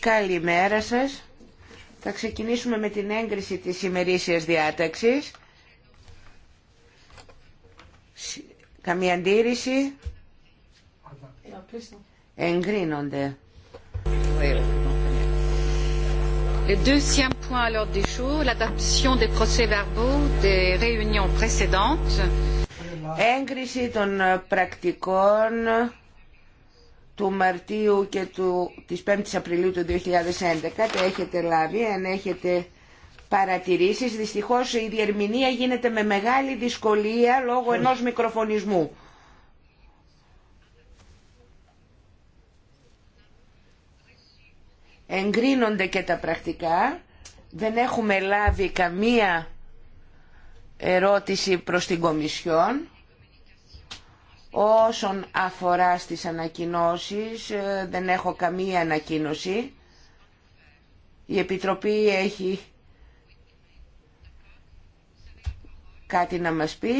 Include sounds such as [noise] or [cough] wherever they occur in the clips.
Καλημέρα σας. Θα ξεκινήσουμε με την έγκριση της ημερήσιας διάταξης. Καμία αντίρρηση. Εγκρίνονται. Le deuxième point à l'ordre du jour, l'adaptation des procès-verbaux des réunions précédentes. Έγκριση των πρακτικών του Μαρτίου και του, της 5ης Απριλίου του 2011 το έχετε λάβει αν έχετε παρατηρήσεις δυστυχώς η διερμηνία γίνεται με μεγάλη δυσκολία λόγω ναι. ενός μικροφωνισμού εγκρίνονται και τα πρακτικά δεν έχουμε λάβει καμία ερώτηση προς την Κομισιόν Όσον αφορά στις ανακοινώσεις, ε, δεν έχω καμία ανακοίνωση. Η Επιτροπή έχει κάτι να μας πει.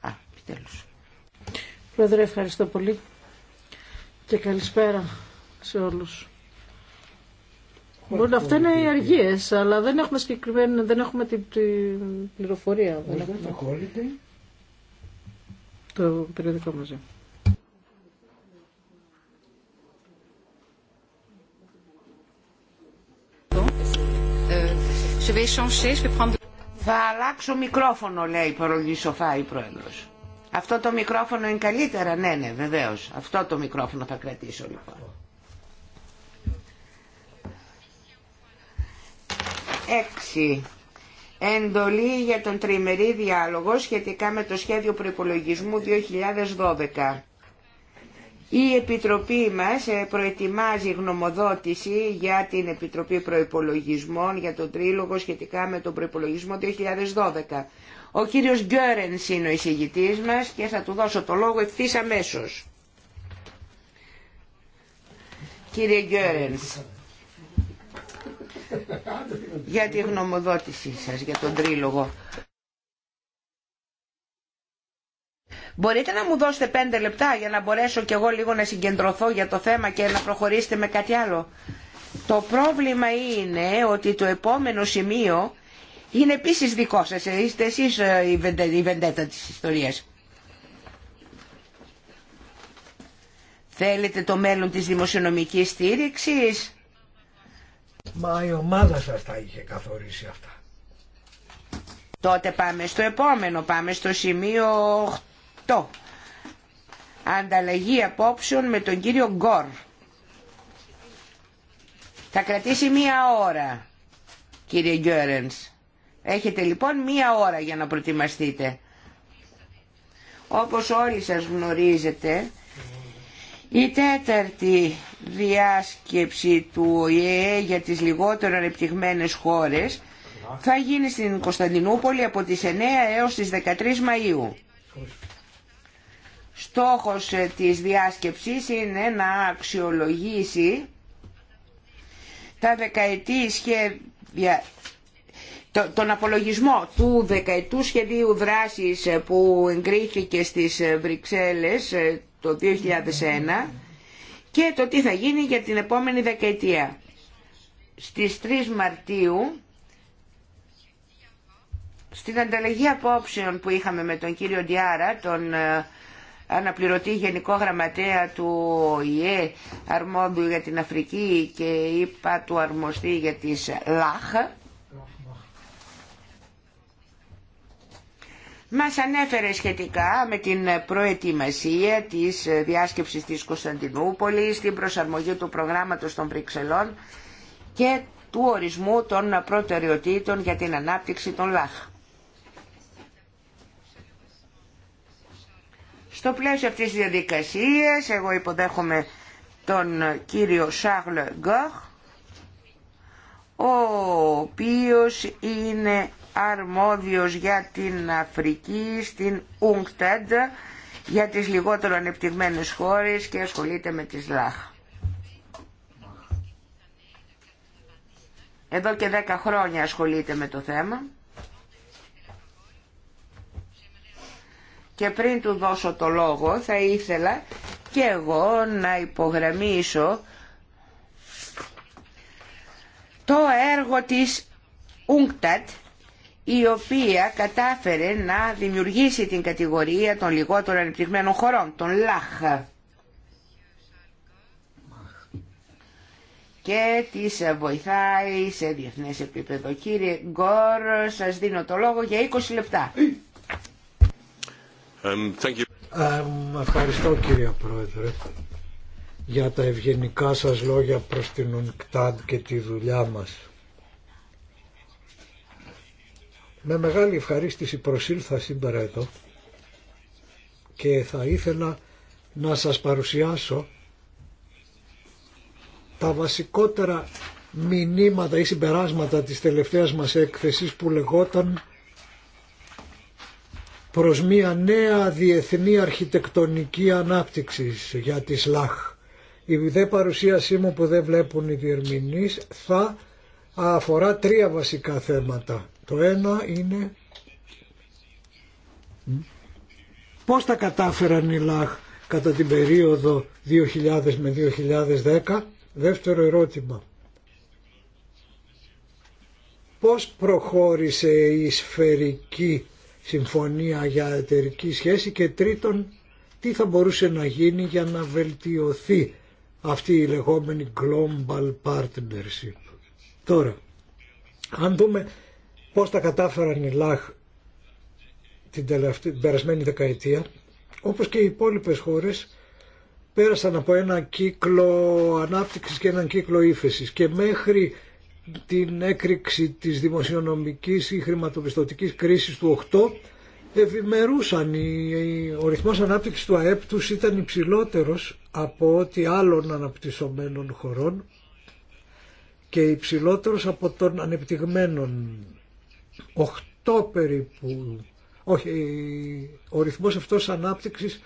Α, επιτέλους. Πρόεδρε, ευχαριστώ πολύ και καλησπέρα σε όλους. Μπορεί, αυτά είναι οι αργίες, αλλά δεν έχουμε συγκεκριμένη, δεν έχουμε την πληροφορία. Δεν έχουμε το περιοδικό μαζί. Θα αλλάξω μικρόφωνο, λέει η σοφά η πρόεδρος. Αυτό το μικρόφωνο είναι καλύτερα, ναι, ναι, βεβαίως. Αυτό το μικρόφωνο θα κρατήσω, λοιπόν. Έξι εντολή για τον τριμερή διάλογο σχετικά με το σχέδιο προπολογισμού 2012. Η Επιτροπή μας ε, προετοιμάζει γνωμοδότηση για την Επιτροπή Προϋπολογισμών για τον Τρίλογο σχετικά με τον προϋπολογισμό 2012. Ο κύριος Γκέρενς είναι ο εισηγητής μας και θα του δώσω το λόγο ευθύ αμέσω. Κύριε Γκέρενς για τη γνωμοδότησή σας, για τον τρίλογο. Μπορείτε να μου δώσετε πέντε λεπτά για να μπορέσω κι εγώ λίγο να συγκεντρωθώ για το θέμα και να προχωρήσετε με κάτι άλλο. Το πρόβλημα είναι ότι το επόμενο σημείο είναι επίσης δικό σας. Είστε εσείς ε, η βεντέτα της ιστορίας. Θέλετε το μέλλον της δημοσιονομικής στήριξης Μα η ομάδα σας τα είχε καθορίσει αυτά. Τότε πάμε στο επόμενο, πάμε στο σημείο 8. Ανταλλαγή απόψεων με τον κύριο Γκορ. Θα κρατήσει μία ώρα, κύριε Γκέρενς. Έχετε λοιπόν μία ώρα για να προετοιμαστείτε. Όπως όλοι σας γνωρίζετε, η τέταρτη διάσκεψη του ΟΗΕ για τις λιγότερο ανεπτυγμένες χώρες θα γίνει στην Κωνσταντινούπολη από τις 9 έως τις 13 Μαΐου. Στόχος ε, της διάσκεψης είναι να αξιολογήσει τα δεκαετή σχέδια, τον απολογισμό του δεκαετού σχεδίου δράσης ε, που εγκρίθηκε στις ε, Βρυξέλλες το 2001 και το τι θα γίνει για την επόμενη δεκαετία. Στις 3 Μαρτίου, στην ανταλλαγή απόψεων που είχαμε με τον κύριο Ντιάρα, τον ε, αναπληρωτή Γενικό Γραμματέα του ΙΕ αρμόδιο για την Αφρική και είπα του αρμοστή για τις ΛΑΧ, μας ανέφερε σχετικά με την προετοιμασία της διάσκεψης της Κωνσταντινούπολης, την προσαρμογή του προγράμματος των Βρυξελών και του ορισμού των προτεραιοτήτων για την ανάπτυξη των ΛΑΧ. Στο πλαίσιο αυτής της διαδικασίας, εγώ υποδέχομαι τον κύριο Σάρλ Γκοχ, ο οποίος είναι αρμόδιος για την Αφρική στην UNCTAD για τις λιγότερο ανεπτυγμένες χώρες και ασχολείται με τις ΛΑΧ. Εδώ και 10 χρόνια ασχολείται με το θέμα. Και πριν του δώσω το λόγο θα ήθελα και εγώ να υπογραμμίσω το έργο της UNCTAD η οποία κατάφερε να δημιουργήσει την κατηγορία των λιγότερο ανεπτυγμένων χωρών, των ΛΑΧ και τις βοηθάει σε διεθνές επίπεδο. Κύριε Γκόρ, σας δίνω το λόγο για 20 λεπτά. Um, thank you. ευχαριστώ κύριε Πρόεδρε για τα ευγενικά σας λόγια προς την UNCTAD και τη δουλειά μας. Με μεγάλη ευχαρίστηση προσήλθα σήμερα εδώ και θα ήθελα να σας παρουσιάσω τα βασικότερα μηνύματα ή συμπεράσματα της τελευταίας μας έκθεσης που λεγόταν προς μια νέα διεθνή αρχιτεκτονική ανάπτυξη για τη ΣΛΑΧ. Η δε παρουσίασή μου που δεν βλέπουν οι διερμηνείς θα αφορά τρία βασικά θέματα. Το ένα είναι πώς τα κατάφεραν οι ΛΑΧ κατά την περίοδο 2000 με 2010. Δεύτερο ερώτημα. Πώς προχώρησε η σφαιρική συμφωνία για εταιρική σχέση και τρίτον τι θα μπορούσε να γίνει για να βελτιωθεί αυτή η λεγόμενη global partnership. Τώρα, αν δούμε Πώς τα κατάφεραν οι ΛΑΧ την, την περασμένη δεκαετία, όπως και οι υπόλοιπες χώρες πέρασαν από ένα κύκλο ανάπτυξης και έναν κύκλο ύφεσης και μέχρι την έκρηξη της δημοσιονομικής ή χρηματοπιστωτικής κρίσης του 8 ευημερούσαν. Ο ρυθμός ανάπτυξης του ΑΕΠ τους ήταν υψηλότερος από ό,τι άλλων αναπτυσσομένων χωρών και υψηλότερος από των ανεπτυγμένων 8 περίπου, όχι, ο ρυθμός αυτός ανάπτυξης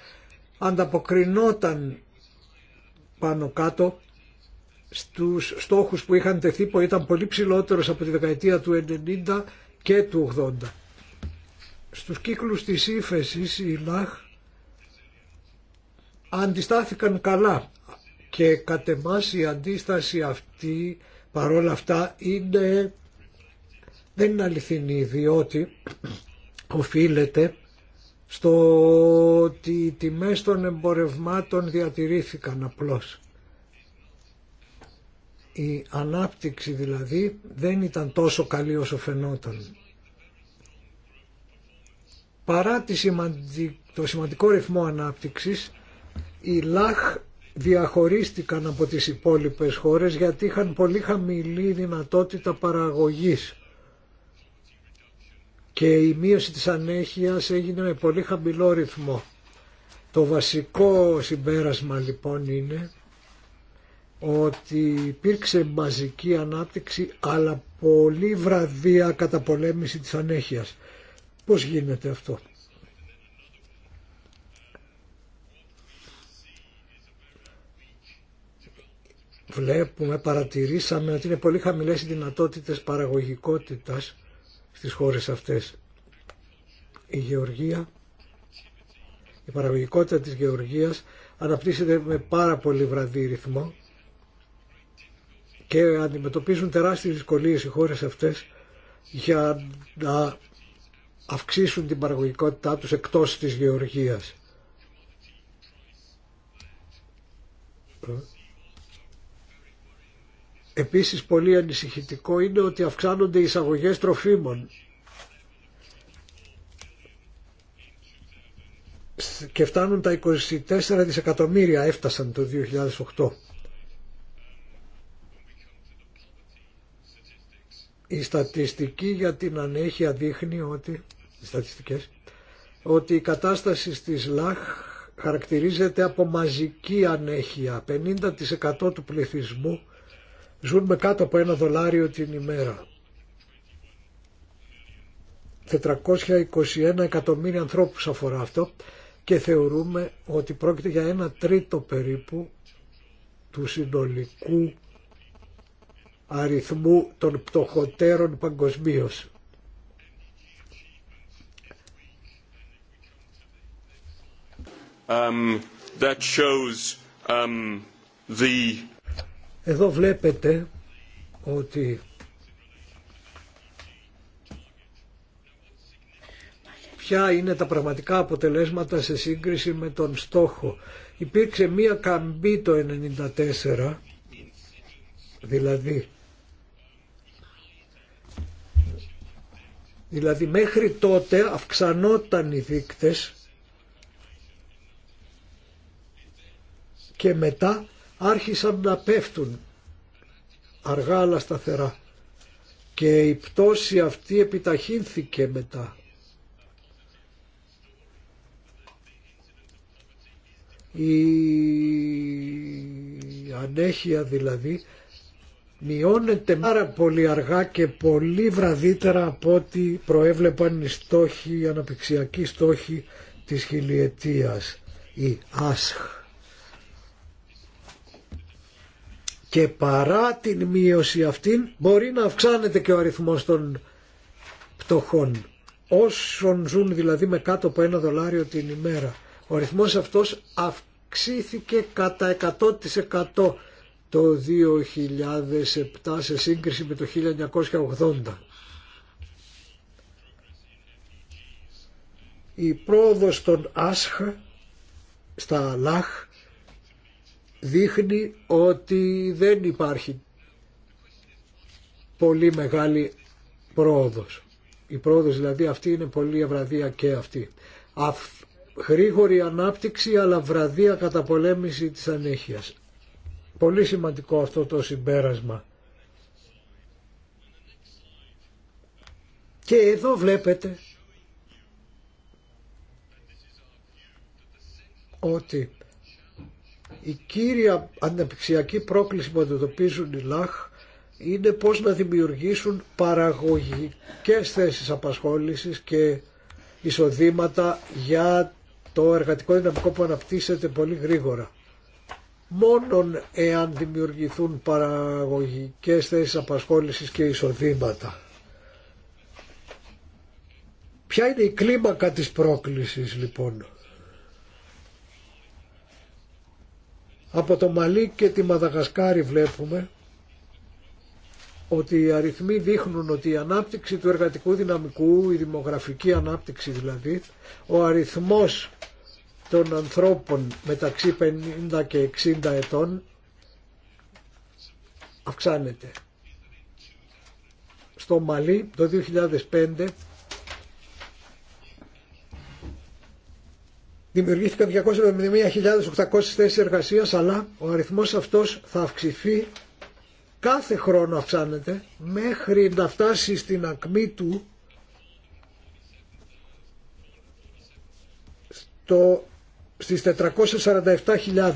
ανταποκρινόταν πάνω κάτω στους στόχους που είχαν τεθεί που ήταν πολύ ψηλότερος από τη δεκαετία του 90 και του 80. Στους κύκλους της ύφεση η ΛΑΧ αντιστάθηκαν καλά και κατ' εμάς η αντίσταση αυτή παρόλα αυτά είναι δεν είναι αληθινή διότι οφείλεται στο ότι οι τιμές των εμπορευμάτων διατηρήθηκαν απλώς. Η ανάπτυξη δηλαδή δεν ήταν τόσο καλή όσο φαινόταν. Παρά το σημαντικό ρυθμό ανάπτυξης, οι ΛΑΧ διαχωρίστηκαν από τις υπόλοιπες χώρες γιατί είχαν πολύ χαμηλή δυνατότητα παραγωγής και η μείωση της ανέχειας έγινε με πολύ χαμηλό ρυθμό. Το βασικό συμπέρασμα λοιπόν είναι ότι υπήρξε μαζική ανάπτυξη αλλά πολύ βραδία καταπολέμηση της ανέχειας. Πώς γίνεται αυτό. Βλέπουμε, παρατηρήσαμε ότι είναι πολύ χαμηλές οι δυνατότητες παραγωγικότητας στις χώρες αυτές. Η γεωργία, η παραγωγικότητα της γεωργίας αναπτύσσεται με πάρα πολύ βραδύ ρυθμό και αντιμετωπίζουν τεράστιες δυσκολίες οι χώρες αυτές για να αυξήσουν την παραγωγικότητά τους εκτός της γεωργίας. Ε, Επίσης πολύ ανησυχητικό είναι ότι αυξάνονται οι εισαγωγές τροφίμων και φτάνουν τα 24 δισεκατομμύρια έφτασαν το 2008. Η στατιστική για την ανέχεια δείχνει ότι, οι στατιστικές, ότι η κατάσταση στις ΛΑΧ χαρακτηρίζεται από μαζική ανέχεια. 50% του πληθυσμού ζουν με κάτω από ένα δολάριο την ημέρα. 421 εκατομμύρια ανθρώπους αφορά αυτό και θεωρούμε ότι πρόκειται για ένα τρίτο περίπου του συνολικού αριθμού των πτωχοτέρων παγκοσμίω. Um, that shows um, the εδώ βλέπετε ότι ποια είναι τα πραγματικά αποτελέσματα σε σύγκριση με τον στόχο. Υπήρξε μία καμπή το 1994, δηλαδή, δηλαδή μέχρι τότε αυξανόταν οι δείκτες και μετά άρχισαν να πέφτουν αργά αλλά σταθερά και η πτώση αυτή επιταχύνθηκε μετά. Η ανέχεια δηλαδή μειώνεται πάρα πολύ αργά και πολύ βραδύτερα από ό,τι προέβλεπαν οι στόχοι, οι αναπτυξιακοί στόχοι της χιλιετίας, η ΑΣΧ. και παρά την μείωση αυτήν μπορεί να αυξάνεται και ο αριθμός των πτωχών όσων ζουν δηλαδή με κάτω από ένα δολάριο την ημέρα. Ο αριθμός αυτός αυξήθηκε κατά 100% το 2007 σε σύγκριση με το 1980. Η πρόοδος των ΑΣΧ στα ΛΑΧ δείχνει ότι δεν υπάρχει πολύ μεγάλη πρόοδος. Η πρόοδος δηλαδή αυτή είναι πολύ ευραδία και αυτή. Αφ, γρήγορη ανάπτυξη αλλά βραδία πολέμηση της ανέχειας. Πολύ σημαντικό αυτό το συμπέρασμα. Και εδώ βλέπετε ότι η κύρια αναπτυξιακή πρόκληση που αντιμετωπίζουν οι ΛΑΧ είναι πώς να δημιουργήσουν παραγωγικές θέσεις απασχόλησης και εισοδήματα για το εργατικό δυναμικό που αναπτύσσεται πολύ γρήγορα. Μόνον εάν δημιουργηθούν παραγωγικές θέσεις απασχόλησης και εισοδήματα. Ποια είναι η κλίμακα της πρόκλησης λοιπόν. Από το Μαλί και τη Μαδαγασκάρη βλέπουμε ότι οι αριθμοί δείχνουν ότι η ανάπτυξη του εργατικού δυναμικού, η δημογραφική ανάπτυξη δηλαδή, ο αριθμός των ανθρώπων μεταξύ 50 και 60 ετών αυξάνεται. Στο Μαλί το 2005 δημιουργήθηκαν 271.800 θέσεις εργασίας, αλλά ο αριθμός αυτός θα αυξηθεί κάθε χρόνο αυξάνεται μέχρι να φτάσει στην ακμή του στο, στις 447.000.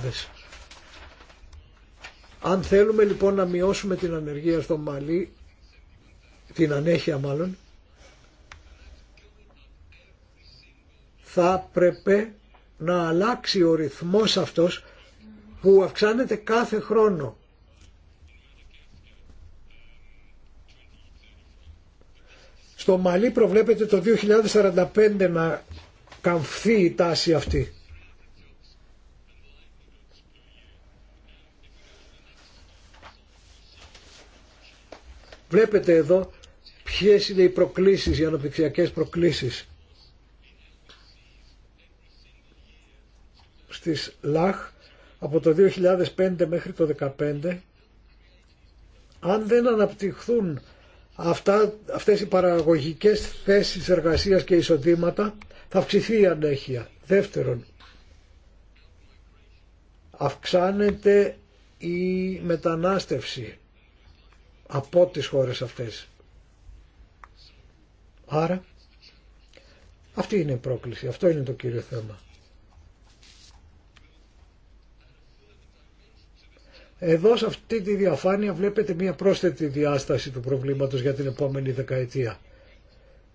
Αν θέλουμε λοιπόν να μειώσουμε την ανεργία στο Μαλί, την ανέχεια μάλλον, θα πρέπει να αλλάξει ο ρυθμός αυτός που αυξάνεται κάθε χρόνο. Στο Μαλί προβλέπεται το 2045 να καμφθεί η τάση αυτή. Βλέπετε εδώ ποιες είναι οι προκλήσεις, οι αναπτυξιακές προκλήσεις. της ΛΑΧ από το 2005 μέχρι το 2015 αν δεν αναπτυχθούν αυτά, αυτές οι παραγωγικές θέσεις εργασίας και εισοδήματα θα αυξηθεί η ανέχεια. Δεύτερον, αυξάνεται η μετανάστευση από τις χώρες αυτές. Άρα, αυτή είναι η πρόκληση, αυτό είναι το κύριο θέμα. Εδώ σε αυτή τη διαφάνεια βλέπετε μια πρόσθετη διάσταση του προβλήματος για την επόμενη δεκαετία.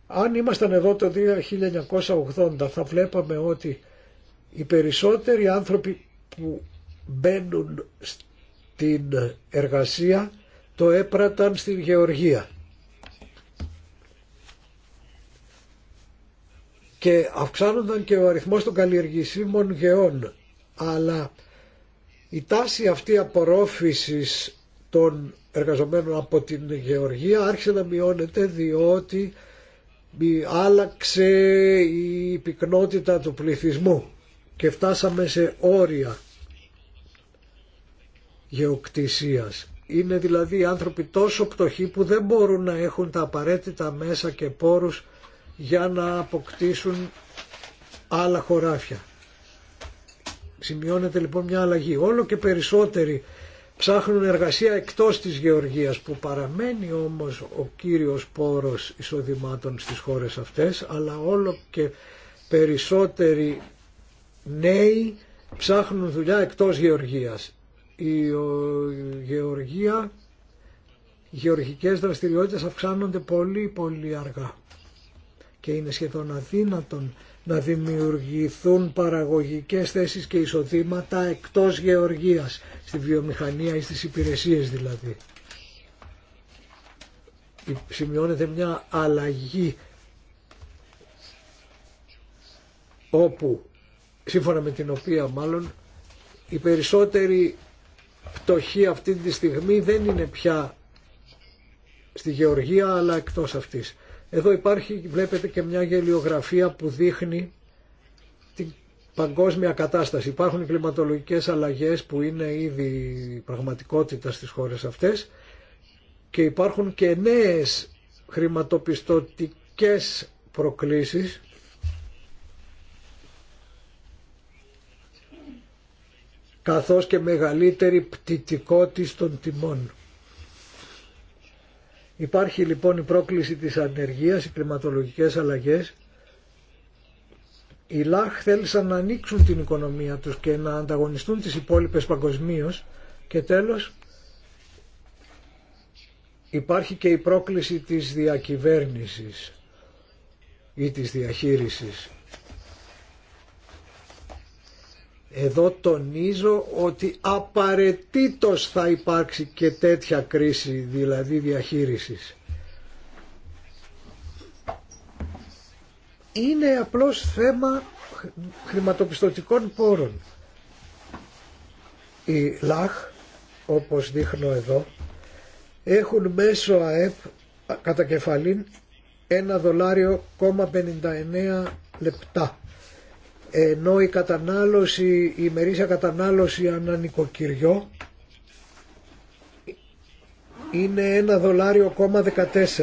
Αν ήμασταν εδώ το 1980 θα βλέπαμε ότι οι περισσότεροι άνθρωποι που μπαίνουν στην εργασία το έπραταν στην γεωργία. Και αυξάνονταν και ο αριθμός των καλλιεργησίμων γεών. Αλλά η τάση αυτή απορρόφησης των εργαζομένων από την Γεωργία άρχισε να μειώνεται διότι άλλαξε η πυκνότητα του πληθυσμού και φτάσαμε σε όρια γεωκτησίας. Είναι δηλαδή άνθρωποι τόσο πτωχοί που δεν μπορούν να έχουν τα απαραίτητα μέσα και πόρους για να αποκτήσουν άλλα χωράφια. Σημειώνεται λοιπόν μια αλλαγή. Όλο και περισσότεροι ψάχνουν εργασία εκτός της γεωργίας που παραμένει όμως ο κύριος πόρος εισοδημάτων στις χώρες αυτές αλλά όλο και περισσότεροι νέοι ψάχνουν δουλειά εκτός γεωργίας. Η γεωργία, οι γεωργικές δραστηριότητες αυξάνονται πολύ πολύ αργά και είναι σχεδόν αδύνατον να δημιουργηθούν παραγωγικές θέσεις και εισοδήματα εκτός γεωργίας, στη βιομηχανία ή στις υπηρεσίες δηλαδή. Σημειώνεται μια αλλαγή όπου, σύμφωνα με την οποία μάλλον, η περισσότερη πτωχή αυτή τη στιγμή δεν είναι πια στη γεωργία αλλά εκτός αυτής. Εδώ υπάρχει, βλέπετε και μια γελιογραφία που δείχνει την παγκόσμια κατάσταση. Υπάρχουν κλιματολογικές αλλαγές που είναι ήδη πραγματικότητα στις χώρες αυτές και υπάρχουν και νέες χρηματοπιστωτικές προκλήσεις καθώς και μεγαλύτερη πτητικότητα των τιμών. Υπάρχει λοιπόν η πρόκληση της ανεργίας, οι κλιματολογικές αλλαγές. Οι ΛΑΧ θέλησαν να ανοίξουν την οικονομία τους και να ανταγωνιστούν τις υπόλοιπες παγκοσμίω και τέλος υπάρχει και η πρόκληση της διακυβέρνησης ή της διαχείρισης. Εδώ τονίζω ότι απαραίτητος θα υπάρξει και τέτοια κρίση, δηλαδή διαχείρισης. Είναι απλώς θέμα χρηματοπιστωτικών πόρων. Οι ΛΑΧ, όπως δείχνω εδώ, έχουν μέσω ΑΕΠ κατά κεφαλήν 1 δολάριο λεπτά ενώ η κατανάλωση, η ημερήσια κατανάλωση ανά νοικοκυριό είναι ένα δολάριο κόμμα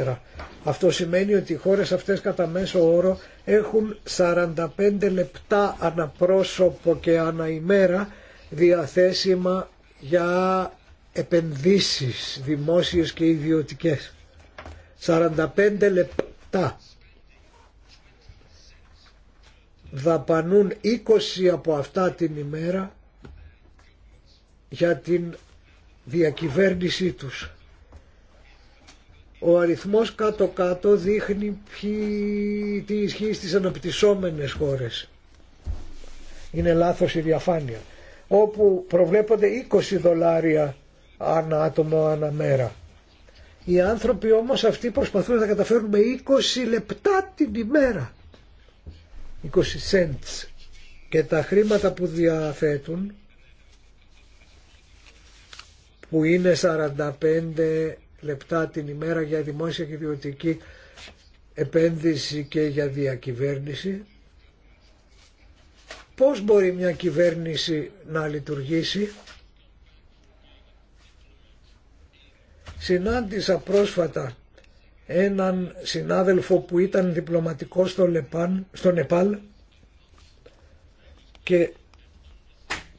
14. Αυτό σημαίνει ότι οι χώρες αυτές κατά μέσο όρο έχουν 45 λεπτά αναπρόσωπο και αναημέρα διαθέσιμα για επενδύσεις δημόσιες και ιδιωτικές. 45 λεπτά δαπανούν 20 από αυτά την ημέρα για την διακυβέρνησή τους. Ο αριθμός κάτω-κάτω δείχνει τι ισχύει στις αναπτυσσόμενες χώρες. Είναι λάθος η διαφάνεια. Όπου προβλέπονται 20 δολάρια ανά άτομο ανά μέρα. Οι άνθρωποι όμως αυτοί προσπαθούν να καταφέρουν με 20 λεπτά την ημέρα. 20 cents και τα χρήματα που διαθέτουν που είναι 45 λεπτά την ημέρα για δημόσια και ιδιωτική επένδυση και για διακυβέρνηση πώς μπορεί μια κυβέρνηση να λειτουργήσει συνάντησα πρόσφατα έναν συνάδελφο που ήταν διπλωματικός στο, Λεπάν, στο Νεπάλ και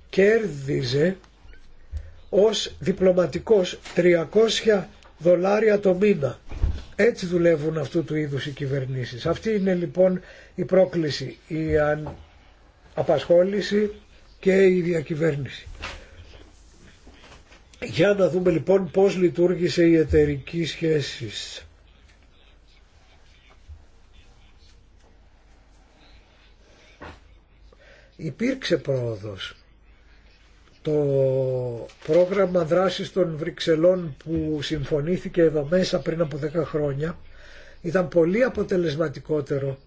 κέρδιζε ως διπλωματικός 300 δολάρια το μήνα. Έτσι δουλεύουν αυτού του είδους οι κυβερνήσεις. Αυτή είναι λοιπόν η πρόκληση, η απασχόληση και η διακυβέρνηση. Για να δούμε λοιπόν πώς λειτουργήσε η εταιρική σχέσης υπήρξε πρόοδος. Το πρόγραμμα δράσης των Βρυξελών που συμφωνήθηκε εδώ μέσα πριν από 10 χρόνια ήταν πολύ αποτελεσματικότερο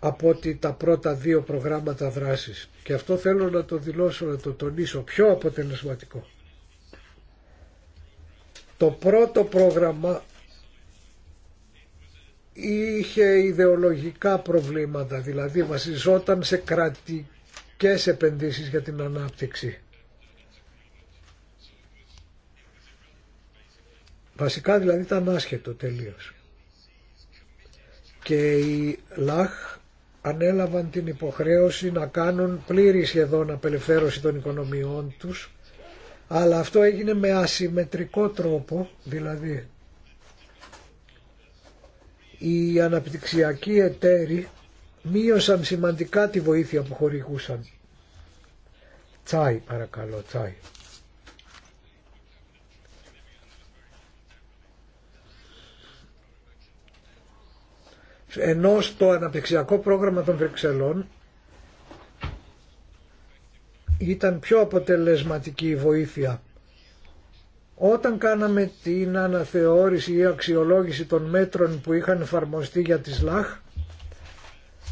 από ότι τα πρώτα δύο προγράμματα δράσης. Και αυτό θέλω να το δηλώσω, να το τονίσω, πιο αποτελεσματικό. Το πρώτο πρόγραμμα είχε ιδεολογικά προβλήματα, δηλαδή βασιζόταν σε κρατικές επενδύσεις για την ανάπτυξη. Βασικά δηλαδή ήταν άσχετο τελείως. Και οι ΛΑΧ ανέλαβαν την υποχρέωση να κάνουν πλήρη σχεδόν απελευθέρωση των οικονομιών τους, αλλά αυτό έγινε με ασυμμετρικό τρόπο, δηλαδή οι αναπτυξιακοί εταίροι μείωσαν σημαντικά τη βοήθεια που χορηγούσαν. Τσάι παρακαλώ, τσάι. Ενώ στο αναπτυξιακό πρόγραμμα των Βρυξελών ήταν πιο αποτελεσματική η βοήθεια όταν κάναμε την αναθεώρηση ή αξιολόγηση των μέτρων που είχαν εφαρμοστεί για τις ΛΑΧ,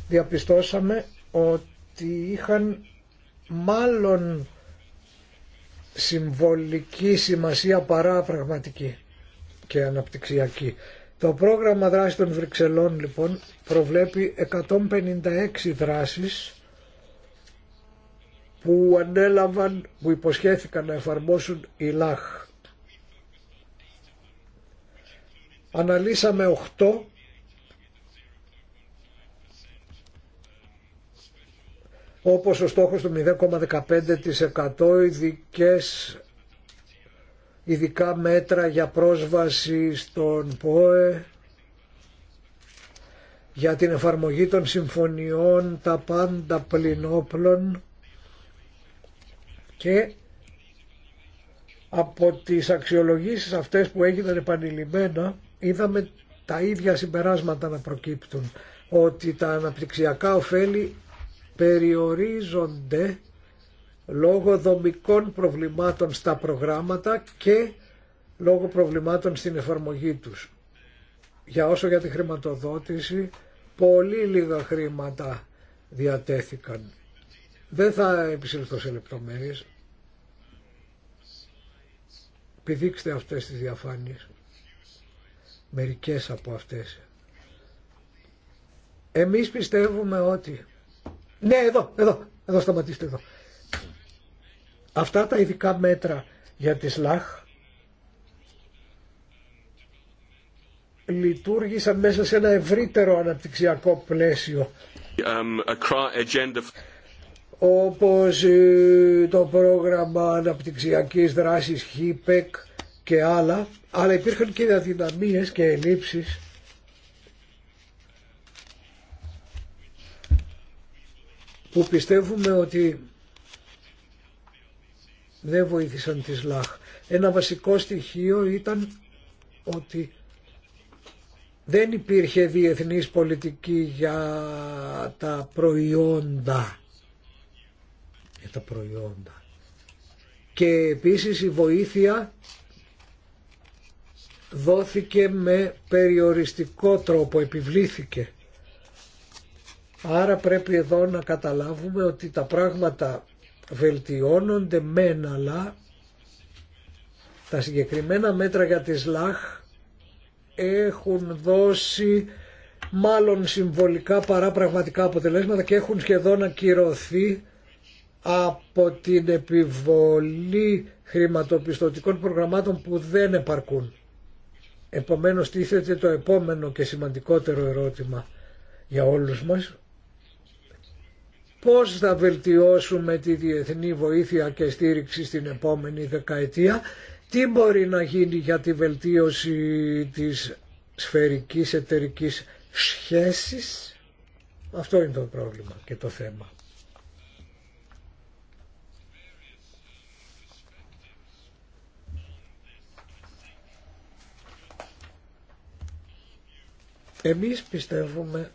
διαπιστώσαμε ότι είχαν μάλλον συμβολική σημασία παρά πραγματική και αναπτυξιακή. Το πρόγραμμα δράση των Βρυξελών λοιπόν προβλέπει 156 δράσεις που ανέλαβαν, που υποσχέθηκαν να εφαρμόσουν οι ΛΑΧ Αναλύσαμε 8 όπως ο στόχος του 0,15% ειδικές, ειδικά μέτρα για πρόσβαση στον ΠΟΕ, για την εφαρμογή των συμφωνιών τα πάντα πληνόπλων και από τις αξιολογήσεις αυτές που έγιναν επανειλημμένα είδαμε τα ίδια συμπεράσματα να προκύπτουν ότι τα αναπτυξιακά ωφέλη περιορίζονται λόγω δομικών προβλημάτων στα προγράμματα και λόγω προβλημάτων στην εφαρμογή τους. Για όσο για τη χρηματοδότηση, πολύ λίγα χρήματα διατέθηκαν. Δεν θα επισήλθω σε λεπτομέρειες. Πηδήξτε αυτές τις διαφάνειες μερικές από αυτές. Εμείς πιστεύουμε ότι... Ναι, εδώ, εδώ, εδώ σταματήστε εδώ. Αυτά τα ειδικά μέτρα για τις ΛΑΧ λειτουργήσαν μέσα σε ένα ευρύτερο αναπτυξιακό πλαίσιο. Um, agenda. Όπως ε, το πρόγραμμα αναπτυξιακής δράσης HIPEC, και άλλα, αλλά υπήρχαν και αδυναμίες και ελλείψεις που πιστεύουμε ότι δεν βοήθησαν τις ΛΑΧ. Ένα βασικό στοιχείο ήταν ότι δεν υπήρχε διεθνής πολιτική για τα προϊόντα. Για τα προϊόντα. Και επίσης η βοήθεια δόθηκε με περιοριστικό τρόπο, επιβλήθηκε. Άρα πρέπει εδώ να καταλάβουμε ότι τα πράγματα βελτιώνονται μεν αλλά τα συγκεκριμένα μέτρα για τις ΛΑΧ έχουν δώσει μάλλον συμβολικά παρά πραγματικά αποτελέσματα και έχουν σχεδόν ακυρωθεί από την επιβολή χρηματοπιστωτικών προγραμμάτων που δεν επαρκούν. Επομένως τίθεται το επόμενο και σημαντικότερο ερώτημα για όλους μας. Πώς θα βελτιώσουμε τη διεθνή βοήθεια και στήριξη στην επόμενη δεκαετία, τι μπορεί να γίνει για τη βελτίωση της σφαιρικής εταιρικής σχέσης. Αυτό είναι το πρόβλημα και το θέμα. Εμείς πιστεύουμε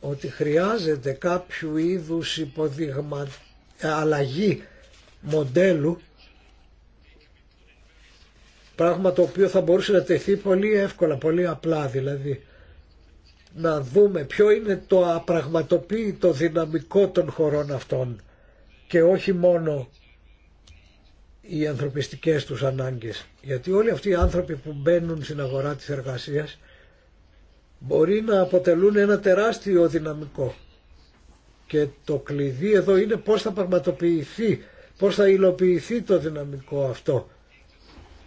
ότι χρειάζεται κάποιο είδους υποδειγμα... Ε, αλλαγή μοντέλου πράγμα το οποίο θα μπορούσε να τεθεί πολύ εύκολα, πολύ απλά δηλαδή να δούμε ποιο είναι το απραγματοποιητό δυναμικό των χωρών αυτών και όχι μόνο οι ανθρωπιστικές τους ανάγκες. Γιατί όλοι αυτοί οι άνθρωποι που μπαίνουν στην αγορά της εργασίας μπορεί να αποτελούν ένα τεράστιο δυναμικό. Και το κλειδί εδώ είναι πώς θα πραγματοποιηθεί, πώς θα υλοποιηθεί το δυναμικό αυτό.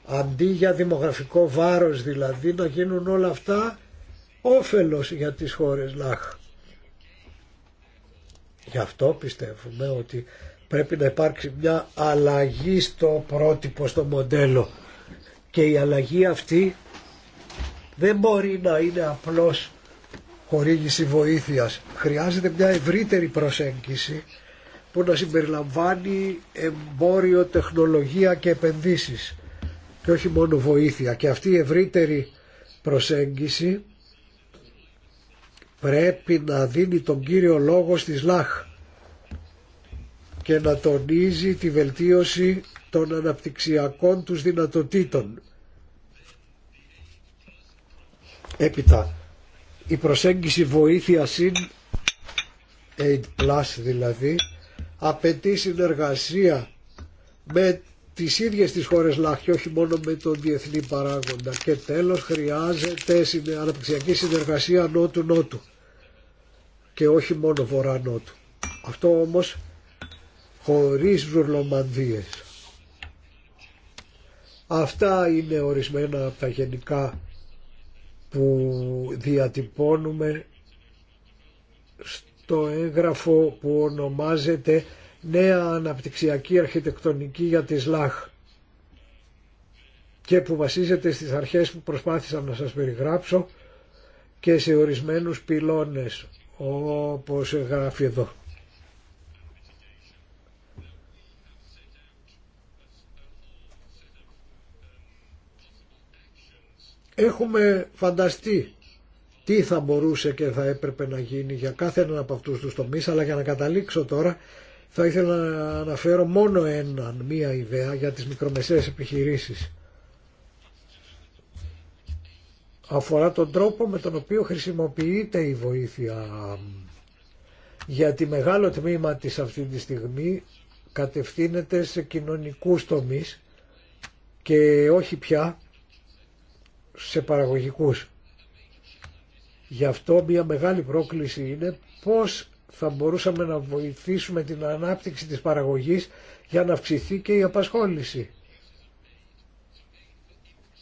Αντί για δημογραφικό βάρος δηλαδή να γίνουν όλα αυτά όφελος για τις χώρες ΛΑΧ. Γι' αυτό πιστεύουμε ότι πρέπει να υπάρξει μια αλλαγή στο πρότυπο, στο μοντέλο. Και η αλλαγή αυτή δεν μπορεί να είναι απλώς χορήγηση βοήθειας. Χρειάζεται μια ευρύτερη προσέγγιση που να συμπεριλαμβάνει εμπόριο, τεχνολογία και επενδύσεις και όχι μόνο βοήθεια. Και αυτή η ευρύτερη προσέγγιση πρέπει να δίνει τον κύριο λόγο στις ΛΑΧ και να τονίζει τη βελτίωση των αναπτυξιακών τους δυνατοτήτων Έπειτα, η προσέγγιση βοήθεια συν aid plus δηλαδή απαιτεί συνεργασία με τις ίδιες τις χώρες λάχη, όχι μόνο με τον διεθνή παράγοντα. Και τέλος χρειάζεται αναπτυξιακή συνεργασία νότου-νότου και όχι μόνο βορρά-νότου. Αυτό όμως χωρίς βουρλομανδίες. Αυτά είναι ορισμένα από τα γενικά που διατυπώνουμε στο έγγραφο που ονομάζεται Νέα Αναπτυξιακή Αρχιτεκτονική για τη ΛΑΧ και που βασίζεται στις αρχές που προσπάθησα να σας περιγράψω και σε ορισμένους πυλώνες όπως γράφει εδώ. Έχουμε φανταστεί τι θα μπορούσε και θα έπρεπε να γίνει για κάθε έναν από αυτούς τους τομείς, αλλά για να καταλήξω τώρα θα ήθελα να αναφέρω μόνο έναν, μία ιδέα για τις μικρομεσαίες επιχειρήσεις. Αφορά τον τρόπο με τον οποίο χρησιμοποιείται η βοήθεια. Γιατί μεγάλο τμήμα της αυτή τη στιγμή κατευθύνεται σε κοινωνικούς τομείς και όχι πια σε παραγωγικούς. Γι' αυτό μια μεγάλη πρόκληση είναι πώς θα μπορούσαμε να βοηθήσουμε την ανάπτυξη της παραγωγής για να αυξηθεί και η απασχόληση.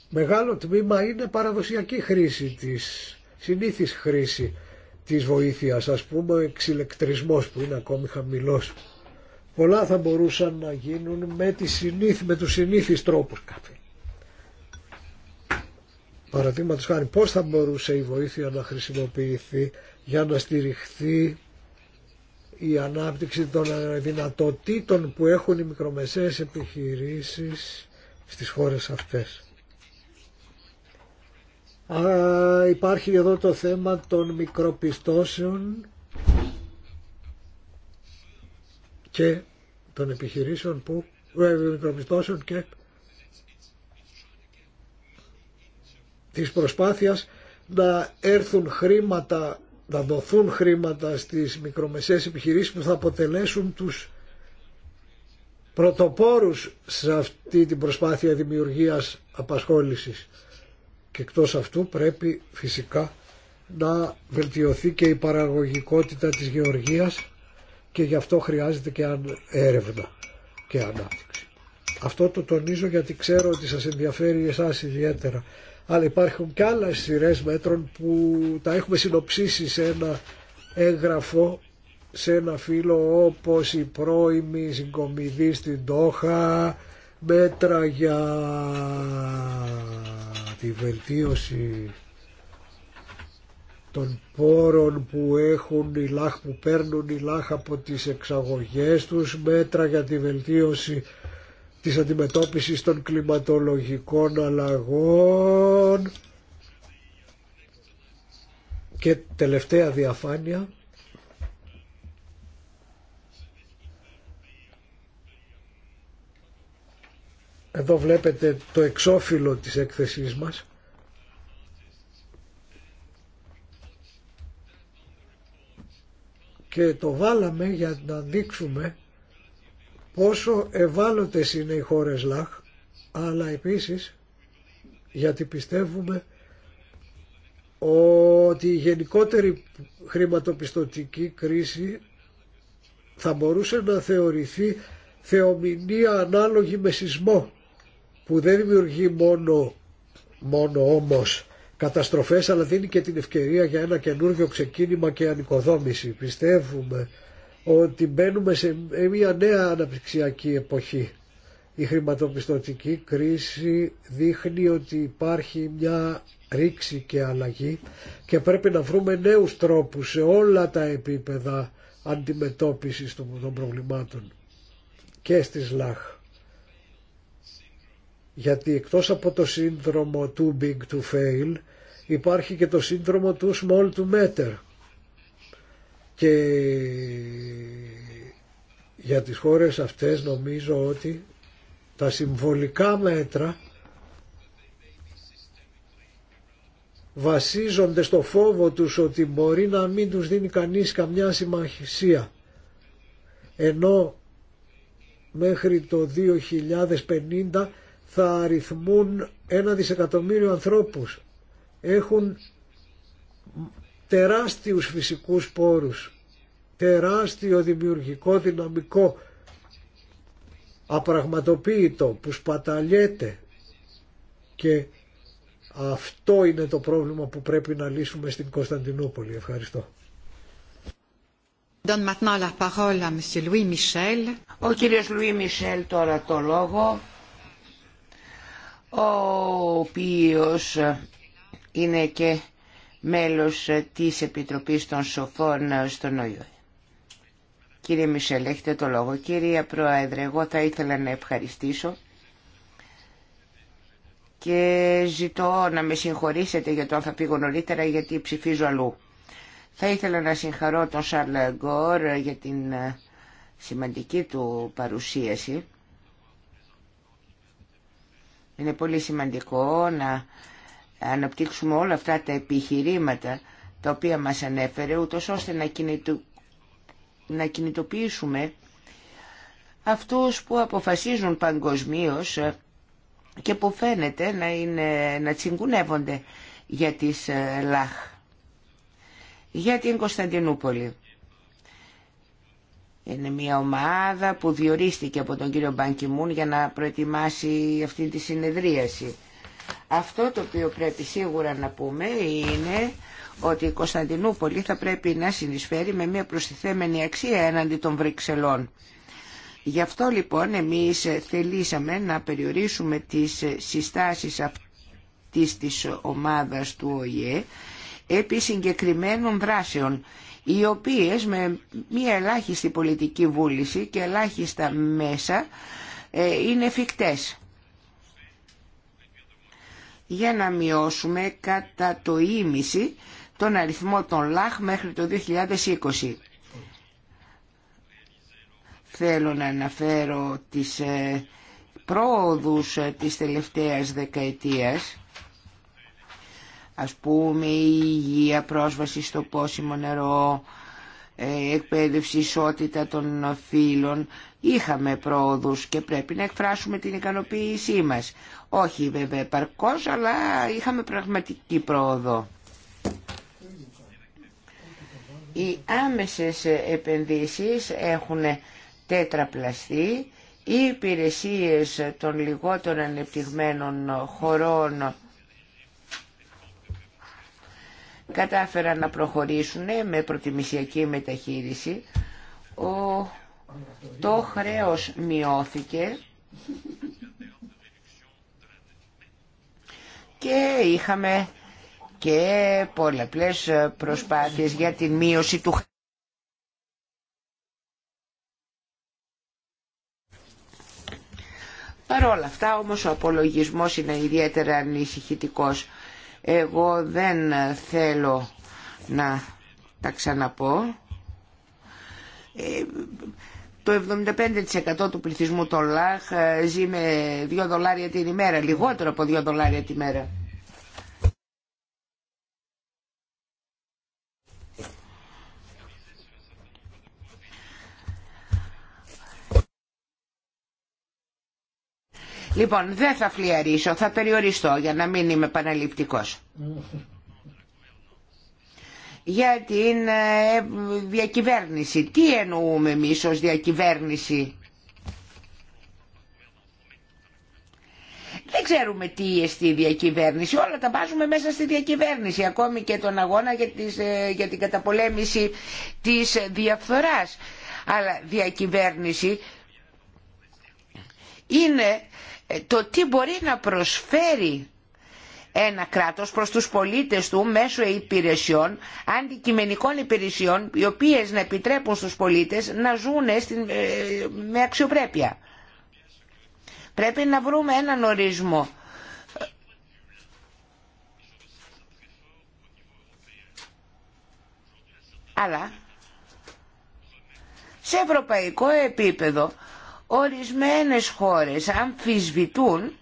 Μεγάλο τμήμα είναι παραδοσιακή χρήση της, συνήθις χρήση της βοήθειας, ας πούμε ο εξηλεκτρισμός που είναι ακόμη χαμηλός. Πολλά θα μπορούσαν να γίνουν με, τη συνήθ, με τους τρόπους Παραδείγματο χάρη πώς θα μπορούσε η βοήθεια να χρησιμοποιηθεί για να στηριχθεί η ανάπτυξη των δυνατοτήτων που έχουν οι μικρομεσαίες επιχειρήσεις στις χώρες αυτές. υπάρχει εδώ το θέμα των μικροπιστώσεων και των επιχειρήσεων που ε, και της προσπάθειας να έρθουν χρήματα, να δοθούν χρήματα στις μικρομεσαίες επιχειρήσεις που θα αποτελέσουν τους πρωτοπόρους σε αυτή την προσπάθεια δημιουργίας απασχόλησης. Και εκτός αυτού πρέπει φυσικά να βελτιωθεί και η παραγωγικότητα της γεωργίας και γι' αυτό χρειάζεται και έρευνα και ανάπτυξη. Αυτό το τονίζω γιατί ξέρω ότι σας ενδιαφέρει εσάς ιδιαίτερα αλλά υπάρχουν και άλλε σειρέ μέτρων που τα έχουμε συνοψίσει σε ένα έγγραφο σε ένα φύλλο όπως η πρώιμη συγκομιδή στην Τόχα, μέτρα για τη βελτίωση των πόρων που έχουν οι λάχ, που παίρνουν οι λάχ από τις εξαγωγές τους, μέτρα για τη βελτίωση της αντιμετώπισης των κλιματολογικών αλλαγών και τελευταία διαφάνεια εδώ βλέπετε το εξώφυλλο της έκθεσής μας και το βάλαμε για να δείξουμε πόσο ευάλωτες είναι οι χώρες ΛΑΧ, αλλά επίσης γιατί πιστεύουμε ότι η γενικότερη χρηματοπιστωτική κρίση θα μπορούσε να θεωρηθεί θεομηνία ανάλογη με σεισμό που δεν δημιουργεί μόνο, μόνο όμως καταστροφές αλλά δίνει και την ευκαιρία για ένα καινούργιο ξεκίνημα και ανοικοδόμηση. Πιστεύουμε ότι μπαίνουμε σε μια νέα αναπτυξιακή εποχή. Η χρηματοπιστωτική κρίση δείχνει ότι υπάρχει μια ρήξη και αλλαγή και πρέπει να βρούμε νέους τρόπους σε όλα τα επίπεδα αντιμετώπισης των προβλημάτων και στις ΛΑΧ. Γιατί εκτός από το σύνδρομο too big to fail υπάρχει και το σύνδρομο too small to matter και για τις χώρες αυτές νομίζω ότι τα συμβολικά μέτρα βασίζονται στο φόβο τους ότι μπορεί να μην τους δίνει κανείς καμιά σημασία. Ενώ μέχρι το 2050 θα αριθμούν ένα δισεκατομμύριο ανθρώπους. Έχουν τεράστιους φυσικούς πόρους, τεράστιο δημιουργικό δυναμικό απραγματοποίητο που σπαταλιέται και αυτό είναι το πρόβλημα που πρέπει να λύσουμε στην Κωνσταντινούπολη. Ευχαριστώ. Ο κύριος Λουί Μισελ τώρα το λόγο, ο οποίος είναι και μέλος ε, της Επιτροπής των Σοφών ε, στον ΟΗΟ. Κύριε Μισελ, έχετε το λόγο. Κύριε Πρόεδρε, εγώ θα ήθελα να ευχαριστήσω και ζητώ να με συγχωρήσετε για το αν θα πήγω νωρίτερα γιατί ψηφίζω αλλού. Θα ήθελα να συγχαρώ τον Σαρλ Γκόρ για την ε, σημαντική του παρουσίαση. Είναι πολύ σημαντικό να αναπτύξουμε όλα αυτά τα επιχειρήματα τα οποία μας ανέφερε, ούτως ώστε να, κινητο... να κινητοποιήσουμε αυτούς που αποφασίζουν παγκοσμίως και που φαίνεται να, είναι, να τσιγκουνεύονται για τις ε, ΛΑΧ. Για την Κωνσταντινούπολη. Είναι μια ομάδα που διορίστηκε από τον κύριο Μπανκιμούν για να προετοιμάσει αυτή τη συνεδρίαση. Αυτό το οποίο πρέπει σίγουρα να πούμε είναι ότι η Κωνσταντινούπολη θα πρέπει να συνεισφέρει με μια προστιθέμενη αξία έναντι των Βρυξελών. Γι' αυτό λοιπόν εμείς θελήσαμε να περιορίσουμε τις συστάσεις αυτής της ομάδας του ΟΗΕ επί συγκεκριμένων δράσεων, οι οποίες με μια ελάχιστη πολιτική βούληση και ελάχιστα μέσα ε, είναι εφικτές για να μειώσουμε κατά το ίμιση τον αριθμό των ΛΑΧ μέχρι το 2020. Θέλω να αναφέρω τις ε, πρόοδους ε, της τελευταίας δεκαετίας ας πούμε η υγεία, πρόσβαση στο πόσιμο νερό, ε, εκπαίδευση, ισότητα των φύλων, είχαμε πρόοδους και πρέπει να εκφράσουμε την ικανοποίησή μας. Όχι βέβαια παρκώς, αλλά είχαμε πραγματική πρόοδο. Οι άμεσες επενδύσεις έχουν τέτραπλαστεί, οι υπηρεσίες των λιγότερων ανεπτυγμένων χωρών κατάφεραν να προχωρήσουν με προτιμησιακή μεταχείριση το χρέος μειώθηκε και είχαμε και πολλαπλές προσπάθειες για την μείωση του χρέους. Παρ' όλα αυτά όμως ο απολογισμός είναι ιδιαίτερα ανησυχητικό. Εγώ δεν θέλω να τα ξαναπώ. Ε, το 75% του πληθυσμού των ΛΑΧ ε, ζει με 2 δολάρια την ημέρα, λιγότερο από 2 δολάρια την ημέρα. Λοιπόν, δεν θα φλιαρίσω, θα περιοριστώ για να μην είμαι παναληπτικός για την ε, διακυβέρνηση. Τι εννοούμε εμεί ως διακυβέρνηση. Δεν ξέρουμε τι στη διακυβέρνηση, όλα τα βάζουμε μέσα στη διακυβέρνηση, ακόμη και τον αγώνα για, τις, ε, για την καταπολέμηση της διαφθοράς. Αλλά διακυβέρνηση είναι το τι μπορεί να προσφέρει ένα κράτος προς τους πολίτες του μέσω υπηρεσιών, αντικειμενικών υπηρεσιών, οι οποίες να επιτρέπουν στους πολίτες να ζουν ε, με αξιοπρέπεια. Πρέπει να βρούμε έναν ορισμό. Αλλά σε ευρωπαϊκό επίπεδο ορισμένες χώρες αμφισβητούν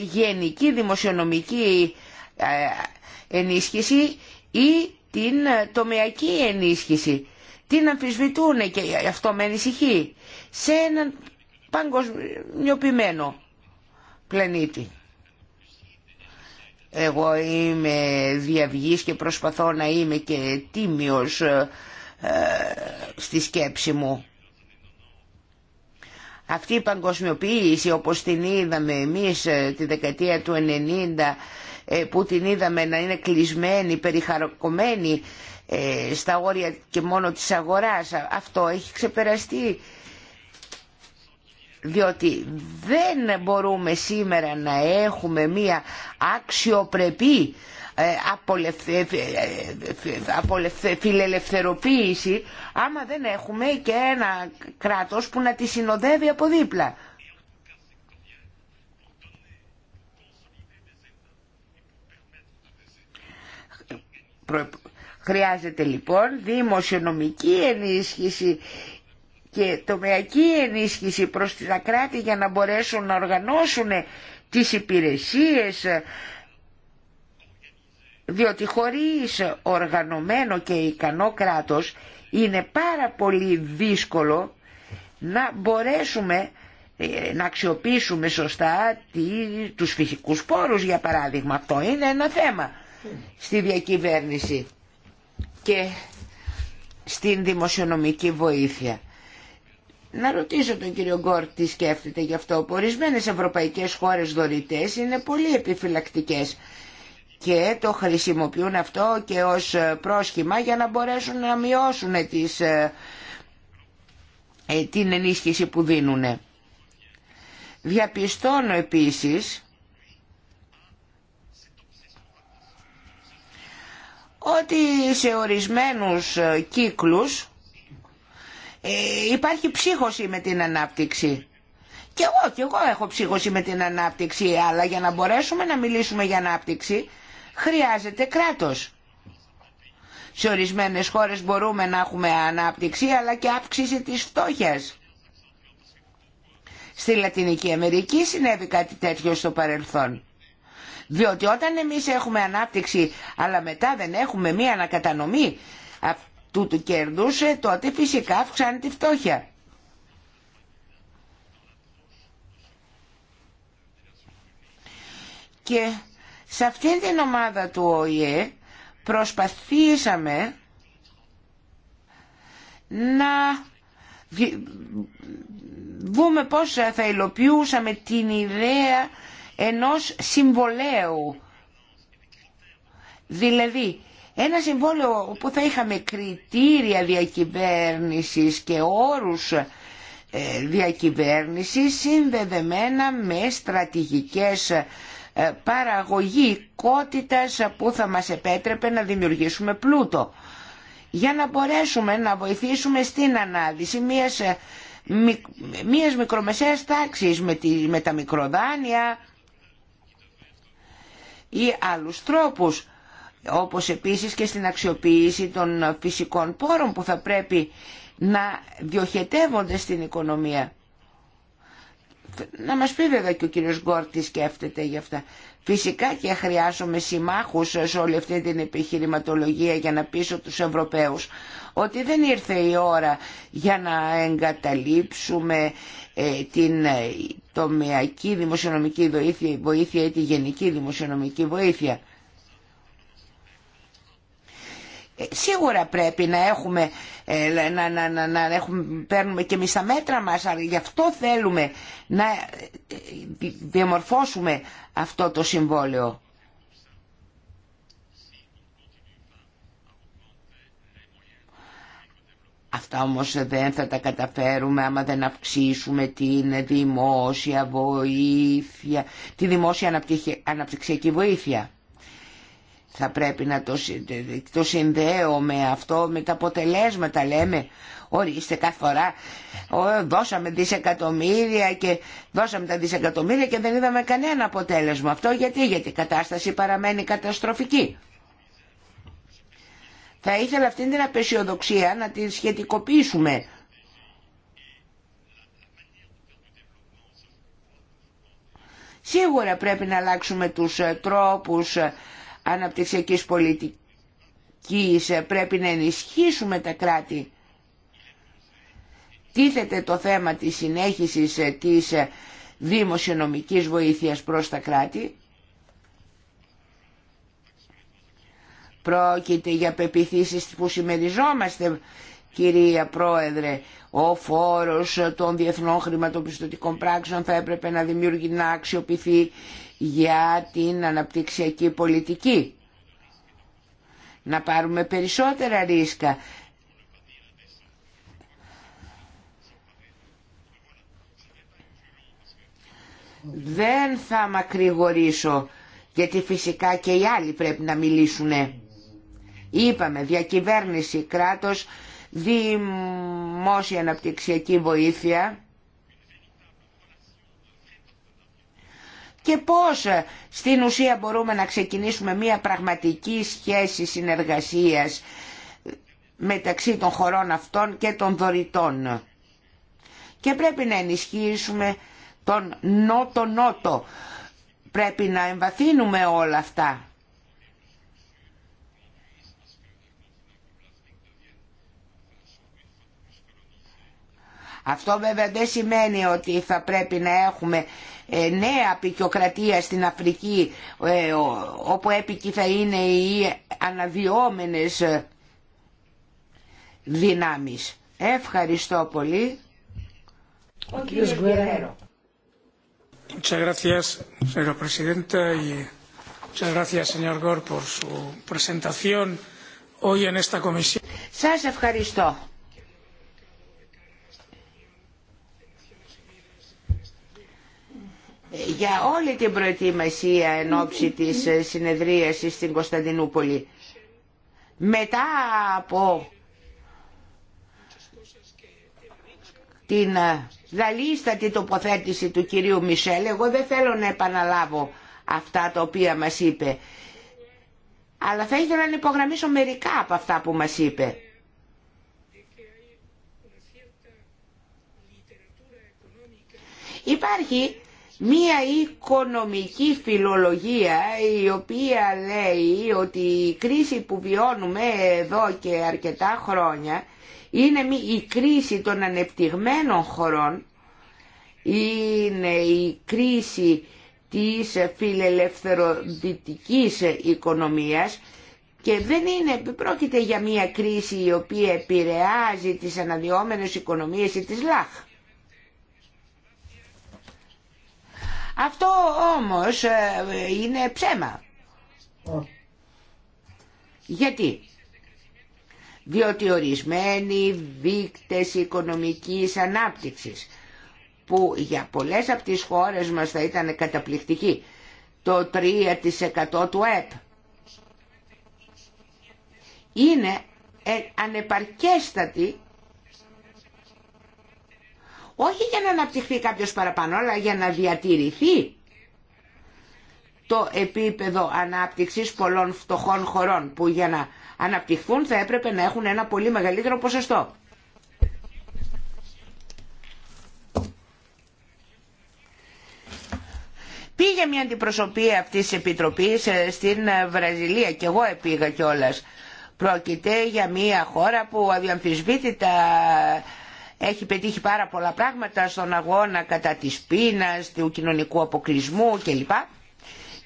η γενική δημοσιονομική ε, ενίσχυση ή την τομεακή ενίσχυση. Την αμφισβητούν και αυτό με ανησυχεί σε έναν παγκοσμιοποιημένο πλανήτη. Εγώ είμαι διαυγής και προσπαθώ να είμαι και τίμιος ε, ε, στη σκέψη μου. Αυτή η παγκοσμιοποίηση όπως την είδαμε εμείς ε, τη δεκαετία του 90 ε, που την είδαμε να είναι κλεισμένη, περιχαρακωμένη ε, στα όρια και μόνο της αγοράς αυτό έχει ξεπεραστεί διότι δεν μπορούμε σήμερα να έχουμε μία αξιοπρεπή ε, ε, ε, φιλελευθερωποίηση άμα δεν έχουμε και ένα κράτος που να τη συνοδεύει από δίπλα. Χρειάζεται λοιπόν δημοσιονομική ενίσχυση και τομεακή ενίσχυση προς τα κράτη για να μπορέσουν να οργανώσουν τις υπηρεσίες, διότι χωρίς οργανωμένο και ικανό κράτος είναι πάρα πολύ δύσκολο να μπορέσουμε ε, να αξιοποιήσουμε σωστά τους φυσικούς πόρους για παράδειγμα. Αυτό είναι ένα θέμα στη διακυβέρνηση και στην δημοσιονομική βοήθεια. Να ρωτήσω τον κύριο Γκόρ τι σκέφτεται γι' αυτό. Ορισμένε ευρωπαϊκές χώρες δωρητές είναι πολύ επιφυλακτικές και το χρησιμοποιούν αυτό και ως ε, πρόσχημα για να μπορέσουν να μειώσουν τις, ε, ε, την ενίσχυση που δίνουν. Διαπιστώνω επίσης ότι σε ορισμένους κύκλους υπάρχει ψύχωση με την ανάπτυξη. Και εγώ, και εγώ έχω ψύχωση με την ανάπτυξη, αλλά για να μπορέσουμε να μιλήσουμε για ανάπτυξη χρειάζεται κράτος. Σε ορισμένες χώρες μπορούμε να έχουμε ανάπτυξη αλλά και αύξηση της φτώχειας. Στη Λατινική Αμερική συνέβη κάτι τέτοιο στο παρελθόν. Διότι όταν εμείς έχουμε ανάπτυξη αλλά μετά δεν έχουμε μία ανακατανομή αυτού του κέρδους, ε, τότε φυσικά αυξάνει τη φτώχεια. Και σε αυτήν την ομάδα του ΟΗΕ προσπαθήσαμε να δούμε πώς θα υλοποιούσαμε την ιδέα ενός συμβολέου. Δηλαδή, ένα συμβόλαιο όπου θα είχαμε κριτήρια διακυβέρνησης και όρους ε, διακυβέρνησης συνδεδεμένα με στρατηγικές ε, παραγωγικότητας που θα μας επέτρεπε να δημιουργήσουμε πλούτο. Για να μπορέσουμε να βοηθήσουμε στην ανάδυση μιας, ε, μιας μικρομεσαίας τάξης με, τη, με τα μικροδάνεια ή άλλους τρόπους όπως επίσης και στην αξιοποίηση των φυσικών πόρων που θα πρέπει να διοχετεύονται στην οικονομία να μας πει βέβαια και ο κύριος Γκόρ τι σκέφτεται γι' αυτά. Φυσικά και χρειάζομαι συμμάχους σε όλη αυτή την επιχειρηματολογία για να πείσω τους Ευρωπαίους ότι δεν ήρθε η ώρα για να εγκαταλείψουμε ε, την ε, τομεακή δημοσιονομική βοήθεια ή τη γενική δημοσιονομική βοήθεια. Ε, σίγουρα πρέπει να έχουμε, ε, να, να, να, να έχουμε, παίρνουμε και εμείς τα μέτρα μας, αλλά γι' αυτό θέλουμε να ε, διαμορφώσουμε αυτό το συμβόλαιο. Αυτά όμως δεν θα τα καταφέρουμε άμα δεν αυξήσουμε την δημόσια βοήθεια, τη δημόσια αναπτυξιακή βοήθεια θα πρέπει να το, το συνδέω με αυτό, με τα αποτελέσματα λέμε. Ορίστε κάθε φορά ο, δώσαμε δισεκατομμύρια και δώσαμε τα δισεκατομμύρια και δεν είδαμε κανένα αποτέλεσμα. Αυτό γιατί, γιατί η κατάσταση παραμένει καταστροφική. Θα ήθελα αυτή την απεσιοδοξία να τη σχετικοποιήσουμε. Σίγουρα πρέπει να αλλάξουμε τους ε, τρόπους ε, αναπτυξιακής πολιτικής πρέπει να ενισχύσουμε τα κράτη. Τίθεται το θέμα της συνέχισης της δημοσιονομικής βοήθειας προς τα κράτη. Πρόκειται για πεπιθήσεις που συμμεριζόμαστε, κυρία Πρόεδρε. Ο φόρος των διεθνών χρηματοπιστωτικών πράξεων θα έπρεπε να δημιουργεί να αξιοποιηθεί για την αναπτυξιακή πολιτική. Να πάρουμε περισσότερα ρίσκα. Δεν θα μακρηγορήσω, γιατί φυσικά και οι άλλοι πρέπει να μιλήσουν. Είπαμε, διακυβέρνηση, κράτος, δημόσια αναπτυξιακή βοήθεια και πώς ε, στην ουσία μπορούμε να ξεκινήσουμε μια πραγματική σχέση συνεργασίας μεταξύ των χωρών αυτών και των δωρητών. Και πρέπει να ενισχύσουμε τον νότο-νότο. Πρέπει να εμβαθύνουμε όλα αυτά. Αυτό βέβαια δεν σημαίνει ότι θα πρέπει να έχουμε ε, νέα πικιοκρατία στην Αφρική ε, όπου έπικοι θα είναι οι αναδυόμενες ε, δυνάμεις. Ευχαριστώ πολύ. Ο κύριος Γκουερέρο. Muchas gracias, señora presidenta, y muchas gracias, señor Gore, por su presentación hoy en esta comisión. Σας ευχαριστώ. για όλη την προετοιμασία εν ώψη της ε, συνεδρίασης στην Κωνσταντινούπολη. Μετά από την δαλίστατη ε, τοποθέτηση του κυρίου Μισελ, εγώ δεν θέλω να επαναλάβω αυτά τα οποία μας είπε, αλλά θα ήθελα να υπογραμμίσω μερικά από αυτά που μας είπε. Υπάρχει μία οικονομική φιλολογία η οποία λέει ότι η κρίση που βιώνουμε εδώ και αρκετά χρόνια είναι η κρίση των ανεπτυγμένων χωρών, είναι η κρίση της φιλελευθεροδυτικής οικονομίας και δεν είναι, πρόκειται για μια κρίση η οποία επηρεάζει τις αναδυόμενες οικονομίες ή τις ΛΑΧ. Αυτό όμως ε, είναι ψέμα. Γιατί. Διότι ορισμένοι δείκτες οικονομικής ανάπτυξης που για πολλές από τις χώρες μας θα ήταν καταπληκτικοί το 3% του ΕΠ είναι ε, ανεπαρκέστατη όχι για να αναπτυχθεί κάποιος παραπάνω, αλλά για να διατηρηθεί το επίπεδο ανάπτυξης πολλών φτωχών χωρών, που για να αναπτυχθούν θα έπρεπε να έχουν ένα πολύ μεγαλύτερο ποσοστό. Πήγε μια αντιπροσωπεία αυτής της Επιτροπής ε, στην ε, Βραζιλία και εγώ επήγα κιόλας. Πρόκειται για μια χώρα που αδιαμφισβήτητα έχει πετύχει πάρα πολλά πράγματα στον αγώνα κατά της πείνας, του κοινωνικού αποκλεισμού κλπ.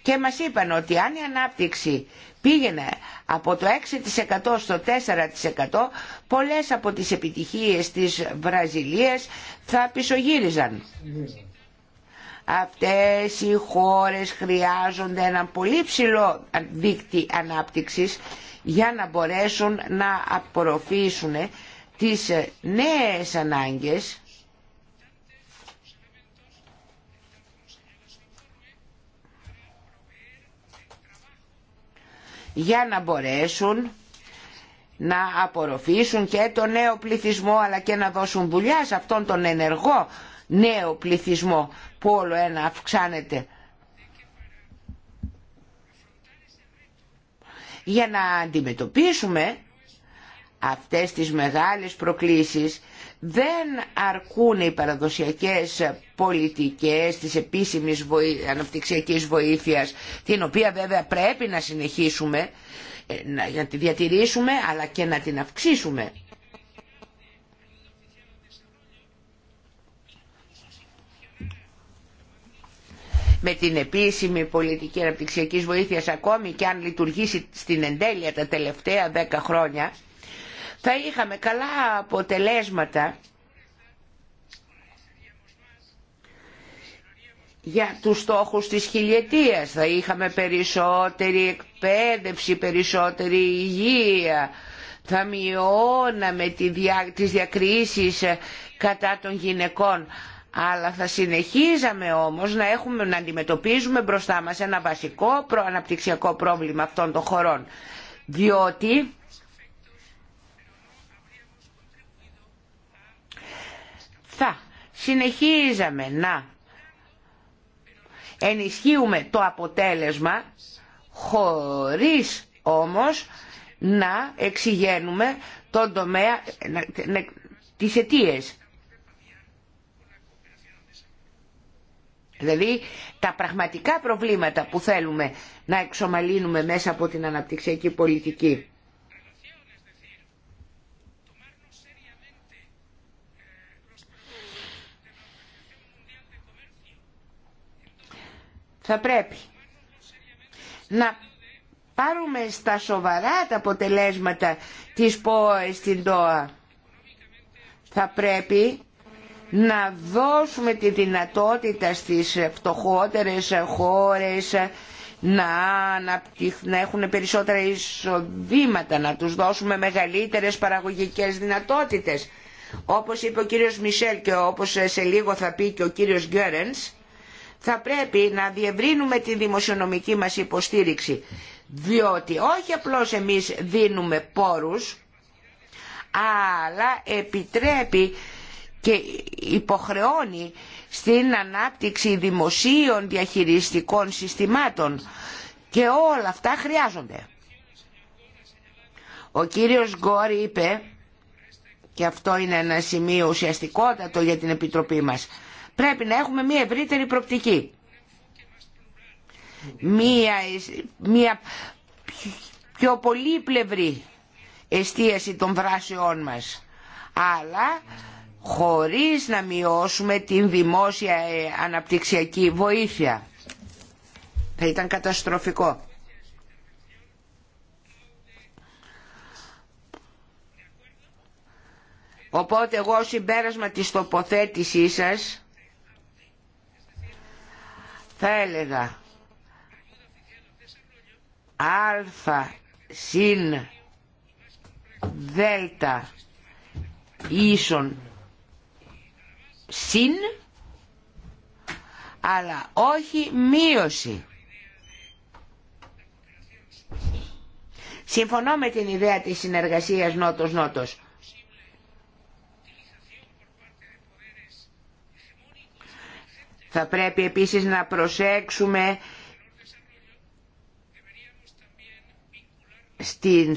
Και μας είπαν ότι αν η ανάπτυξη πήγαινε από το 6% στο 4% πολλές από τις επιτυχίες της Βραζιλίας θα πισωγύριζαν. Αυτές οι χώρες χρειάζονται ένα πολύ ψηλό δίκτυο ανάπτυξης για να μπορέσουν να απορροφήσουν τις ε, νέες ανάγκες για να μπορέσουν να απορροφήσουν και τον νέο πληθυσμό αλλά και να δώσουν δουλειά σε αυτόν τον ενεργό νέο πληθυσμό που όλο ένα αυξάνεται. Για να αντιμετωπίσουμε αυτές τις μεγάλες προκλήσεις δεν αρκούν οι παραδοσιακές πολιτικές της επίσημης βοή... αναπτυξιακής βοήθειας, την οποία βέβαια πρέπει να συνεχίσουμε, ε, να τη διατηρήσουμε αλλά και να την αυξήσουμε. με την επίσημη πολιτική αναπτυξιακής βοήθειας ακόμη και αν λειτουργήσει στην εντέλεια τα τελευταία δέκα χρόνια θα είχαμε καλά αποτελέσματα για τους στόχους της χιλιετίας. Θα είχαμε περισσότερη εκπαίδευση, περισσότερη υγεία. Θα μειώναμε τη δια, τις διακρίσεις ε, κατά των γυναικών. Αλλά θα συνεχίζαμε όμως να, έχουμε, να αντιμετωπίζουμε μπροστά μας ένα βασικό προαναπτυξιακό πρόβλημα αυτών των χωρών. Διότι θα συνεχίζαμε να ενισχύουμε το αποτέλεσμα χωρίς όμως να εξηγαίνουμε τον τομέα τις αιτίες. Δηλαδή τα πραγματικά προβλήματα που θέλουμε να εξομαλύνουμε μέσα από την αναπτυξιακή πολιτική. θα πρέπει να πάρουμε στα σοβαρά τα αποτελέσματα της ΠΟΕ στην ΤΟΑ. Θα πρέπει να δώσουμε τη δυνατότητα στις φτωχότερες χώρες να, να έχουν περισσότερα εισοδήματα, να τους δώσουμε μεγαλύτερες παραγωγικές δυνατότητες. Όπως είπε ο κύριος Μισελ και όπως σε λίγο θα πει και ο κύριος Γκέρενς, θα πρέπει να διευρύνουμε τη δημοσιονομική μας υποστήριξη διότι όχι απλώς εμείς δίνουμε πόρους αλλά επιτρέπει και υποχρεώνει στην ανάπτυξη δημοσίων διαχειριστικών συστημάτων και όλα αυτά χρειάζονται. Ο κύριος Γκόρη είπε και αυτό είναι ένα σημείο ουσιαστικότατο για την Επιτροπή μας Πρέπει να έχουμε μια ευρύτερη προπτική. Μια, μια πιο πλευρή εστίαση των δράσεών μας. Αλλά χωρίς να μειώσουμε την δημόσια ε, αναπτυξιακή βοήθεια. Θα ήταν καταστροφικό. Οπότε εγώ συμπέρασμα της τοποθέτησής σας θα έλεγα α συν δέλτα ίσον συν αλλά όχι μείωση. Συμφωνώ με την ιδέα της συνεργασίας νότος-νότος. Θα πρέπει επίσης να προσέξουμε στην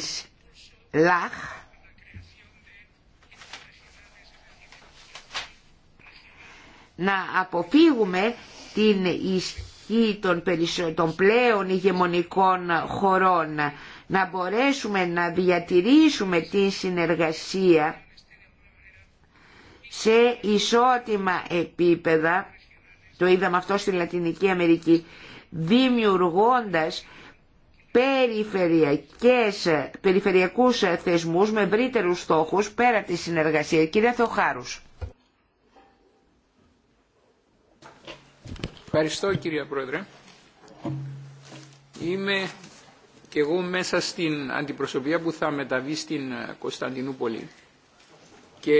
ΛΑΧ να αποφύγουμε την ισχύ των, περισσο... των πλέον ηγεμονικών χωρών να μπορέσουμε να διατηρήσουμε τη συνεργασία σε ισότιμα επίπεδα το είδαμε αυτό στη Λατινική Αμερική, δημιουργώντας περιφερειακές, περιφερειακούς θεσμούς με ευρύτερους στόχους πέρα από τη συνεργασία. Κύριε Θεοχάρους. Ευχαριστώ κύριε Πρόεδρε. Είμαι και εγώ μέσα στην αντιπροσωπεία που θα μεταβεί στην Κωνσταντινούπολη και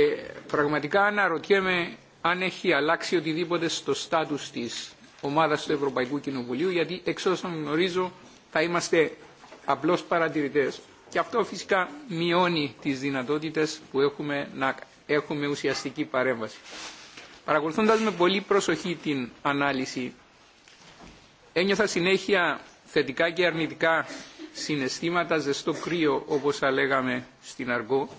πραγματικά αναρωτιέμαι αν έχει αλλάξει οτιδήποτε στο στάτους της ομάδας του Ευρωπαϊκού Κοινοβουλίου, γιατί εξ όσων γνωρίζω θα είμαστε απλώς παρατηρητές. Και αυτό φυσικά μειώνει τις δυνατότητες που έχουμε να έχουμε ουσιαστική παρέμβαση. Παρακολουθώντας με πολύ προσοχή την ανάλυση, ένιωθα συνέχεια θετικά και αρνητικά συναισθήματα, ζεστό κρύο όπως θα λέγαμε στην Αργό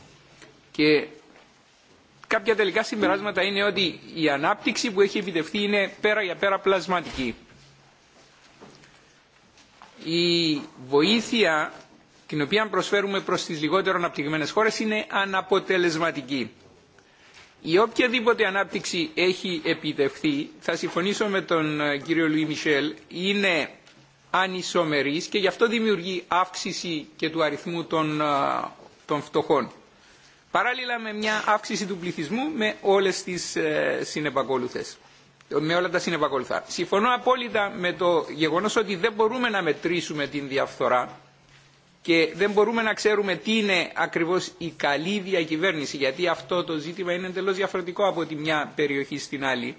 κάποια τελικά συμπεράσματα είναι ότι η ανάπτυξη που έχει επιτευχθεί είναι πέρα για πέρα πλασματική. Η βοήθεια την οποία προσφέρουμε προς τις λιγότερο αναπτυγμένες χώρες είναι αναποτελεσματική. Η οποιαδήποτε ανάπτυξη έχει επιτευχθεί, θα συμφωνήσω με τον ε, κύριο Λουί Μισελ, είναι ανισομερής και γι' αυτό δημιουργεί αύξηση και του αριθμού των, ε, των φτωχών παράλληλα με μια αύξηση του πληθυσμού με, όλες τις, ε, συνεπακολουθές, με όλα τα συνεπακολουθά. Συμφωνώ απόλυτα με το γεγονός ότι δεν μπορούμε να μετρήσουμε την διαφθορά και δεν μπορούμε να ξέρουμε τι είναι ακριβώς η καλή διακυβέρνηση γιατί αυτό το ζήτημα είναι εντελώ διαφορετικό από τη μια περιοχή στην άλλη.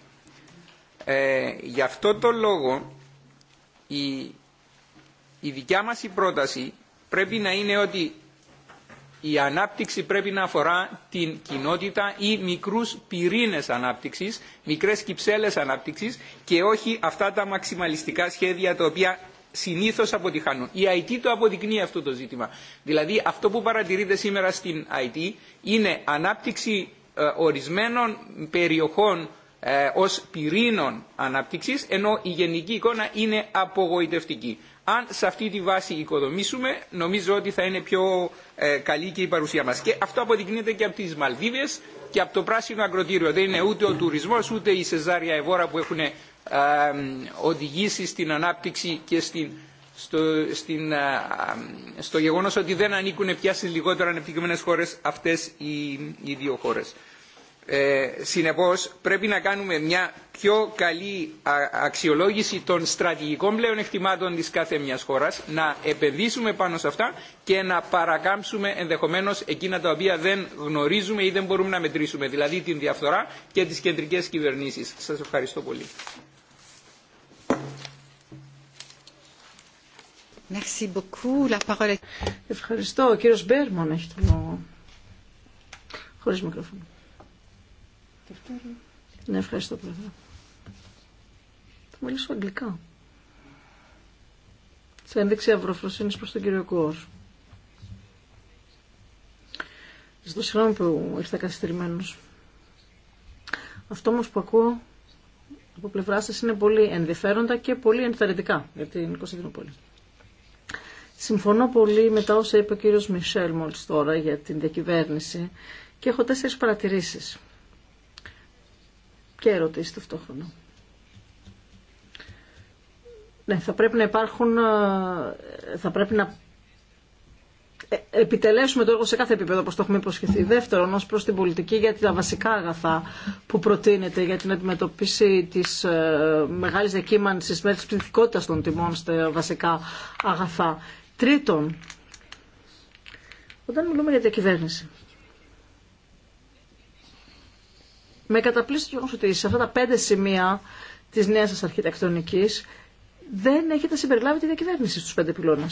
Ε, γι' αυτό το λόγο η, η δικιά μας πρόταση πρέπει να είναι ότι η ανάπτυξη πρέπει να αφορά την κοινότητα ή μικρούς πυρήνες ανάπτυξης, μικρές κυψέλες ανάπτυξης και όχι αυτά τα μαξιμαλιστικά σχέδια τα οποία συνήθως αποτυχάνουν. Η IT το αποδεικνύει αυτό το ζήτημα. Δηλαδή αυτό που παρατηρείται σήμερα στην IT είναι ανάπτυξη ε, ορισμένων περιοχών ε, ως πυρήνων ανάπτυξης ενώ η γενική εικόνα είναι απογοητευτική αν σε αυτή τη βάση οικοδομήσουμε, νομίζω ότι θα είναι πιο ε, καλή και η παρουσία μας. Και αυτό αποδεικνύεται και από τις Μαλδίβες και από το πράσινο ακροτήριο. Δεν είναι ούτε ο τουρισμός, ούτε η σεζάρια ευόρα που έχουν οδηγήσει στην ανάπτυξη και στην, στο, στην, ε, στο γεγονός ότι δεν ανήκουν πια στις λιγότερο ανεπτυγμένες χώρες αυτές οι, οι δύο χώρες. Ε, συνεπώς πρέπει να κάνουμε μια πιο καλή αξιολόγηση των στρατηγικών πλεονεκτημάτων της κάθε μιας χώρας, να επενδύσουμε πάνω σε αυτά και να παρακάμψουμε ενδεχομένως εκείνα τα οποία δεν γνωρίζουμε ή δεν μπορούμε να μετρήσουμε, δηλαδή την διαφθορά και τις κεντρικές κυβερνήσεις. Σας ευχαριστώ πολύ. Ευχαριστώ. Ναι, ευχαριστώ πολύ. Θα μιλήσω αγγλικά. Σε ένδειξη αυροφροσύνη προ τον κύριο Κόρ. Ζητώ συγγνώμη που ήρθα καθυστερημένο. Αυτό όμω που ακούω από πλευρά σα είναι πολύ ενδιαφέροντα και πολύ ενθαρρυντικά για την Κωνσταντινούπολη. Συμφωνώ πολύ με τα όσα είπε ο κύριο Μισελ μόλι τώρα για την διακυβέρνηση και έχω τέσσερι παρατηρήσει και ερωτήσει ταυτόχρονα. Ναι, θα πρέπει να υπάρχουν, ε, θα πρέπει να ε, επιτελέσουμε το έργο σε κάθε επίπεδο όπως το έχουμε υποσχεθεί. Δεύτερον, ως προς την πολιτική για τα βασικά αγαθά που προτείνεται για την αντιμετωπίση της ε, μεγάλης δεκίμανσης με της πληθυκότητας των τιμών στα βασικά αγαθά. Τρίτον, όταν μιλούμε για διακυβέρνηση, με καταπλήσει το ότι σε αυτά τα πέντε σημεία τη νέα σα αρχιτεκτονική δεν έχετε συμπεριλάβει τη διακυβέρνηση στου πέντε πυλώνε.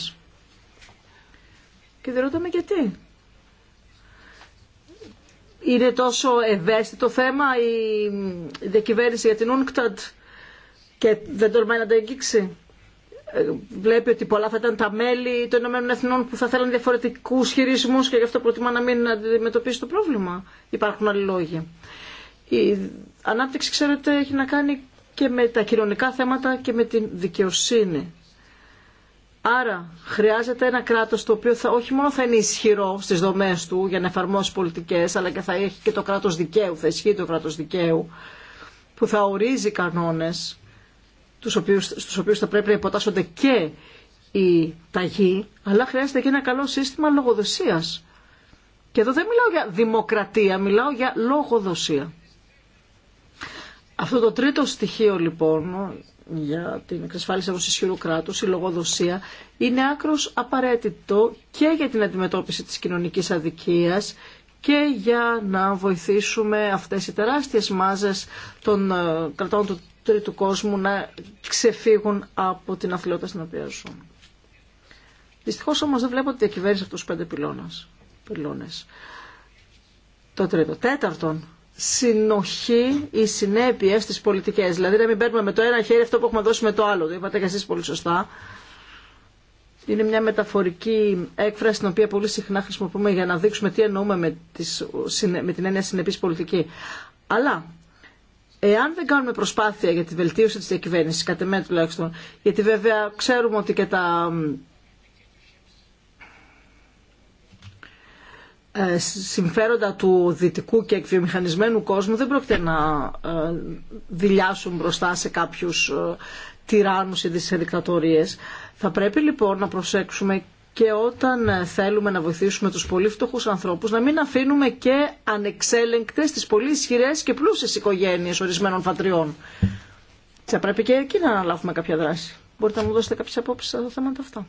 Και δεν ρωτάμε γιατί. Είναι τόσο ευαίσθητο θέμα η διακυβέρνηση για την UNCTAD και δεν τολμάει να τα εγγίξει. Ε, βλέπει ότι πολλά θα ήταν τα μέλη των ΗΕ που θα θέλουν διαφορετικού χειρισμού και γι' αυτό προτιμά να μην αντιμετωπίσει το πρόβλημα. Υπάρχουν άλλοι λόγοι. Η ανάπτυξη, ξέρετε, έχει να κάνει και με τα κοινωνικά θέματα και με την δικαιοσύνη. Άρα χρειάζεται ένα κράτος το οποίο θα, όχι μόνο θα είναι ισχυρό στις δομές του για να εφαρμόσει πολιτικές, αλλά και θα έχει και το κράτος δικαίου, θα ισχύει το κράτος δικαίου, που θα ορίζει κανόνες τους οποίους, στους οποίους θα πρέπει να υποτάσσονται και οι ταγοί, αλλά χρειάζεται και ένα καλό σύστημα λογοδοσίας. Και εδώ δεν μιλάω για δημοκρατία, μιλάω για λογοδοσία. Αυτό το τρίτο στοιχείο λοιπόν για την εξασφάλιση ενός ισχυρού κράτους, η λογοδοσία, είναι άκρος απαραίτητο και για την αντιμετώπιση της κοινωνικής αδικίας και για να βοηθήσουμε αυτές οι τεράστιες μάζες των ε, κρατών του τρίτου κόσμου να ξεφύγουν από την αθλειότητα στην οποία ζουν. Δυστυχώς όμως δεν βλέπω ότι διακυβέρνησε αυτούς τους πέντε πυλώνες. Το τρίτο. Τέταρτον, συνοχή οι συνέπειε στις πολιτικέ. Δηλαδή να μην παίρνουμε με το ένα χέρι αυτό που έχουμε δώσει με το άλλο. Το είπατε και εσεί πολύ σωστά. Είναι μια μεταφορική έκφραση την οποία πολύ συχνά χρησιμοποιούμε για να δείξουμε τι εννοούμε με, τις, με την έννοια συνεπή πολιτική. Αλλά εάν δεν κάνουμε προσπάθεια για τη βελτίωση τη διακυβέρνηση, κατά εμέ τουλάχιστον, γιατί βέβαια ξέρουμε ότι και τα Ε, συμφέροντα του δυτικού και εκβιομηχανισμένου κόσμου δεν πρόκειται να ε, δηλιάσουν μπροστά σε κάποιους ε, τυράννους ή δικτατορίες. Θα πρέπει λοιπόν να προσέξουμε και όταν θέλουμε να βοηθήσουμε τους πολύ φτωχού ανθρώπους να μην αφήνουμε και ανεξέλεγκτες τις πολύ ισχυρέ και πλούσιες οικογένειες ορισμένων φατριών. Θα πρέπει και εκεί να αναλάβουμε κάποια δράση. Μπορείτε να μου δώσετε κάποιες απόψεις στα θέματα αυτά.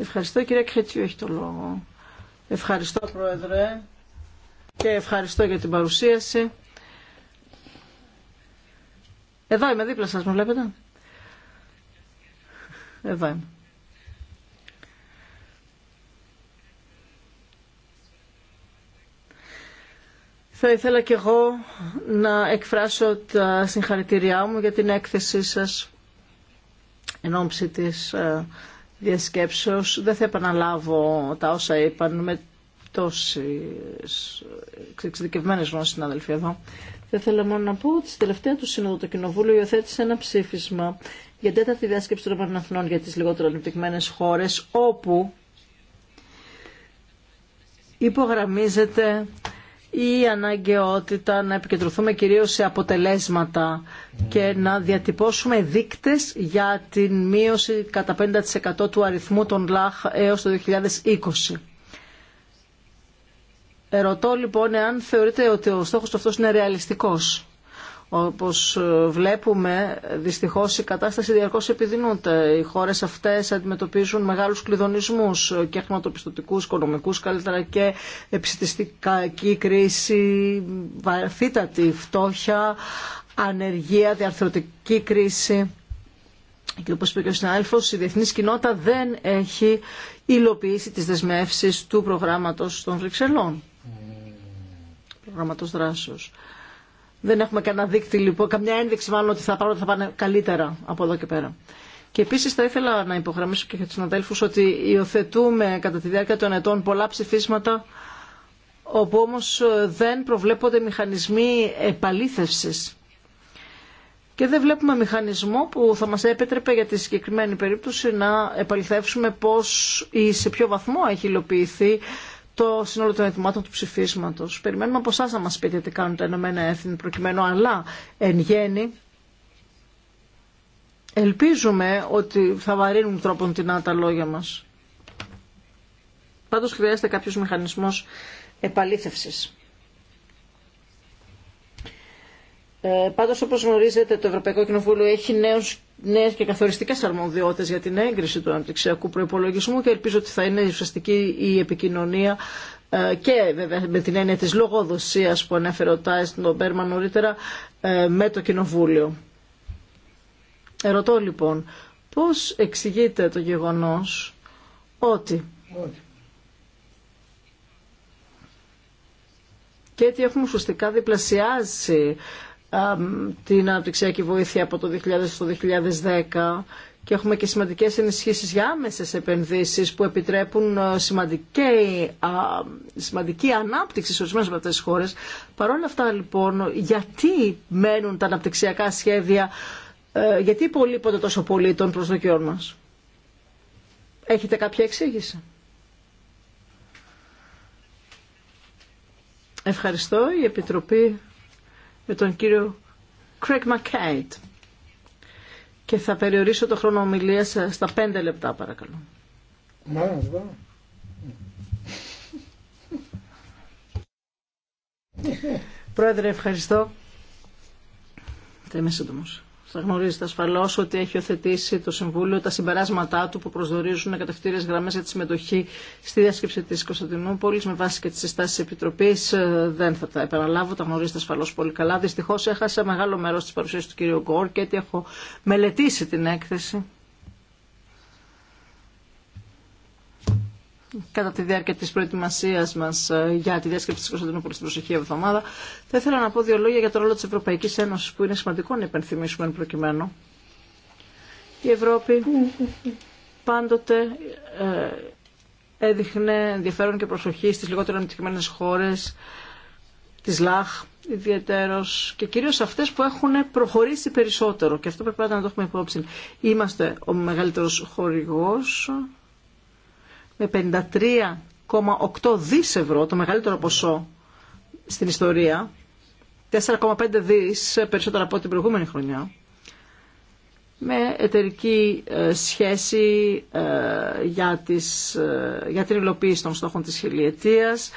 Ευχαριστώ κυρία Κχετιού, έχει το λόγο. Ευχαριστώ Πρόεδρε και ευχαριστώ για την παρουσίαση. Εδώ είμαι δίπλα σας, μου βλέπετε. Εδώ είμαι. Θα ήθελα κι εγώ να εκφράσω τα συγχαρητήριά μου για την έκθεσή σας εν της ε, διασκέψεως. Δεν θα επαναλάβω τα όσα είπαν με τόσες εξειδικευμένες γνώσεις συνάδελφοι εδώ. Θα ήθελα μόνο να πω ότι στη τελευταία του σύνοδο το Κοινοβούλιο υιοθέτησε ένα ψήφισμα για τέταρτη διάσκεψη των Παναθηνών για τις λιγότερο ανεπτυγμένες χώρες όπου υπογραμμίζεται η αναγκαιότητα να επικεντρωθούμε κυρίως σε αποτελέσματα και να διατυπώσουμε δείκτες για την μείωση κατά 50% του αριθμού των ΛΑΧ έως το 2020. Ερωτώ λοιπόν εάν θεωρείτε ότι ο στόχος αυτός είναι ρεαλιστικός. Όπως ε, βλέπουμε, δυστυχώς η κατάσταση διαρκώς επιδεινούνται. Οι χώρες αυτές αντιμετωπίζουν μεγάλους κλειδονισμούς ε, και χρηματοπιστωτικούς, οικονομικούς καλύτερα και επιστηστική κρίση, βαρθύτατη φτώχεια, ανεργία, διαρθρωτική κρίση. Και όπως είπε και ο συνάδελφος, η διεθνής κοινότητα δεν έχει υλοποιήσει τις δεσμεύσεις του προγράμματος των Βρυξελών. Mm. Προγράμματος δράσεως. Δεν έχουμε κανένα δείκτη, λοιπόν, καμιά ένδειξη μάλλον ότι θα πάνε, θα πάνε καλύτερα από εδώ και πέρα. Και επίση θα ήθελα να υπογραμμίσω και για του συναδέλφου ότι υιοθετούμε κατά τη διάρκεια των ετών πολλά ψηφίσματα όπου όμω ε, δεν προβλέπονται μηχανισμοί επαλήθευση. Και δεν βλέπουμε μηχανισμό που θα μας έπετρεπε για τη συγκεκριμένη περίπτωση να επαληθεύσουμε πώς ή σε ποιο βαθμό έχει υλοποιηθεί το σύνολο των ετοιμάτων του ψηφίσματο. Περιμένουμε από εσά να μα πείτε τι κάνουν τα Ηνωμένα Έθνη προκειμένου, αλλά εν γέννη ελπίζουμε ότι θα βαρύνουν τρόπον την τα λόγια μα. Πάντω χρειάζεται κάποιο μηχανισμό επαλήθευση. Ε, Πάντω, όπω γνωρίζετε, το Ευρωπαϊκό Κοινοβούλιο έχει νέε και καθοριστικέ αρμοδιότητε για την έγκριση του αναπτυξιακού προπολογισμού και ελπίζω ότι θα είναι ουσιαστική η επικοινωνία ε, και βέβαια με την έννοια τη λογοδοσία που ανέφερε ο Τάι στον Πέρμα νωρίτερα ε, με το Κοινοβούλιο. Ερωτώ λοιπόν, πώ εξηγείται το γεγονό ότι. Και έτσι έχουμε ουσιαστικά διπλασιάσει την αναπτυξιακή βοήθεια από το 2000 στο 2010 και έχουμε και σημαντικές ενισχύσεις για άμεσες επενδύσεις που επιτρέπουν ε, σημαντική, σημαντική ανάπτυξη σε ορισμένες από αυτές τις χώρες. Παρ' όλα αυτά λοιπόν, γιατί μένουν τα αναπτυξιακά σχέδια, ε, γιατί υπολείπονται τόσο πολύ των προσδοκιών μας. Έχετε κάποια εξήγηση. Ευχαριστώ. Η Επιτροπή με τον κύριο Craig Μακέιτ Και θα περιορίσω το χρόνο ομιλία στα πέντε λεπτά, παρακαλώ. Πρόεδρε, ευχαριστώ. Θα είμαι σύντομος. Θα γνωρίζετε ασφαλώ ότι έχει οθετήσει το Συμβούλιο τα συμπεράσματά του που προσδορίζουν κατευθύνε γραμμέ για τη συμμετοχή στη διάσκεψη τη Κωνσταντινούπολη με βάση και τι συστάσει τη Επιτροπή. Ε, δεν θα τα επαναλάβω, τα γνωρίζετε ασφαλώ πολύ καλά. Δυστυχώ έχασα μεγάλο μέρο τη παρουσίαση του κ. Γκόρ και έχω μελετήσει την έκθεση. κατά τη διάρκεια της προετοιμασίας μας ε, για τη διάσκεψη της Κωνσταντινούπολης την προσεχή εβδομάδα. Θα ήθελα να πω δύο λόγια για το ρόλο της Ευρωπαϊκής Ένωσης που είναι σημαντικό να υπενθυμίσουμε εν προκειμένου. Η Ευρώπη πάντοτε ε, έδειχνε ενδιαφέρον και προσοχή στις λιγότερο ανεπτυγμένες χώρες της ΛΑΧ ιδιαίτερος και κυρίως αυτές που έχουν προχωρήσει περισσότερο και αυτό πρέπει να το έχουμε υπόψη. Είμαστε ο μεγαλύτερος χορηγός με 53,8 δις ευρώ, το μεγαλύτερο ποσό στην ιστορία, 4,5 δις περισσότερο από την προηγούμενη χρονιά, με εταιρική ε, σχέση ε, για, τις, ε, για την υλοποίηση των στόχων της χιλιετίας,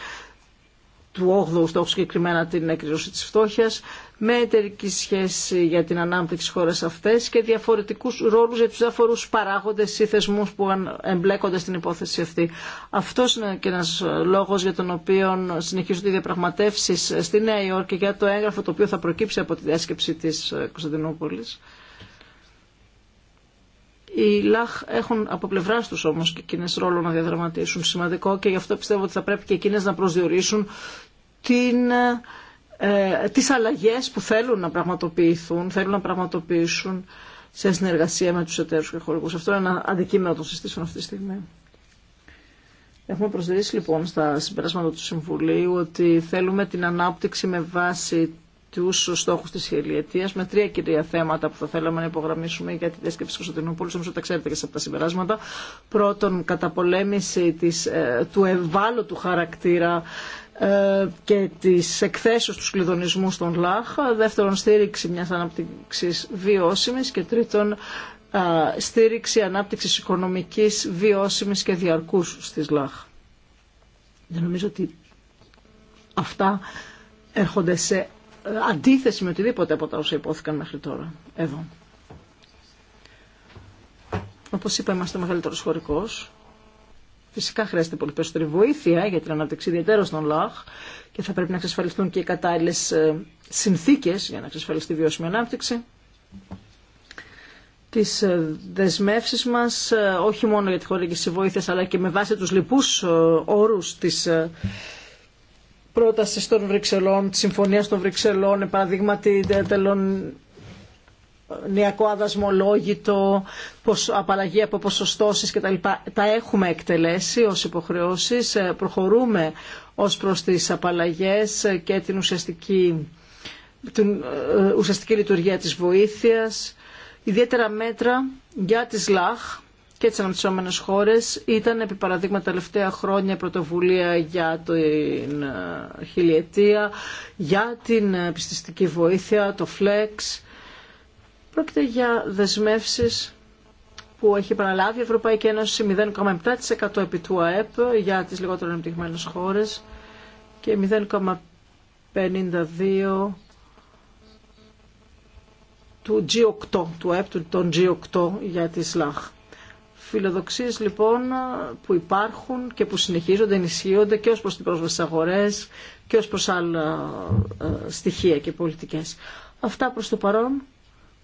του 8ου στόχου συγκεκριμένα την εκκριώση της φτώχειας, με εταιρική σχέση για την ανάπτυξη χώρες αυτές και διαφορετικούς ρόλους για τους διάφορους παράγοντες ή θεσμούς που εμπλέκονται στην υπόθεση αυτή. Αυτός είναι και ένας λόγος για τον οποίο συνεχίζονται οι διαπραγματεύσεις στη Νέα Υόρκη για το έγγραφο το οποίο θα προκύψει από τη διάσκεψη της ε, Κωνσταντινούπολης. Οι ΛΑΧ έχουν από πλευρά του όμω και εκείνε ρόλο να διαδραματίσουν σημαντικό και γι' αυτό πιστεύω ότι θα πρέπει και εκείνε να προσδιορίσουν την ε, ε, τις αλλαγές που θέλουν να πραγματοποιηθούν, θέλουν να πραγματοποιήσουν σε συνεργασία με τους εταίρους και χωρικούς. Αυτό είναι ένα αντικείμενο των συστήσεων αυτή τη στιγμή. Έχουμε προσδιορίσει λοιπόν στα συμπεράσματα του Συμβουλίου ότι θέλουμε την ανάπτυξη με βάση του στόχου τη χιλιετία με τρία κυρία θέματα που θα θέλαμε να υπογραμμίσουμε για τη διάσκεψη τη Κωνσταντινούπολης, Όμω τα ξέρετε και σε αυτά τα συμπεράσματα. Πρώτον, καταπολέμηση της, ε, του ευάλωτου χαρακτήρα ε, και τις εκθέσεις του κλειδονισμού των ΛΑΧ, δεύτερον στήριξη μιας ανάπτυξης βιώσιμης και τρίτον ε, στήριξη ανάπτυξης οικονομικής βιώσιμης και διαρκούς στις ΛΑΧ. Δεν νομίζω ότι αυτά έρχονται σε ε, αντίθεση με οτιδήποτε από τα όσα υπόθηκαν μέχρι τώρα. Εδώ. Όπως είπα, είμαστε ο μεγαλύτερος χωρικός Φυσικά χρειάζεται πολύ περισσότερη βοήθεια για την ανάπτυξη ιδιαίτερα στον ΛΑΧ και θα πρέπει να εξασφαλιστούν και οι κατάλληλε ε, συνθήκε για να εξασφαλιστεί η βιώσιμη ανάπτυξη. Τι ε, δεσμεύσει μα, ε, όχι μόνο για τη χορήγηση βοήθεια, αλλά και με βάση του λοιπού όρου τη πρόταση των Βρυξελών, τη συμφωνία των Βρυξελών, παραδείγματι νεακό αδασμολόγητο, απαλλαγή από ποσοστώσεις κτλ. Τα έχουμε εκτελέσει ως υποχρεώσεις, ε, προχωρούμε ως προς τις απαλλαγές και την ουσιαστική, την ε, ε, ουσιαστική λειτουργία της βοήθειας. Ιδιαίτερα μέτρα για τις ΛΑΧ και τις αναπτυσσόμενες χώρες ήταν επί παραδείγμα τα τελευταία χρόνια πρωτοβουλία για την χιλιετία, για την πιστιστική βοήθεια, το Φλέξ. Πρόκειται για δεσμεύσεις που έχει επαναλάβει η Ευρωπαϊκή Ένωση 0,7% επί του ΑΕΠ για τις λιγότερο ανεπτυγμένες χώρες και 0,52% του G8, του ΑΕΠ των G8 για τις ΛΑΧ. Φιλοδοξίες λοιπόν που υπάρχουν και που συνεχίζονται, ενισχύονται και ως προς την πρόσβαση στις αγορές και ως προς άλλα ε, στοιχεία και πολιτικές. Αυτά προς το παρόν.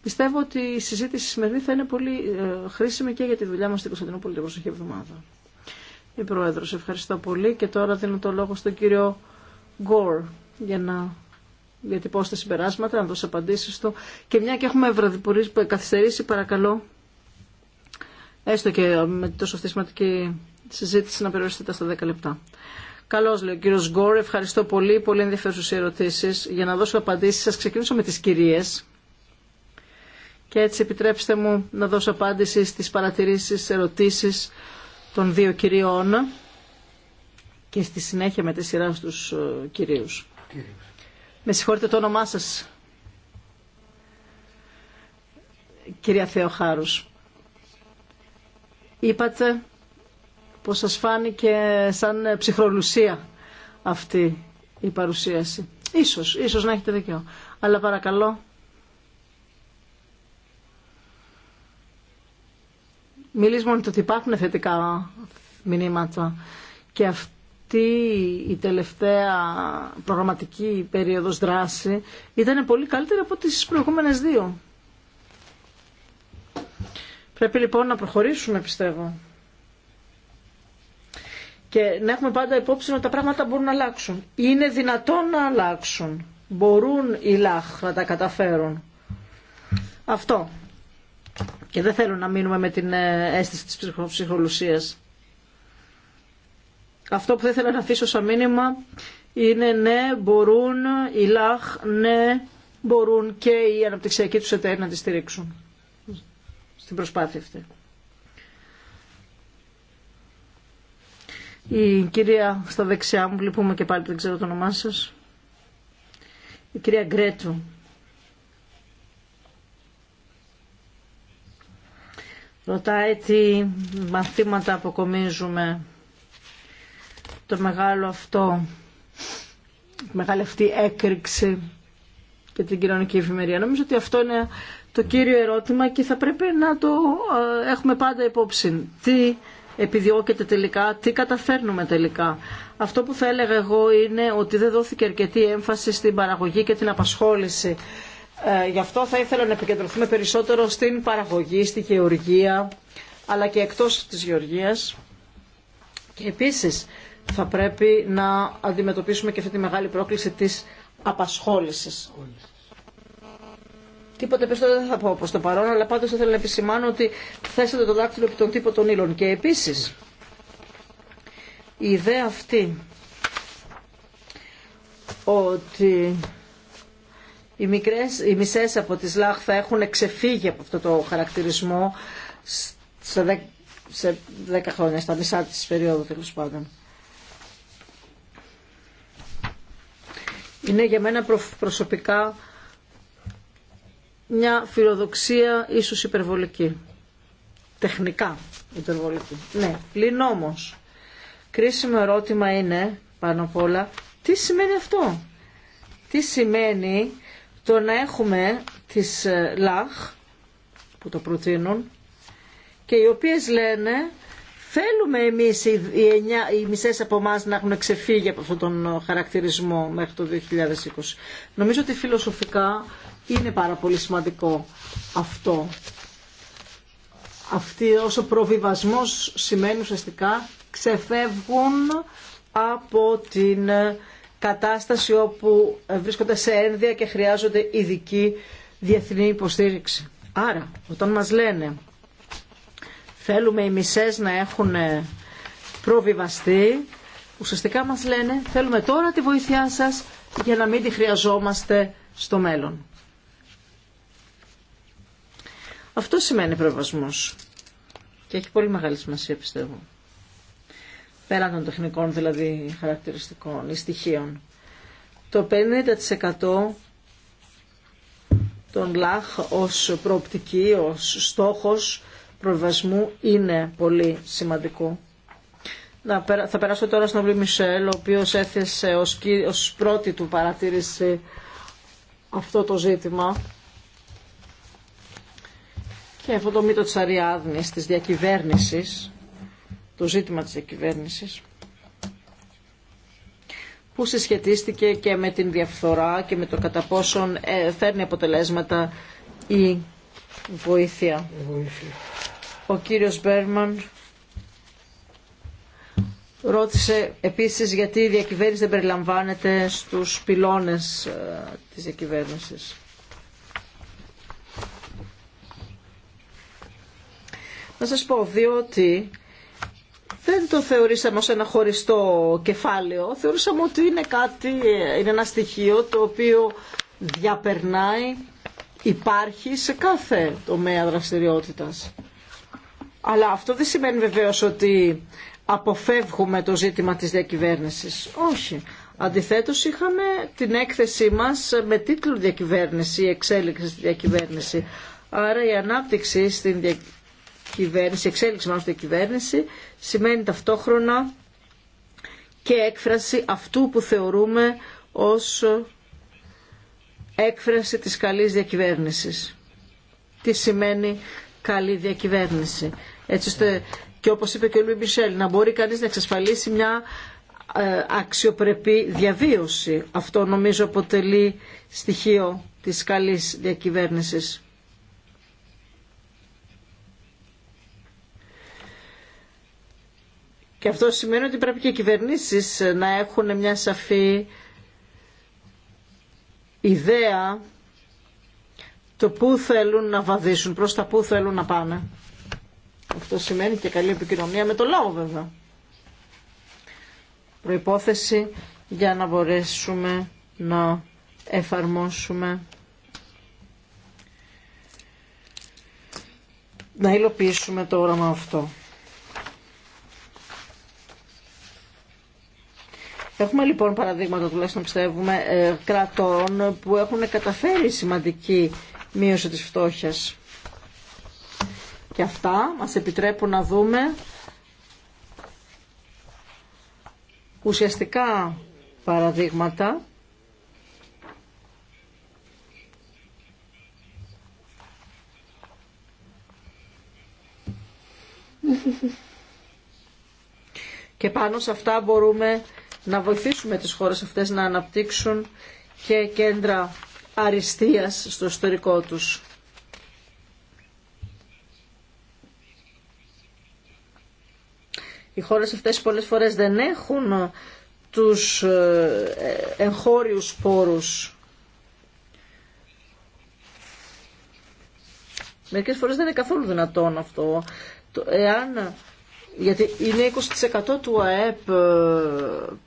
Πιστεύω ότι η συζήτηση σημερινή θα είναι πολύ ε, χρήσιμη και για τη δουλειά μας στην Κωνσταντινούπολη την προσεχή εβδομάδα. Η σε ευχαριστώ πολύ και τώρα δίνω το λόγο στον κύριο Γκορ για να διατυπώσει τα συμπεράσματα, να δώσει απαντήσεις του. Και μια και έχουμε καθυστερήσει, παρακαλώ, έστω και με τόσο αυτή συζήτηση, να περιοριστείτε στα 10 λεπτά. Καλώ, λέει ο κύριο Γκόρ. Ευχαριστώ πολύ. Πολύ ενδιαφέρουσε οι ερωτήσει. Για να δώσω απαντήσει, σα ξεκινήσω με τι κυρίε, και έτσι επιτρέψτε μου να δώσω απάντηση στις παρατηρήσεις, ερωτήσεις των δύο κυρίων και στη συνέχεια με τη σειρά στους ε, κυρίους. Με συγχωρείτε το όνομά σας, κυρία Θεοχάρους. Είπατε πως σας φάνηκε σαν ψυχρολουσία αυτή η παρουσίαση. Ίσως, ίσως να έχετε δικαιό. Αλλά παρακαλώ μιλήσουμε μόνο ότι υπάρχουν θετικά μηνύματα και αυτή η τελευταία προγραμματική περίοδος δράση ήταν πολύ καλύτερη από τις προηγούμενες δύο. Πρέπει λοιπόν να προχωρήσουμε πιστεύω. Και να έχουμε πάντα υπόψη ότι τα πράγματα μπορούν να αλλάξουν. Είναι δυνατόν να αλλάξουν. Μπορούν οι λάχ να τα καταφέρουν. Αυτό. Και δεν θέλω να μείνουμε με την ε, αίσθηση της ψυχολουσίας. Αυτό που θα ήθελα να αφήσω σαν μήνυμα είναι ναι, μπορούν οι ΛΑΧ, ναι, μπορούν και οι αναπτυξιακοί τους εταίροι να τη στηρίξουν στην προσπάθεια αυτή. Η κυρία στα δεξιά μου, λυπούμε και πάλι δεν ξέρω το όνομά σας, η κυρία Γκρέτου, Ρωτάει τι μαθήματα αποκομίζουμε το μεγάλο αυτό, τη μεγάλη αυτή έκρηξη και την κοινωνική ευημερία. Νομίζω ότι αυτό είναι το κύριο ερώτημα και θα πρέπει να το ε, έχουμε πάντα υπόψη. Τι επιδιώκεται τελικά, τι καταφέρνουμε τελικά. Αυτό που θα έλεγα εγώ είναι ότι δεν δόθηκε αρκετή έμφαση στην παραγωγή και την απασχόληση ε, γι' αυτό θα ήθελα να επικεντρωθούμε περισσότερο στην παραγωγή, στη γεωργία, αλλά και εκτός της γεωργίας. Και επίσης θα πρέπει να αντιμετωπίσουμε και αυτή τη μεγάλη πρόκληση της απασχόλησης. Τίποτε περισσότερο δεν θα πω προς το παρόν, αλλά πάντως θα ήθελα να επισημάνω ότι θέσετε το δάκτυλο επί τον τύπο των ύλων. Και επίσης, η ιδέα αυτή ότι οι, μικρές, οι μισές από τις ΛΑΧ θα έχουν ξεφύγει από αυτό το χαρακτηρισμό σε δέκα χρόνια, στα μισά της περίοδου τέλο πάντων. Είναι για μένα προσωπικά μια φιλοδοξία ίσως υπερβολική. Τεχνικά υπερβολική. Ναι, πλην όμως. Κρίσιμο ερώτημα είναι, πάνω απ' όλα, τι σημαίνει αυτό. Τι σημαίνει το να έχουμε τις ε, ΛΑΧ που το προτείνουν και οι οποίες λένε θέλουμε εμείς οι, εννιά, μισές από εμά να έχουν ξεφύγει από αυτόν τον ε, χαρακτηρισμό μέχρι το 2020. Νομίζω ότι φιλοσοφικά είναι πάρα πολύ σημαντικό αυτό. Αυτή όσο προβιβασμός σημαίνει ουσιαστικά ξεφεύγουν από την ε, κατάσταση όπου βρίσκονται σε ένδια και χρειάζονται ειδική διεθνή υποστήριξη. Άρα, όταν μας λένε θέλουμε οι μισές να έχουν ε, προβιβαστεί, ουσιαστικά μας λένε θέλουμε τώρα τη βοήθειά σας για να μην τη χρειαζόμαστε στο μέλλον. Αυτό σημαίνει προβασμός και έχει πολύ μεγάλη σημασία πιστεύω πέραν των τεχνικών δηλαδή χαρακτηριστικών ή στοιχείων. Το 50% των ΛΑΧ ως προοπτική, ως στόχος προβασμού είναι πολύ σημαντικό. Να, θα περάσω τώρα στον Βλή Μισελ, ο οποίος έθεσε ως, ως πρώτη του παρατήρηση αυτό το ζήτημα και αυτό το μύτο της Αριάδνης, της διακυβέρνησης το ζήτημα της διακυβέρνησης που συσχετίστηκε και με την διαφθορά και με το κατά πόσον ε, φέρνει αποτελέσματα η βοήθεια. Ο κύριος Μπέρμαν ρώτησε επίσης γιατί η διακυβέρνηση δεν περιλαμβάνεται στους πυλώνες ε, της διακυβέρνησης. Να σας πω διότι δεν το θεωρήσαμε ως ένα χωριστό κεφάλαιο. Θεωρήσαμε ότι είναι κάτι, είναι ένα στοιχείο το οποίο διαπερνάει, υπάρχει σε κάθε τομέα δραστηριότητας. Αλλά αυτό δεν σημαίνει βεβαίως ότι αποφεύγουμε το ζήτημα της διακυβέρνησης. Όχι. Αντιθέτως είχαμε την έκθεσή μας με τίτλο «Διακυβέρνηση, η εξέλιξη στη διακυβέρνηση». Άρα η ανάπτυξη στην διακυβέρνηση, η εξέλιξη μας στη διακυβέρνηση σημαίνει ταυτόχρονα και έκφραση αυτού που θεωρούμε ως έκφραση της καλής διακυβέρνησης. Τι σημαίνει καλή διακυβέρνηση. Έτσι ώστε και όπως είπε και ο Λουί Μισελ να μπορεί κανείς να εξασφαλίσει μια ε, αξιοπρεπή διαβίωση. Αυτό νομίζω αποτελεί στοιχείο της καλής διακυβέρνησης. Και αυτό σημαίνει ότι πρέπει και οι κυβερνήσεις να έχουν μια σαφή ιδέα το πού θέλουν να βαδίσουν, προς τα πού θέλουν να πάνε. Αυτό σημαίνει και καλή επικοινωνία με το λαό βέβαια. Προϋπόθεση για να μπορέσουμε να εφαρμόσουμε να υλοποιήσουμε το όραμα αυτό. έχουμε λοιπόν παραδείγματα, τουλάχιστον πιστεύουμε, ε, κρατών που έχουν καταφέρει σημαντική μείωση της φτώχειας. Και αυτά μας επιτρέπουν να δούμε ουσιαστικά παραδείγματα [laughs] και πάνω σε αυτά μπορούμε να βοηθήσουμε τις χώρες αυτές να αναπτύξουν και κέντρα αριστείας στο ιστορικό τους. Οι χώρες αυτές πολλές φορές δεν έχουν ε, τους ε, εγχώριους πόρους. Μερικές φορές δεν είναι καθόλου δυνατόν αυτό. Εάν γιατί είναι 20% του ΑΕΠ ε,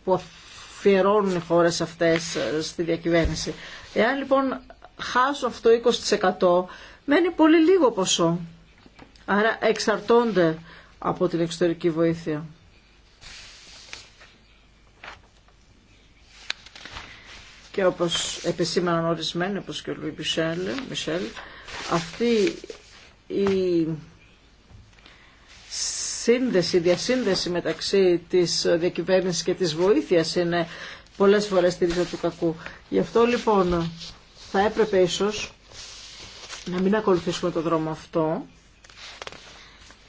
που αφιερώνουν οι χώρες αυτές ε, στη διακυβέρνηση. Εάν λοιπόν χάσουν αυτό το 20% μένει πολύ λίγο ποσό. Άρα εξαρτώνται από την εξωτερική βοήθεια. Και όπως επισήμαναν ορισμένοι, όπως και ο Λουί Μισελ, αυτή η σύνδεση, διασύνδεση μεταξύ της διακυβέρνησης και της βοήθειας είναι πολλές φορές τη ρίζα του κακού. Γι' αυτό λοιπόν θα έπρεπε ίσως να μην ακολουθήσουμε το δρόμο αυτό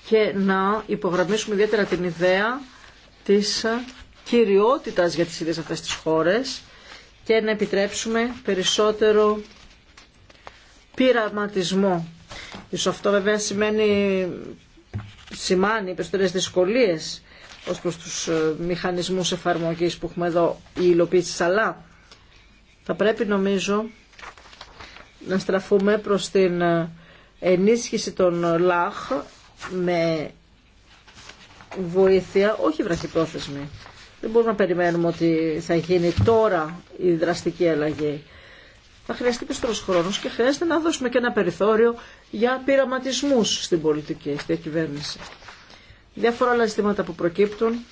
και να υπογραμμίσουμε ιδιαίτερα την ιδέα της κυριότητας για τις ίδιες αυτές τις χώρες και να επιτρέψουμε περισσότερο πειραματισμό. Ίσως αυτό βέβαια σημαίνει σημάνει περισσότερες δυσκολίες ως προς τους ε, μηχανισμούς εφαρμογής που έχουμε εδώ η υλοποίηση αλλά θα πρέπει νομίζω να στραφούμε προς την ε, ενίσχυση των ε, ΛΑΧ με βοήθεια, όχι βραχυπρόθεσμη. Δεν μπορούμε να περιμένουμε ότι θα γίνει τώρα η δραστική αλλαγή. Θα χρειαστεί περισσότερος χρόνος και χρειάζεται να δώσουμε και ένα περιθώριο για πειραματισμούς στην πολιτική, στη κυβέρνηση. Διάφορα άλλα ζητήματα που προκύπτουν.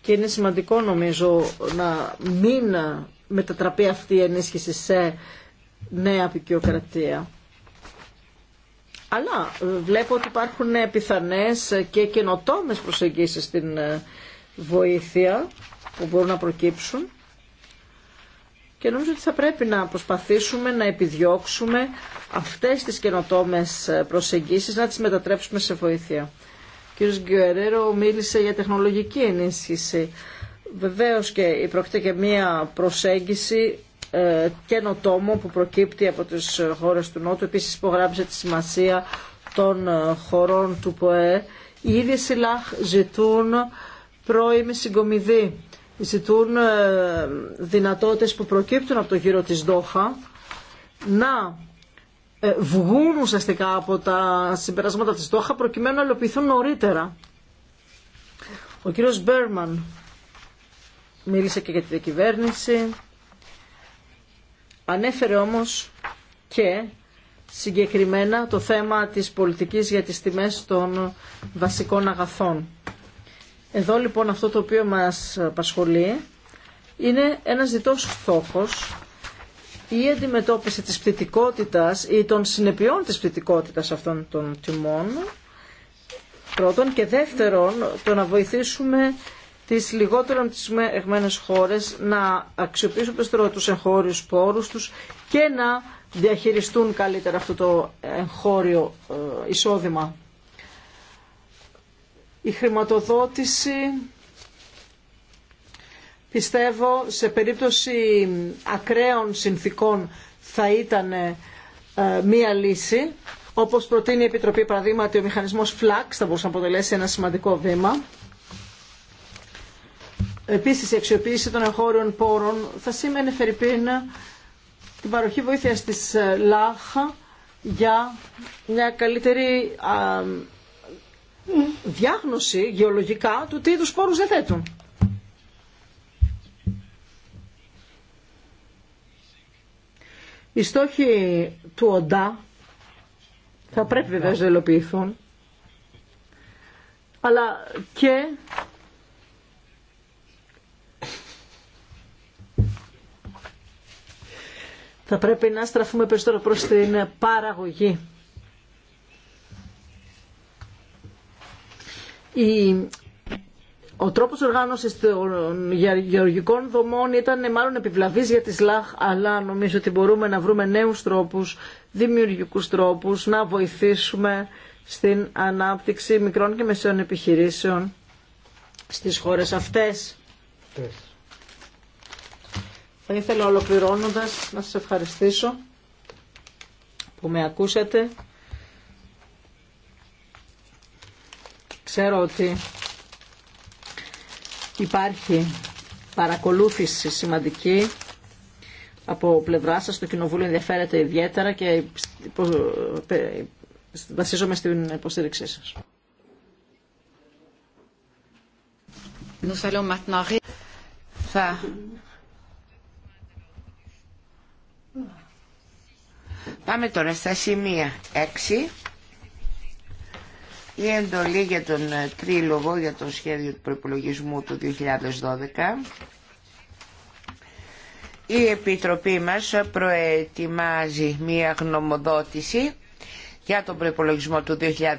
Και είναι σημαντικό νομίζω να μην μετατραπεί αυτή η ενίσχυση σε νέα απεικιοκρατία. Αλλά ε, βλέπω ότι υπάρχουν πιθανές και καινοτόμες προσεγγίσεις στην ε, βοήθεια που μπορούν να προκύψουν και νομίζω ότι θα πρέπει να προσπαθήσουμε να επιδιώξουμε αυτές τις καινοτόμες προσεγγίσεις, να τις μετατρέψουμε σε βοήθεια. Ο κύριος Γκιουερέρο μίλησε για τεχνολογική ενίσχυση. Βεβαίως και πρόκειται και μία προσέγγιση ε, καινοτόμων που προκύπτει από τις χώρες του Νότου. Επίσης υπογράψε τη σημασία των ε, χωρών του ΠΟΕ. Οι ίδιες οι ΛΑΧ ζητούν πρώιμη συγκομιδή ζητούν ε, δυνατότητες που προκύπτουν από το γύρο της Δόχα να ε, βγουν ουσιαστικά από τα συμπεράσματα της Δόχα προκειμένου να ελοπιθούν νωρίτερα. Ο κύριος Μπέρμαν μίλησε και για τη διακυβέρνηση, ανέφερε όμως και συγκεκριμένα το θέμα της πολιτικής για τις τιμές των βασικών αγαθών. Εδώ λοιπόν αυτό το οποίο μας απασχολεί είναι ένας διτός στόχος η αντιμετώπιση της πτυτικότητας ή των συνεπειών της πτυτικότητας αυτών των τιμών πρώτον και δεύτερον το να βοηθήσουμε τις λιγότερο εγμένες χώρες να αξιοποιήσουν περισσότερο τους εγχώριους πόρους τους και να διαχειριστούν καλύτερα αυτό το εγχώριο ε, εισόδημα η χρηματοδότηση πιστεύω σε περίπτωση ακραίων συνθήκων θα ήταν ε, μία λύση. Όπως προτείνει η Επιτροπή παραδείγματι ο μηχανισμός FLAX θα μπορούσε να αποτελέσει ένα σημαντικό βήμα. Επίσης η αξιοποίηση των εγχώριων πόρων θα σήμαινε φερρυπίν την παροχή βοήθειας της ε, ΛΑΧ για μια καλύτερη διάγνωση γεωλογικά του τι είδου σπόρους θέτουν. Οι στόχοι του ΟΝΤΑ θα πρέπει να υλοποιηθούν, αλλά και θα πρέπει να στραφούμε περισσότερο προς την παραγωγή η, ο τρόπος οργάνωσης των γεωργικών δομών ήταν μάλλον επιβλαβής για τη ΣΛΑΧ, αλλά νομίζω ότι μπορούμε να βρούμε νέους τρόπους, δημιουργικούς τρόπους, να βοηθήσουμε στην ανάπτυξη μικρών και μεσαίων επιχειρήσεων στις χώρες αυτές. Θα ήθελα ολοκληρώνοντας να σας ευχαριστήσω που με ακούσατε. Ξέρω ότι υπάρχει παρακολούθηση σημαντική από πλευρά σας. Το Κοινοβούλιο ενδιαφέρεται ιδιαίτερα και βασίζομαι στην υποστήριξή σας. Πάμε τώρα στα σημεία 6 η εντολή για τον ε, Τρίλογο για το σχέδιο του προπολογισμού του 2012 η Επιτροπή μας προετοιμάζει μία γνωμοδότηση για τον προπολογισμό του 2012.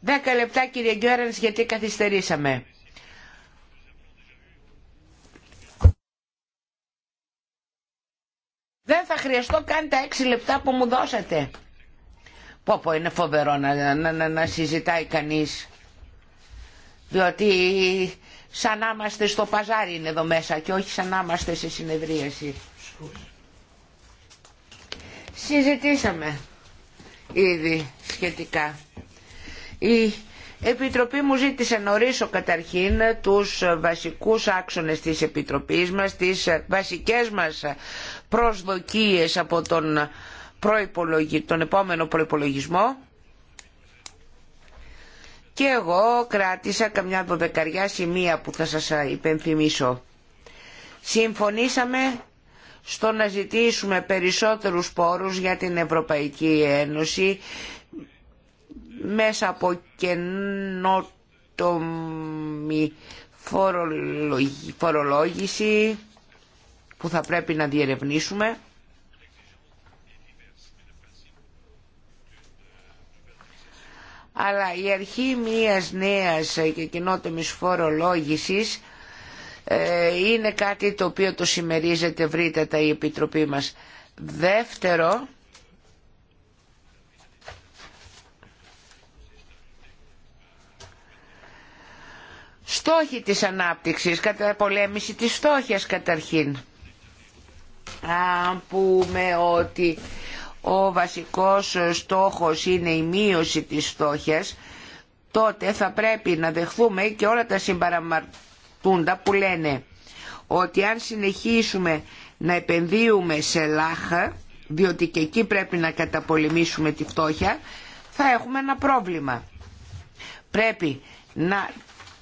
Δέκα λεπτά κύριε Γκέρενς γιατί καθυστερήσαμε. Δεν θα χρειαστώ καν τα έξι λεπτά που μου δώσατε. Πω πω είναι φοβερό να, να, να, να συζητάει κανείς. Διότι σαν να είμαστε στο παζάρι είναι εδώ μέσα και όχι σαν να είμαστε σε συνεδρίαση. Συζητήσαμε ήδη σχετικά. Η Επιτροπή μου ζήτησε να ορίσω καταρχήν τους βασικούς άξονες της Επιτροπής μας, τις βασικές μας προσδοκίες από τον τον επόμενο προϋπολογισμό και εγώ κράτησα καμιά δωδεκαριά σημεία που θα σας υπενθυμίσω. Συμφωνήσαμε στο να ζητήσουμε περισσότερους πόρους για την Ευρωπαϊκή Ένωση μέσα από καινοτομή φορολόγηση που θα πρέπει να διερευνήσουμε. αλλά η αρχή μιας νέας και κοινότομης φορολόγησης ε, είναι κάτι το οποίο το συμμερίζεται βρύτατα η Επιτροπή μας. Δεύτερο, στόχοι της ανάπτυξης, κατά πολέμηση της στόχιας καταρχήν. Αν πούμε ότι ο βασικός στόχος είναι η μείωση της φτώχειας, τότε θα πρέπει να δεχθούμε και όλα τα συμπαραμαρτούντα που λένε ότι αν συνεχίσουμε να επενδύουμε σε λάχα, διότι και εκεί πρέπει να καταπολεμήσουμε τη φτώχεια, θα έχουμε ένα πρόβλημα. Πρέπει να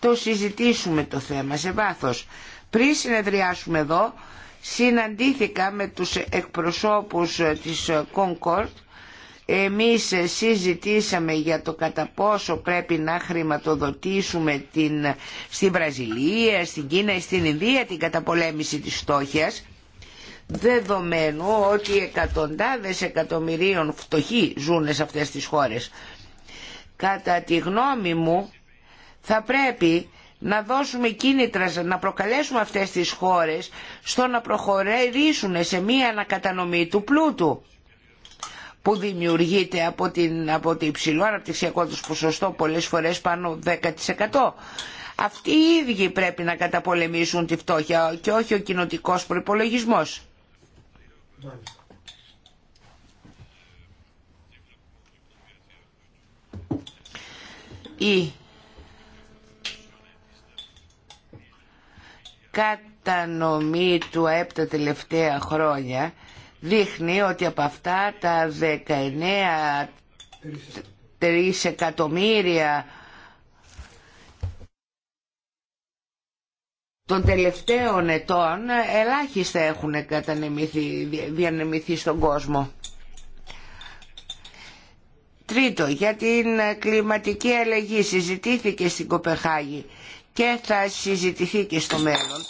το συζητήσουμε το θέμα σε βάθος. Πριν συνεδριάσουμε εδώ, συναντήθηκα με τους εκπροσώπους της Concord εμείς συζητήσαμε για το κατά πόσο πρέπει να χρηματοδοτήσουμε την, στην Βραζιλία, στην Κίνα ή στην Ινδία την καταπολέμηση της φτώχειας δεδομένου ότι εκατοντάδες εκατομμυρίων φτωχοί ζουν σε αυτές τις χώρες. Κατά τη γνώμη μου θα πρέπει να δώσουμε κίνητρα, να προκαλέσουμε αυτές τις χώρες στο να προχωρήσουν σε μία ανακατανομή του πλούτου που δημιουργείται από, την, από το υψηλό αναπτυξιακό τους ποσοστό πολλές φορές πάνω 10%. Αυτοί οι ίδιοι πρέπει να καταπολεμήσουν τη φτώχεια και όχι ο κοινοτικό προπολογισμό. Η κατανομή του ΑΕΠ τα τελευταία χρόνια δείχνει ότι από αυτά τα 19 τρισεκατομμύρια των τελευταίων ετών ελάχιστα έχουν κατανεμηθεί, διανεμηθεί στον κόσμο. Τρίτο, για την κλιματική αλλαγή συζητήθηκε στην Κοπεχάγη και θα συζητηθεί και στο μέλλον.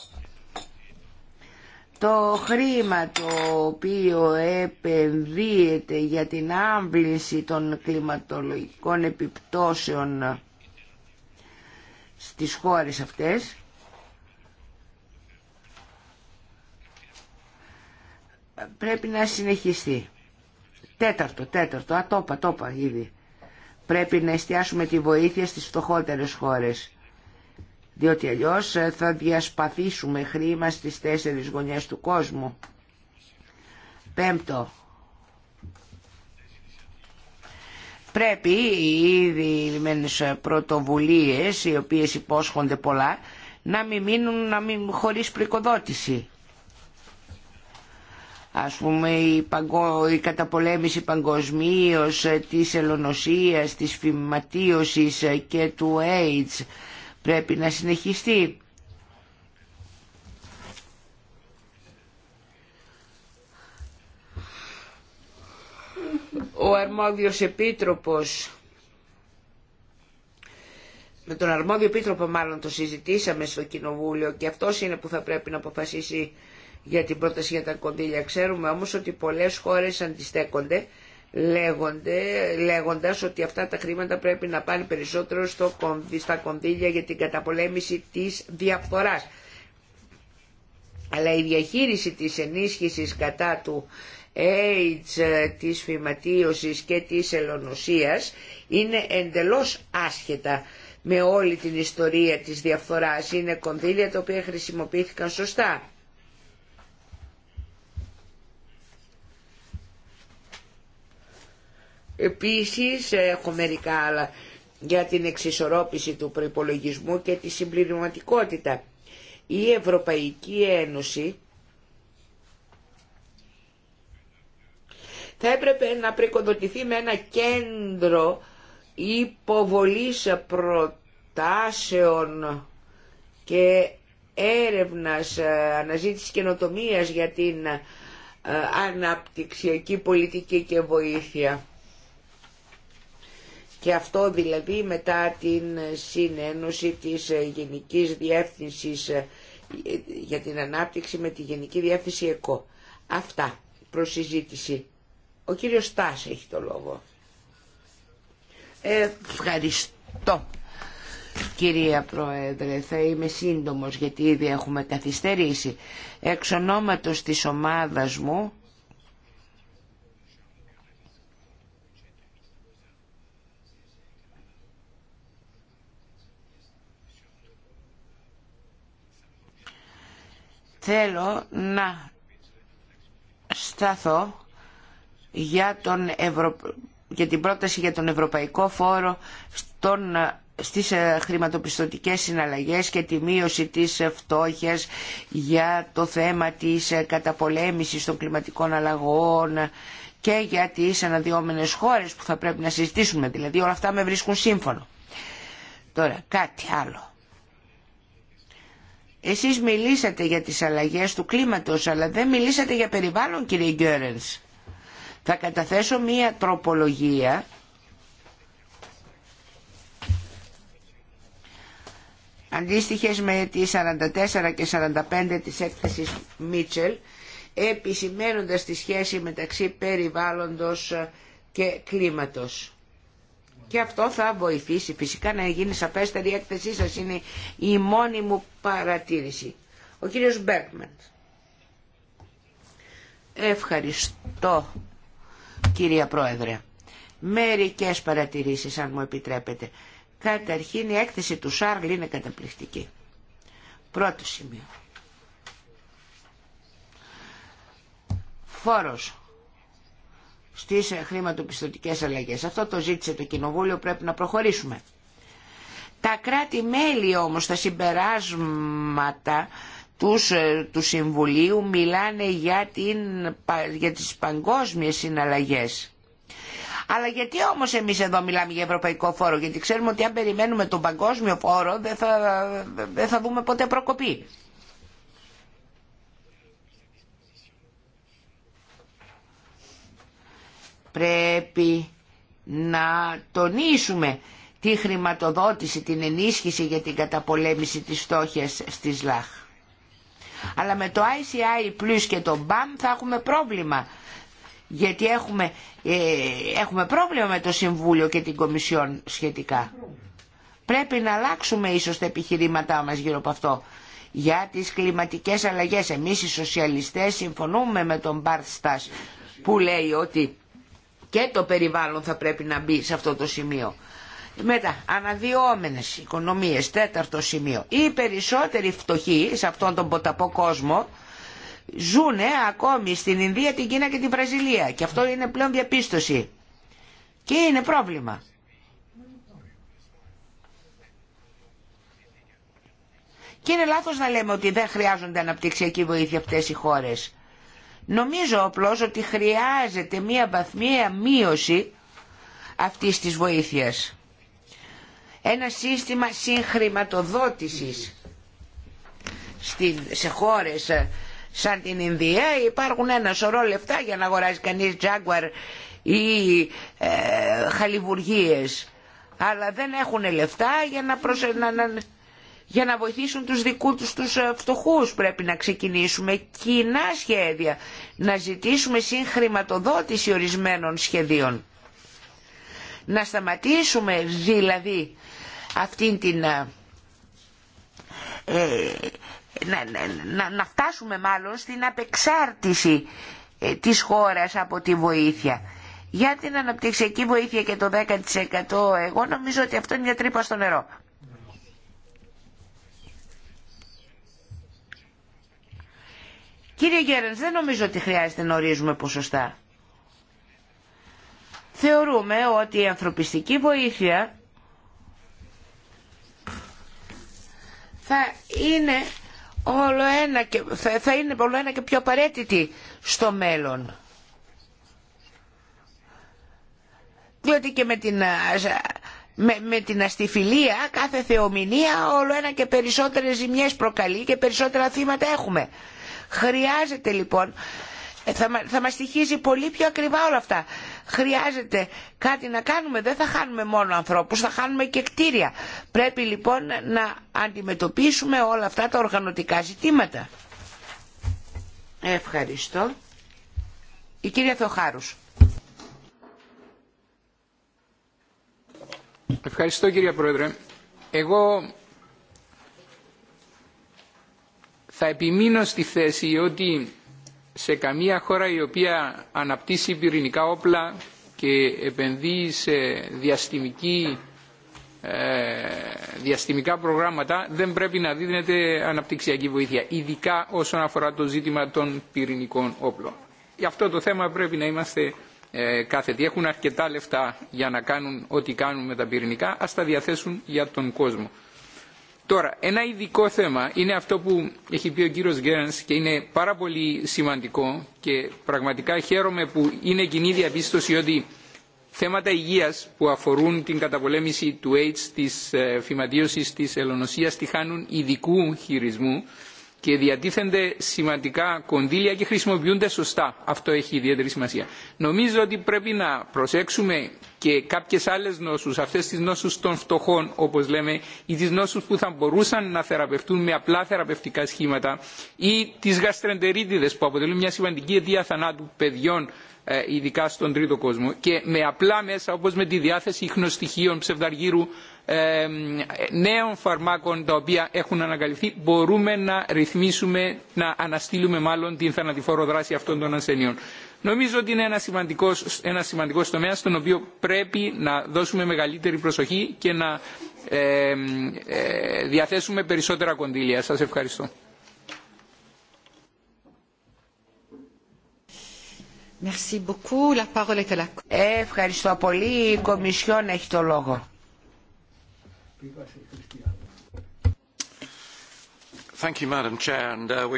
Το χρήμα το οποίο επενδύεται για την άμβληση των κλιματολογικών επιπτώσεων στις χώρες αυτές πρέπει να συνεχιστεί. Τέταρτο, τέταρτο, ατόπα, τόπα ήδη. Πρέπει να εστιάσουμε τη βοήθεια στις φτωχότερες χώρες διότι αλλιώς ε, θα διασπαθήσουμε χρήμα στις τέσσερις γωνιές του κόσμου. Πέμπτο. Πρέπει οι λιμένες πρωτοβουλίες, οι οποίες υπόσχονται πολλά, να μην μείνουν να μην, χωρίς πρικοδότηση. Ας πούμε η, η καταπολέμηση παγκοσμίως ε, της ελονοσίας, της φυματίωσης ε, και του AIDS πρέπει να συνεχιστεί. Ο αρμόδιος επίτροπος με τον αρμόδιο επίτροπο μάλλον το συζητήσαμε στο κοινοβούλιο και αυτός είναι που θα πρέπει να αποφασίσει για την πρόταση για τα κονδύλια. Ξέρουμε όμως ότι πολλές χώρες αντιστέκονται λέγονται, λέγοντας ότι αυτά τα χρήματα πρέπει να πάνε περισσότερο στο, στα κονδύλια για την καταπολέμηση της διαφθοράς. Αλλά η διαχείριση της ενίσχυσης κατά του AIDS, της φυματίωσης και της ελονοσίας είναι εντελώς άσχετα με όλη την ιστορία της διαφθοράς. Είναι κονδύλια τα οποία χρησιμοποιήθηκαν σωστά. Επίσης έχω μερικά άλλα για την εξισορρόπηση του προϋπολογισμού και τη συμπληρωματικότητα. Η Ευρωπαϊκή Ένωση θα έπρεπε να πρικοδοτηθεί με ένα κέντρο υποβολής προτάσεων και έρευνας, αναζήτησης καινοτομίας για την ε, αναπτυξιακή πολιτική και βοήθεια και αυτό δηλαδή μετά την συνένωση της Γενικής Διεύθυνσης ε, για την Ανάπτυξη με τη Γενική Διεύθυνση ΕΚΟ. Αυτά προς συζήτηση. Ο κύριος Στάς έχει το λόγο. ευχαριστώ. Κυρία Πρόεδρε, θα είμαι σύντομος γιατί ήδη έχουμε καθυστερήσει. Εξ ονόματος της ομάδας μου Θέλω να σταθώ για, τον για την πρόταση για τον Ευρωπαϊκό Φόρο στον στις ε, χρηματοπιστωτικές συναλλαγές και τη μείωση της ε, φτώχειας για το θέμα της ε, καταπολέμησης των κλιματικών αλλαγών και για τις αναδυόμενες χώρες που θα πρέπει να συζητήσουμε. Δηλαδή όλα αυτά με βρίσκουν σύμφωνο. Τώρα κάτι άλλο. Εσείς μιλήσατε για τις αλλαγές του κλίματος, αλλά δεν μιλήσατε για περιβάλλον κύριε Γκέρενς. Θα καταθέσω μία τροπολογία αντίστοιχες με τις 44 και 45 της έκθεσης Μίτσελ, επισημένοντας τη σχέση μεταξύ περιβάλλοντος και κλίματος και αυτό θα βοηθήσει φυσικά να γίνει σαφέστερη η έκθεσή σας είναι η μόνη μου παρατήρηση ο κύριος Μπέρκμαν ευχαριστώ κυρία Πρόεδρε μερικές παρατηρήσεις αν μου επιτρέπετε καταρχήν η έκθεση του Σάρλ είναι καταπληκτική πρώτο σημείο φόρος στις χρηματοπιστωτικές αλλαγές. Αυτό το ζήτησε το Κοινοβούλιο, πρέπει να προχωρήσουμε. Τα κράτη-μέλη όμως, τα συμπεράσματα τους, ε, του Συμβουλίου μιλάνε για, την, για τις παγκόσμιες συναλλαγές. Αλλά γιατί όμως εμείς εδώ μιλάμε για ευρωπαϊκό φόρο, γιατί ξέρουμε ότι αν περιμένουμε τον παγκόσμιο φόρο δεν θα, δεν θα δούμε ποτέ προκοπή. Πρέπει να τονίσουμε τη χρηματοδότηση, την ενίσχυση για την καταπολέμηση της στόχιας στις ΛΑΧ. Αλλά με το ICI Plus και το BAM θα έχουμε πρόβλημα. Γιατί έχουμε, ε, έχουμε πρόβλημα με το Συμβούλιο και την Κομισιόν σχετικά. Πρέπει να αλλάξουμε ίσως τα επιχειρήματά μας γύρω από αυτό. Για τις κλιματικές αλλαγές εμείς οι σοσιαλιστές συμφωνούμε με τον Μπαρτ που λέει ότι και το περιβάλλον θα πρέπει να μπει σε αυτό το σημείο. Μετά, αναδυόμενες οικονομίες, τέταρτο σημείο. Οι περισσότεροι φτωχοί σε αυτόν τον ποταπό κόσμο ζουν ακόμη στην Ινδία, την Κίνα και την Βραζιλία. Και αυτό είναι πλέον διαπίστωση. Και είναι πρόβλημα. Και είναι λάθος να λέμε ότι δεν χρειάζονται αναπτυξιακή βοήθεια αυτές οι χώρες. Νομίζω απλώς ότι χρειάζεται μία βαθμία μείωση αυτής της βοήθειας. Ένα σύστημα συγχρηματοδότησης σε χώρες ε, σαν την Ινδία υπάρχουν ένα σωρό λεφτά για να αγοράζει κανείς τζάγκουαρ ή ε, χαλιβουργίες αλλά δεν έχουν λεφτά για να, προσε... να, να, για να βοηθήσουν τους δικούς τους τους ε, φτωχούς πρέπει να ξεκινήσουμε κοινά σχέδια, να ζητήσουμε συγχρηματοδότηση ορισμένων σχεδίων. Να σταματήσουμε δηλαδή αυτήν την... Ε, ε, να, να, να φτάσουμε μάλλον στην απεξάρτηση ε, της χώρας από τη βοήθεια. Για την αναπτυξιακή βοήθεια και το 10% εγώ νομίζω ότι αυτό είναι μια τρύπα στο νερό. Κύριε Γκέρενς, δεν νομίζω ότι χρειάζεται να ορίζουμε ποσοστά. Θεωρούμε ότι η ανθρωπιστική βοήθεια θα είναι όλο ένα και, θα, είναι όλο ένα και πιο απαραίτητη στο μέλλον. Διότι και με την, με, με την αστιφιλία κάθε θεομηνία όλο ένα και περισσότερες ζημιές προκαλεί και περισσότερα θύματα έχουμε. Χρειάζεται λοιπόν, ε, θα, θα μας στοιχίζει πολύ πιο ακριβά όλα αυτά. Χρειάζεται κάτι να κάνουμε, δεν θα χάνουμε μόνο ανθρώπους, θα χάνουμε και κτίρια. Πρέπει λοιπόν να αντιμετωπίσουμε όλα αυτά τα οργανωτικά ζητήματα. Ευχαριστώ. Η κυρία Θεοχάρους. Ευχαριστώ κυρία Πρόεδρε. Εγώ Θα επιμείνω στη θέση ότι σε καμία χώρα η οποία αναπτύσσει πυρηνικά όπλα και επενδύει σε ε, διαστημικά προγράμματα δεν πρέπει να δίνεται αναπτυξιακή βοήθεια, ειδικά όσον αφορά το ζήτημα των πυρηνικών όπλων. Γι' αυτό το θέμα πρέπει να είμαστε ε, κάθετοι. Έχουν αρκετά λεφτά για να κάνουν ό,τι κάνουν με τα πυρηνικά, ας τα διαθέσουν για τον κόσμο. Τώρα, ένα ειδικό θέμα είναι αυτό που έχει πει ο κύριος Γκέρνς και είναι πάρα πολύ σημαντικό και πραγματικά χαίρομαι που είναι κοινή διαπίστωση ότι θέματα υγείας που αφορούν την καταπολέμηση του AIDS, της ε, φυματίωσης, της ελονοσίας, τη χάνουν ειδικού χειρισμού και διατίθενται σημαντικά κονδύλια και χρησιμοποιούνται σωστά. Αυτό έχει ιδιαίτερη σημασία. Νομίζω ότι πρέπει να προσέξουμε και κάποιε άλλε νόσου, αυτέ τι νόσου των φτωχών όπω λέμε ή τι νόσους που θα μπορούσαν να θεραπευτούν με απλά θεραπευτικά σχήματα ή τι γαστρεντερίτιδε που αποτελούν μια σημαντική αιτία θανάτου παιδιών ε, ειδικά στον τρίτο κόσμο και με απλά μέσα όπω με τη διάθεση χνοστοιχείων ψευδαργύρου νέων φαρμάκων τα οποία έχουν ανακαλυφθεί μπορούμε να ρυθμίσουμε, να αναστείλουμε μάλλον την θανατηφόρο δράση αυτών των ασθενειών. Νομίζω ότι είναι ένα σημαντικό τομέα στον οποίο πρέπει να δώσουμε μεγαλύτερη προσοχή και να ε, διαθέσουμε περισσότερα κονδύλια. Σας ευχαριστώ. Ευχαριστώ πολύ. Η Κομισιόν έχει το λόγο. Thank you, Madam Chair. And, uh,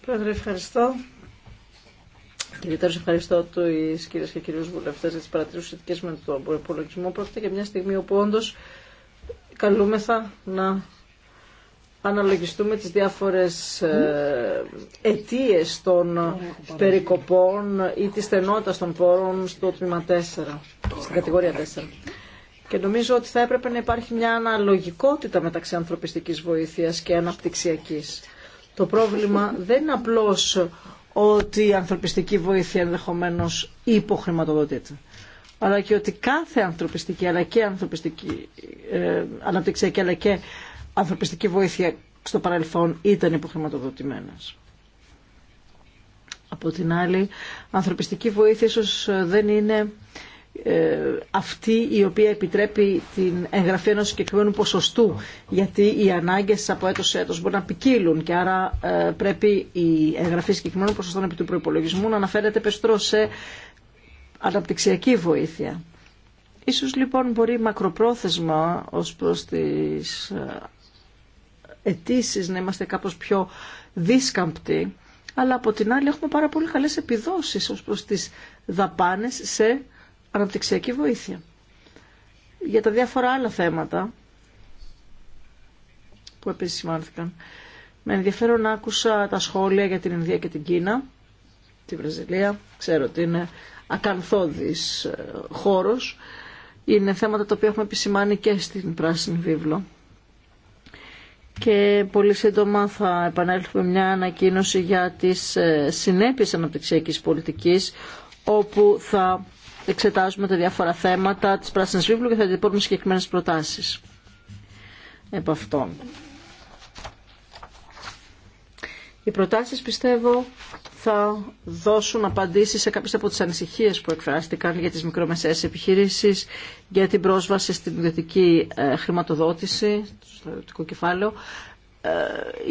Πρόεδρε, ευχαριστώ. ευχαριστώ του κυρίε και κύριου βουλευτέ για τι παρατηρήσει σχετικέ με τον προπολογισμό. Πρόκειται για μια στιγμή όπου όντω καλούμεθα να αναλογιστούμε τις διάφορες ε, αιτίε των περικοπών ή τη στενότητα των πόρων στο τμήμα 4, στην κατηγορία 4. Και νομίζω ότι θα έπρεπε να υπάρχει μια αναλογικότητα μεταξύ ανθρωπιστικής βοήθειας και αναπτυξιακής. Το πρόβλημα δεν είναι απλώς ότι η ανθρωπιστική βοήθεια ενδεχομένω υποχρηματοδοτείται αλλά και ότι κάθε ανθρωπιστική αλλά και ανθρωπιστική, ε, αναπτυξιακή αλλά και ανθρωπιστική βοήθεια στο παρελθόν ήταν υποχρηματοδοτημένες. Από την άλλη, ανθρωπιστική βοήθεια ίσως δεν είναι ε, αυτή η οποία επιτρέπει την εγγραφή ενός συγκεκριμένου ποσοστού γιατί οι ανάγκες από έτος σε έτος μπορεί να ποικίλουν και άρα ε, πρέπει η εγγραφή συγκεκριμένων ποσοστών επί του προϋπολογισμού να αναφέρεται περισσότερο σε αναπτυξιακή βοήθεια. Ίσως λοιπόν μπορεί μακροπρόθεσμα ως προς τις ε, αιτήσει να είμαστε κάπως πιο δίσκαμπτοι αλλά από την άλλη έχουμε πάρα πολύ καλές επιδόσεις ως προς τις δαπάνες σε αναπτυξιακή βοήθεια. Για τα διάφορα άλλα θέματα που επισημάνθηκαν. Με ενδιαφέρον άκουσα τα σχόλια για την Ινδία και την Κίνα, τη Βραζιλία. Ξέρω ότι είναι ακαθόδης ε, χώρος. Είναι θέματα τα οποία έχουμε επισημάνει και στην Πράσινη Βίβλο. Και πολύ σύντομα θα επανέλθουμε μια ανακοίνωση για τις ε, συνέπειες αναπτυξιακής πολιτικής, όπου θα εξετάζουμε τα διάφορα θέματα της Πράσινης Βίβλου και θα διατυπώνουμε συγκεκριμένες προτάσεις από αυτών. Οι προτάσεις πιστεύω θα δώσουν απαντήσεις σε κάποιες από τις ανησυχίες που εκφράστηκαν για τις μικρομεσαίες επιχειρήσεις, για την πρόσβαση στην ιδιωτική ε, χρηματοδότηση, στο ιδιωτικό κεφάλαιο. Ε,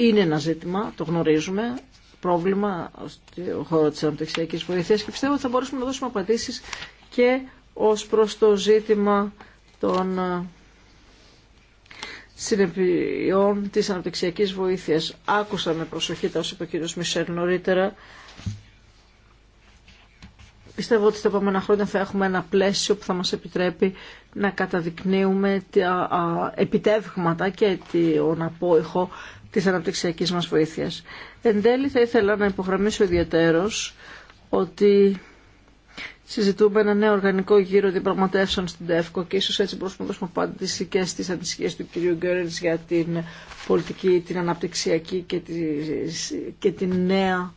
είναι ένα ζήτημα, το γνωρίζουμε, πρόβλημα στον χώρο της αναπτυξιακής βοήθειας και πιστεύω ότι θα μπορέσουμε να δώσουμε απαντήσεις και ως προς το ζήτημα των ε, συνεπειών της αναπτυξιακής βοήθειας. Άκουσα με προσοχή τα όσα είπε ο κ. Μισελ νωρίτερα. Πιστεύω ότι στα επόμενα χρόνια θα έχουμε ένα πλαίσιο που θα μας επιτρέπει να καταδεικνύουμε τα επιτεύγματα και τον απόϊχο της αναπτυξιακής μας βοήθειας. Εν τέλει θα ήθελα να υπογραμμίσω ιδιαίτερος ότι συζητούμε ένα νέο οργανικό γύρο διαπραγματεύσεων στην ΤΕΦΚΟ και ίσως έτσι μπορούμε να δώσουμε απάντηση και στις ανησυχίες του κυρίου Γκέρενς για την πολιτική, την αναπτυξιακή και τη, και τη νέα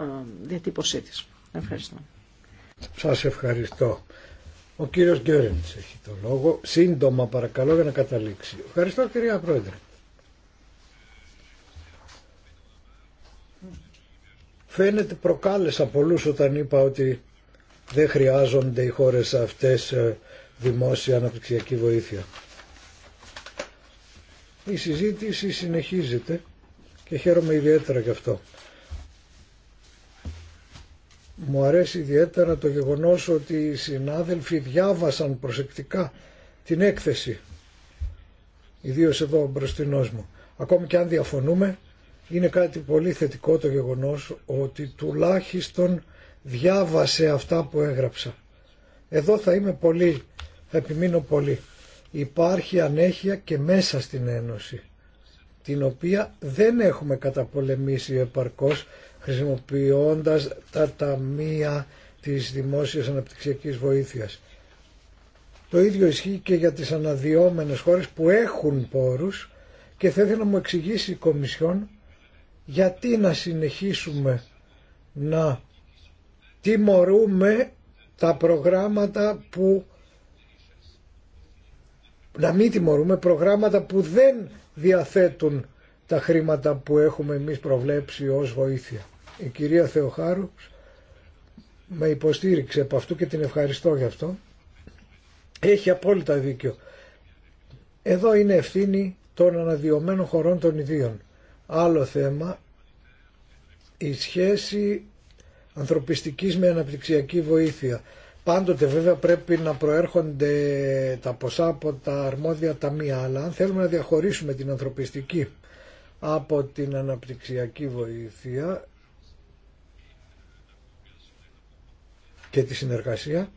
ε, διατύπωσή της. Ευχαριστώ. Σας ευχαριστώ. Ο κύριος Γκέρενς έχει το λόγο. Σύντομα παρακαλώ για να καταλήξει. Ευχαριστώ κυρία Πρόεδρε. Φαίνεται προκάλεσα πολλούς όταν είπα ότι δεν χρειάζονται οι χώρες αυτές ε, δημόσια αναπτυξιακή βοήθεια. Η συζήτηση συνεχίζεται και χαίρομαι ιδιαίτερα γι' αυτό. Μου αρέσει ιδιαίτερα το γεγονός ότι οι συνάδελφοι διάβασαν προσεκτικά την έκθεση, ιδίως εδώ μπροστινός μου. Ακόμη και αν διαφωνούμε, είναι κάτι πολύ θετικό το γεγονός ότι τουλάχιστον διάβασε αυτά που έγραψα. Εδώ θα είμαι πολύ, θα επιμείνω πολύ. Υπάρχει ανέχεια και μέσα στην Ένωση, την οποία δεν έχουμε καταπολεμήσει επαρκώς χρησιμοποιώντας τα ταμεία της δημόσιας αναπτυξιακής βοήθειας. Το ίδιο ισχύει και για τις αναδυόμενες χώρες που έχουν πόρους και θα ήθελα να μου εξηγήσει η Κομισιόν γιατί να συνεχίσουμε να τιμωρούμε τα προγράμματα που να μην τιμωρούμε προγράμματα που δεν διαθέτουν τα χρήματα που έχουμε εμείς προβλέψει ως βοήθεια. Η κυρία Θεοχάρου με υποστήριξε από αυτού και την ευχαριστώ γι' αυτό. Έχει απόλυτα δίκιο. Εδώ είναι ευθύνη των αναδειωμένων χωρών των ιδίων. Άλλο θέμα, η σχέση ανθρωπιστικής με αναπτυξιακή βοήθεια. Πάντοτε βέβαια πρέπει να προέρχονται τα ποσά από τα αρμόδια ταμεία, αλλά αν θέλουμε να διαχωρίσουμε την ανθρωπιστική από την αναπτυξιακή βοήθεια και τη συνεργασία,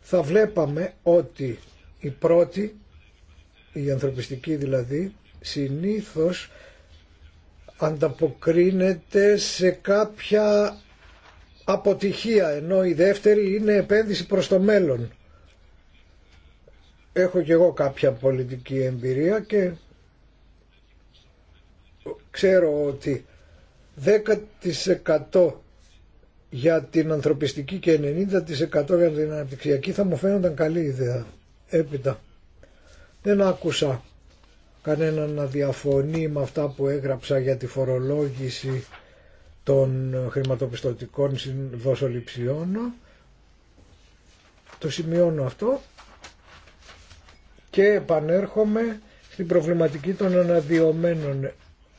θα βλέπαμε ότι η πρώτη, η ανθρωπιστική δηλαδή, συνήθως ανταποκρίνεται σε κάποια αποτυχία ενώ η δεύτερη είναι επένδυση προς το μέλλον. Έχω και εγώ κάποια πολιτική εμπειρία και ξέρω ότι 10% για την ανθρωπιστική και 90% για την αναπτυξιακή θα μου φαίνονταν καλή ιδέα. Έπειτα δεν άκουσα κανέναν να διαφωνεί με αυτά που έγραψα για τη φορολόγηση των χρηματοπιστωτικών δοσοληψιών. Το σημειώνω αυτό και επανέρχομαι στην προβληματική των αναδειωμένων.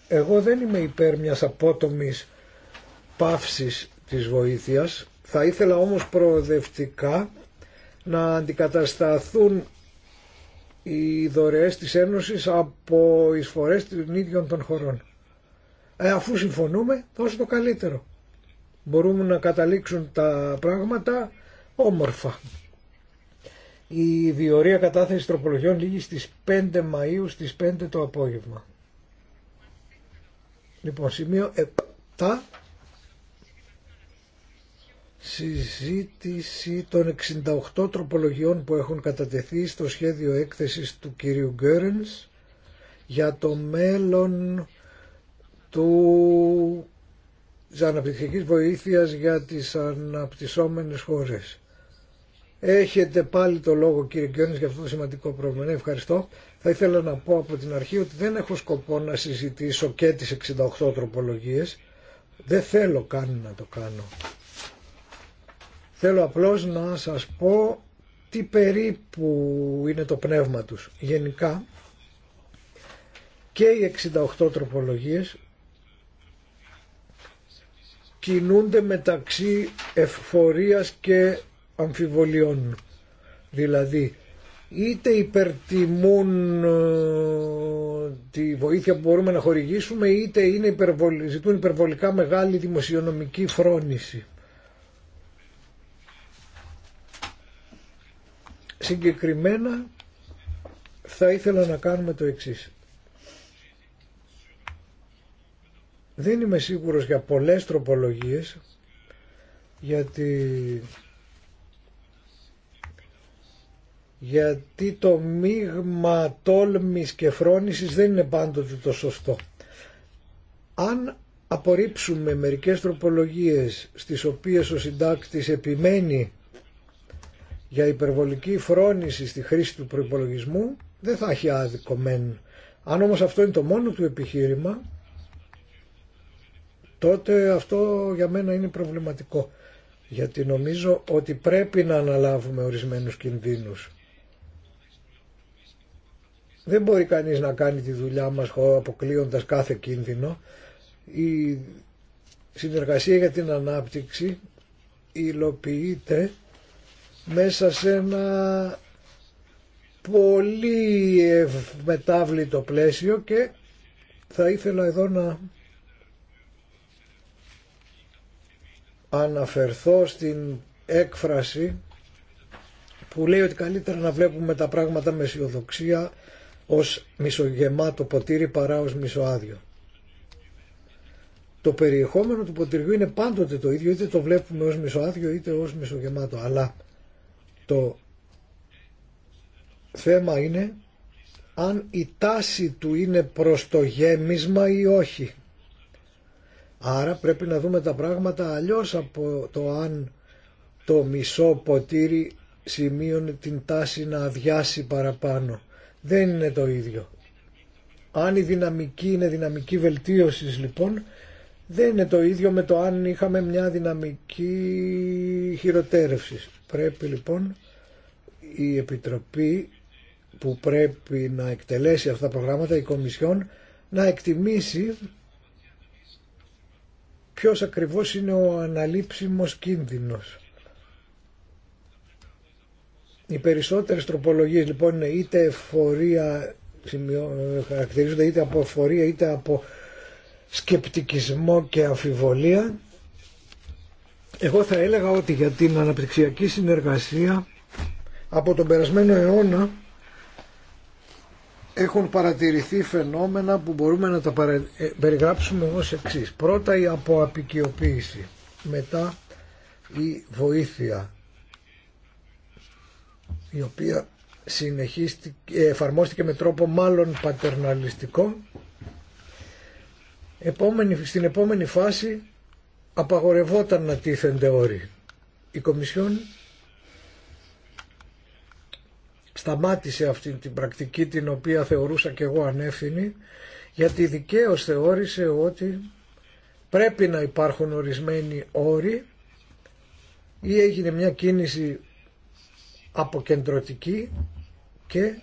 Εγώ δεν είμαι υπέρ μιας απότομης παύσης της βοήθειας. Θα ήθελα όμως προοδευτικά να αντικατασταθούν οι δωρεές της Ένωσης από εισφορές των ίδιων των χωρών. Ε, αφού συμφωνούμε τόσο το καλύτερο. Μπορούμε να καταλήξουν τα πράγματα όμορφα. Η διορία κατάθεση τροπολογιών λήγει στις 5 Μαΐου στις 5 το απόγευμα. Λοιπόν, σημείο 7 συζήτηση των 68 τροπολογιών που έχουν κατατεθεί στο σχέδιο έκθεσης του κυρίου Γκέρενς για το μέλλον του της αναπτυξιακής βοήθειας για τις αναπτυσσόμενες χώρες. Έχετε πάλι το λόγο κύριε Κιόνης για αυτό το σημαντικό πρόβλημα. Ναι, ευχαριστώ. Θα ήθελα να πω από την αρχή ότι δεν έχω σκοπό να συζητήσω και τις 68 τροπολογίες. Δεν θέλω καν να το κάνω. Θέλω απλώς να σας πω τι περίπου είναι το πνεύμα τους. Γενικά και οι 68 τροπολογίες κινούνται μεταξύ ευφορίας και αμφιβολιών. Δηλαδή, είτε υπερτιμούν ε, τη βοήθεια που μπορούμε να χορηγήσουμε, είτε είναι ζητούν υπερβολικά μεγάλη δημοσιονομική φρόνηση. Συγκεκριμένα θα ήθελα να κάνουμε το εξής. Δεν είμαι σίγουρος για πολλές τροπολογίες γιατί το μείγμα τόλμης και φρόνησης δεν είναι πάντοτε το σωστό. Αν απορρίψουμε μερικές τροπολογίες στις οποίες ο συντάκτης επιμένει για υπερβολική φρόνηση στη χρήση του προϋπολογισμού δεν θα έχει άδικο μεν. Αν όμως αυτό είναι το μόνο του επιχείρημα τότε αυτό για μένα είναι προβληματικό. Γιατί νομίζω ότι πρέπει να αναλάβουμε ορισμένους κινδύνους. Δεν μπορεί κανείς να κάνει τη δουλειά μας αποκλείοντας κάθε κίνδυνο. Η συνεργασία για την ανάπτυξη υλοποιείται μέσα σε ένα πολύ μετάβλητο πλαίσιο και θα ήθελα εδώ να αναφερθώ στην έκφραση που λέει ότι καλύτερα να βλέπουμε τα πράγματα με αισιοδοξία ως μισογεμάτο ποτήρι παρά ως μισοάδιο. Το περιεχόμενο του ποτηριού είναι πάντοτε το ίδιο, είτε το βλέπουμε ως μισοάδιο είτε ως μισογεμάτο, αλλά το θέμα είναι αν η τάση του είναι προς το γέμισμα ή όχι. Άρα πρέπει να δούμε τα πράγματα αλλιώς από το αν το μισό ποτήρι σημείωνε την τάση να αδειάσει παραπάνω. Δεν είναι το ίδιο. Αν η δυναμική είναι δυναμική βελτίωσης λοιπόν, δεν είναι το ίδιο με το αν είχαμε μια δυναμική χειροτέρευσης. Πρέπει λοιπόν η Επιτροπή που πρέπει να εκτελέσει αυτά τα προγράμματα, η Κομισιόν, να εκτιμήσει ποιος ακριβώς είναι ο αναλήψιμος κίνδυνος. Οι περισσότερες τροπολογίες λοιπόν είτε εφορία, χαρακτηρίζονται είτε από εφορία είτε από σκεπτικισμό και αμφιβολία. Εγώ θα έλεγα ότι για την αναπτυξιακή συνεργασία από τον περασμένο αιώνα έχουν παρατηρηθεί φαινόμενα που μπορούμε να τα ε, περιγράψουμε ως εξής. Πρώτα η αποαπικιοποίηση, μετά η βοήθεια η οποία συνεχίστηκε, εφαρμόστηκε με τρόπο μάλλον πατερναλιστικό. Επόμενη, στην επόμενη φάση απαγορευόταν να τίθενται όροι. Η Κομισιόν σταμάτησε αυτή την πρακτική την οποία θεωρούσα και εγώ ανεύθυνη γιατί δικαίω θεώρησε ότι πρέπει να υπάρχουν ορισμένοι όροι ή έγινε μια κίνηση αποκεντρωτική και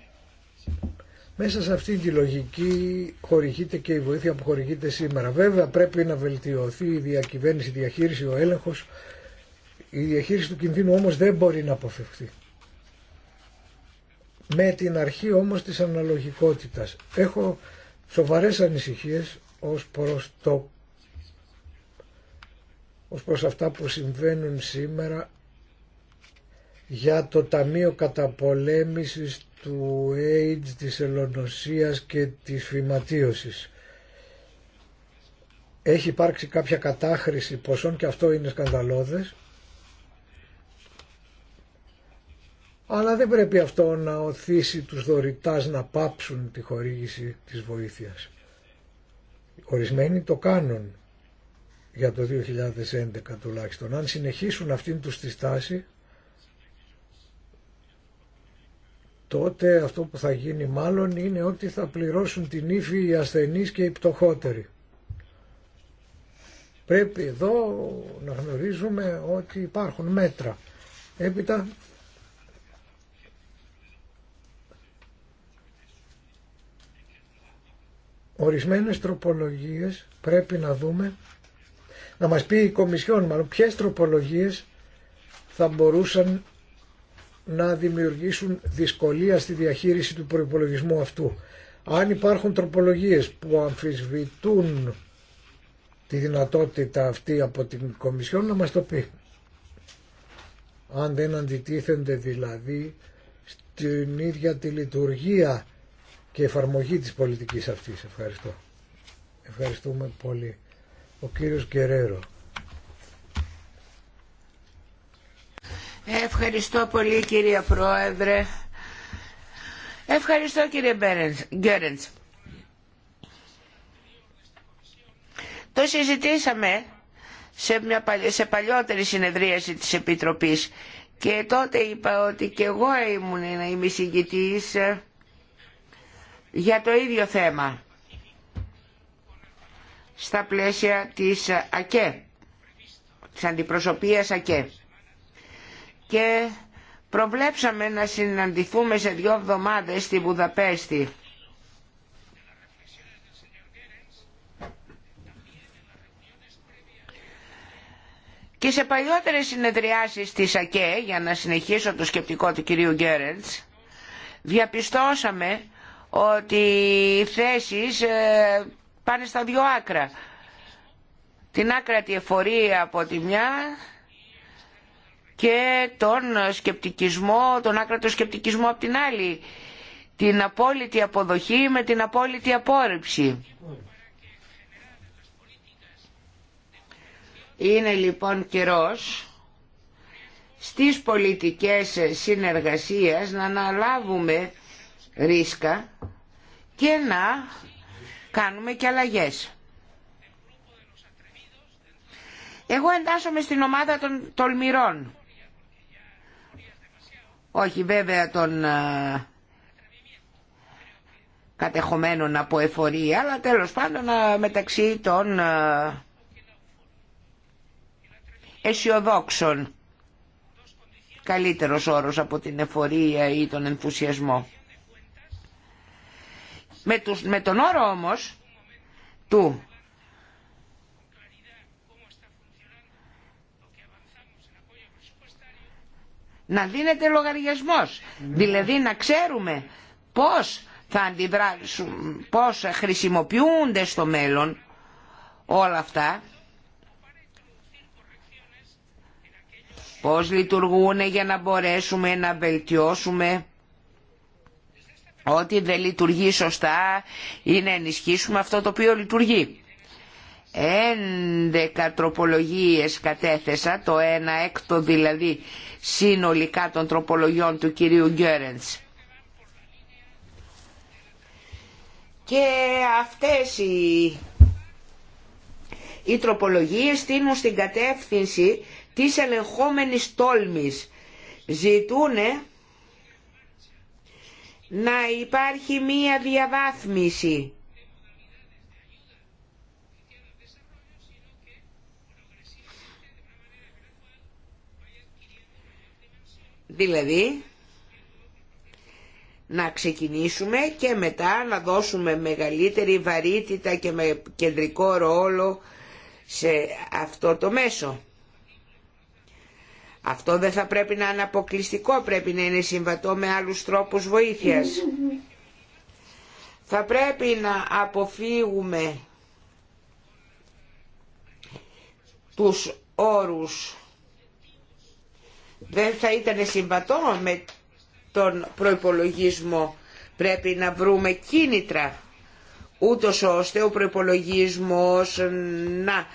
μέσα σε αυτή τη λογική χορηγείται και η βοήθεια που χορηγείται σήμερα. Βέβαια πρέπει να βελτιωθεί η διακυβέρνηση, η διαχείριση, ο έλεγχος. Η διαχείριση του κινδύνου όμως δεν μπορεί να αποφευχθεί με την αρχή όμως της αναλογικότητας. Έχω σοβαρές ανησυχίες ως προς, το, ως προς αυτά που συμβαίνουν σήμερα για το Ταμείο Καταπολέμησης του AIDS, της Ελλονοσίας και της φυματίωσης. Έχει υπάρξει κάποια κατάχρηση ποσών και αυτό είναι σκανδαλώδες Αλλά δεν πρέπει αυτό να οθήσει τους δωρητάς να πάψουν τη χορήγηση της βοήθειας. Ορισμένοι το κάνουν για το 2011 τουλάχιστον. Αν συνεχίσουν αυτήν τους τη στάση, τότε αυτό που θα γίνει μάλλον είναι ότι θα πληρώσουν την ύφη οι ασθενείς και οι πτωχότεροι. Πρέπει εδώ να γνωρίζουμε ότι υπάρχουν μέτρα. Έπειτα Ορισμένες τροπολογίες πρέπει να δούμε, να μας πει η Κομισιόν μάλλον ποιες τροπολογίες θα μπορούσαν να δημιουργήσουν δυσκολία στη διαχείριση του προϋπολογισμού αυτού. Αν υπάρχουν τροπολογίες που αμφισβητούν τη δυνατότητα αυτή από την Κομισιόν να μας το πει. Αν δεν αντιτίθενται δηλαδή στην ίδια τη λειτουργία και εφαρμογή της πολιτικής αυτής. Ευχαριστώ. Ευχαριστούμε πολύ. Ο κύριος Γκερέρο. Ευχαριστώ πολύ κύριε Πρόεδρε. Ευχαριστώ κύριε Γκέρεντς. Το συζητήσαμε σε, μια, παλιότερη συνεδρίαση της Επιτροπής και τότε είπα ότι και εγώ ήμουν ένα ημισηγητής ε, για το ίδιο θέμα στα πλαίσια της ΑΚΕ, της αντιπροσωπείας ΑΚΕ. Και προβλέψαμε να συναντηθούμε σε δύο εβδομάδες στη Βουδαπέστη. Και σε παλιότερες συνεδριάσεις της ΑΚΕ, για να συνεχίσω το σκεπτικό του κυρίου Γκέρελτς, διαπιστώσαμε ότι οι θέσεις ε, πάνε στα δυο άκρα. Την άκρα τη εφορία από τη μια και τον σκεπτικισμό, τον άκρατο σκεπτικισμό από την άλλη. Την απόλυτη αποδοχή με την απόλυτη απόρριψη. Είναι λοιπόν καιρός στις πολιτικές συνεργασίες να αναλάβουμε ρίσκα και να κάνουμε και αλλαγές. Εγώ εντάσσομαι στην ομάδα των τολμηρών. Όχι βέβαια των α, ε, κατεχομένων από εφορία, αλλά τέλος πάντων α, ε, μεταξύ των α, ε, αισιοδόξων. Καλύτερος όρος από την εφορία ή τον ενθουσιασμό. Με, τον όρο όμως του να δίνεται λογαριασμός. Δηλαδή να ξέρουμε πώς θα αντιδράσουν, πώς χρησιμοποιούνται στο μέλλον όλα αυτά, πώς λειτουργούν για να μπορέσουμε να βελτιώσουμε ότι δεν λειτουργεί σωστά ή να ενισχύσουμε αυτό το οποίο λειτουργεί. 11 τροπολογίες κατέθεσα, το ένα έκτο δηλαδή συνολικά των τροπολογιών του κυρίου Γκέρεντς. Και αυτές οι, οι τροπολογίες στείνουν στην κατεύθυνση της ελεγχόμενης τόλμης. Ζητούνε να υπάρχει μία διαβάθμιση. Δηλαδή, να ξεκινήσουμε και μετά να δώσουμε μεγαλύτερη βαρύτητα και με κεντρικό ρόλο σε αυτό το μέσο. Αυτό δεν θα πρέπει να είναι αποκλειστικό, πρέπει να είναι συμβατό με άλλους τρόπους βοήθειας. Θα πρέπει να αποφύγουμε τους όρους. Δεν θα ήταν συμβατό με τον προϋπολογισμό. Πρέπει να βρούμε κίνητρα, ούτως ώστε ο προϋπολογισμός να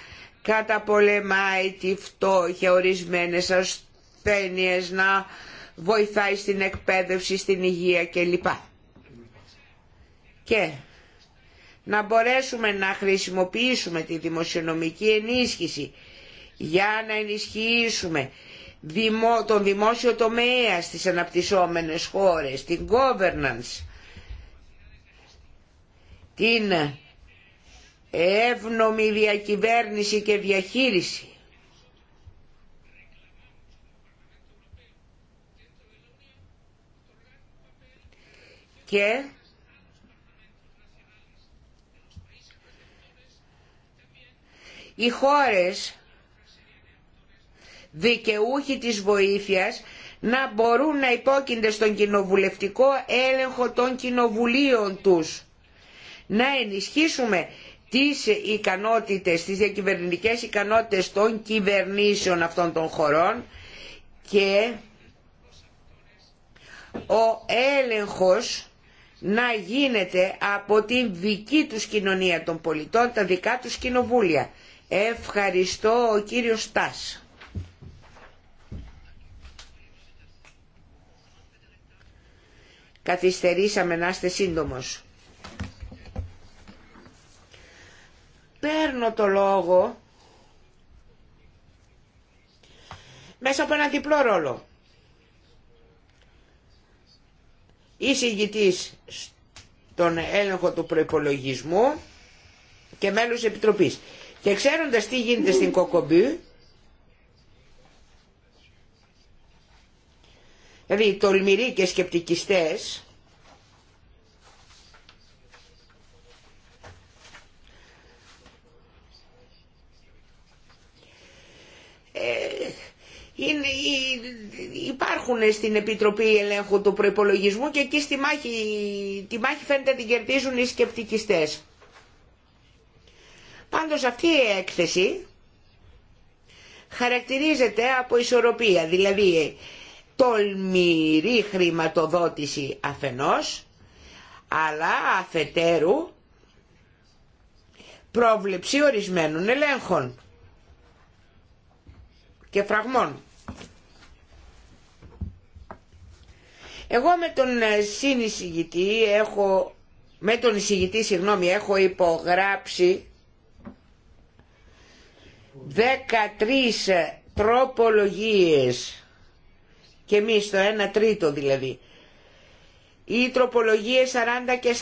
καταπολεμάει τη φτώχεια, ορισμένες ασθένειες, να βοηθάει στην εκπαίδευση, στην υγεία κλπ. Και να μπορέσουμε να χρησιμοποιήσουμε τη δημοσιονομική ενίσχυση για να ενισχύσουμε τον δημόσιο τομέα στις αναπτυσσόμενες χώρες, την governance, την εύνομη διακυβέρνηση και διαχείριση. Και οι χώρες δικαιούχοι της βοήθειας να μπορούν να υπόκεινται στον κοινοβουλευτικό έλεγχο των κοινοβουλίων τους. Να ενισχύσουμε τις ικανότητες, τις διακυβερνητικές ικανότητες των κυβερνήσεων αυτών των χωρών και ο έλεγχος να γίνεται από την δική τους κοινωνία των πολιτών, τα δικά τους κοινοβούλια. Ευχαριστώ ο κύριος Στάς. Καθυστερήσαμε να είστε σύντομος. παίρνω το λόγο μέσα από έναν διπλό ρόλο. Εισηγητής στον έλεγχο του προϋπολογισμού και μέλος της Επιτροπής. Και ξέροντας τι γίνεται στην Κοκομπή, δηλαδή τολμηροί και σκεπτικιστές, στην Επιτροπή Ελέγχου του προπολογισμού και εκεί στη μάχη, τη μάχη φαίνεται την κερδίζουν οι σκεπτικιστές. Πάντως αυτή η έκθεση χαρακτηρίζεται από ισορροπία, δηλαδή τολμηρή χρηματοδότηση αφενός, αλλά αφετέρου πρόβλεψη ορισμένων ελέγχων και φραγμών. Εγώ με τον ε, συνεισηγητή έχω, με τον εισηγητή συγγνώμη, έχω υπογράψει 13 ε, τροπολογίες και εμεί το 1 τρίτο δηλαδή οι τροπολογίες 40 και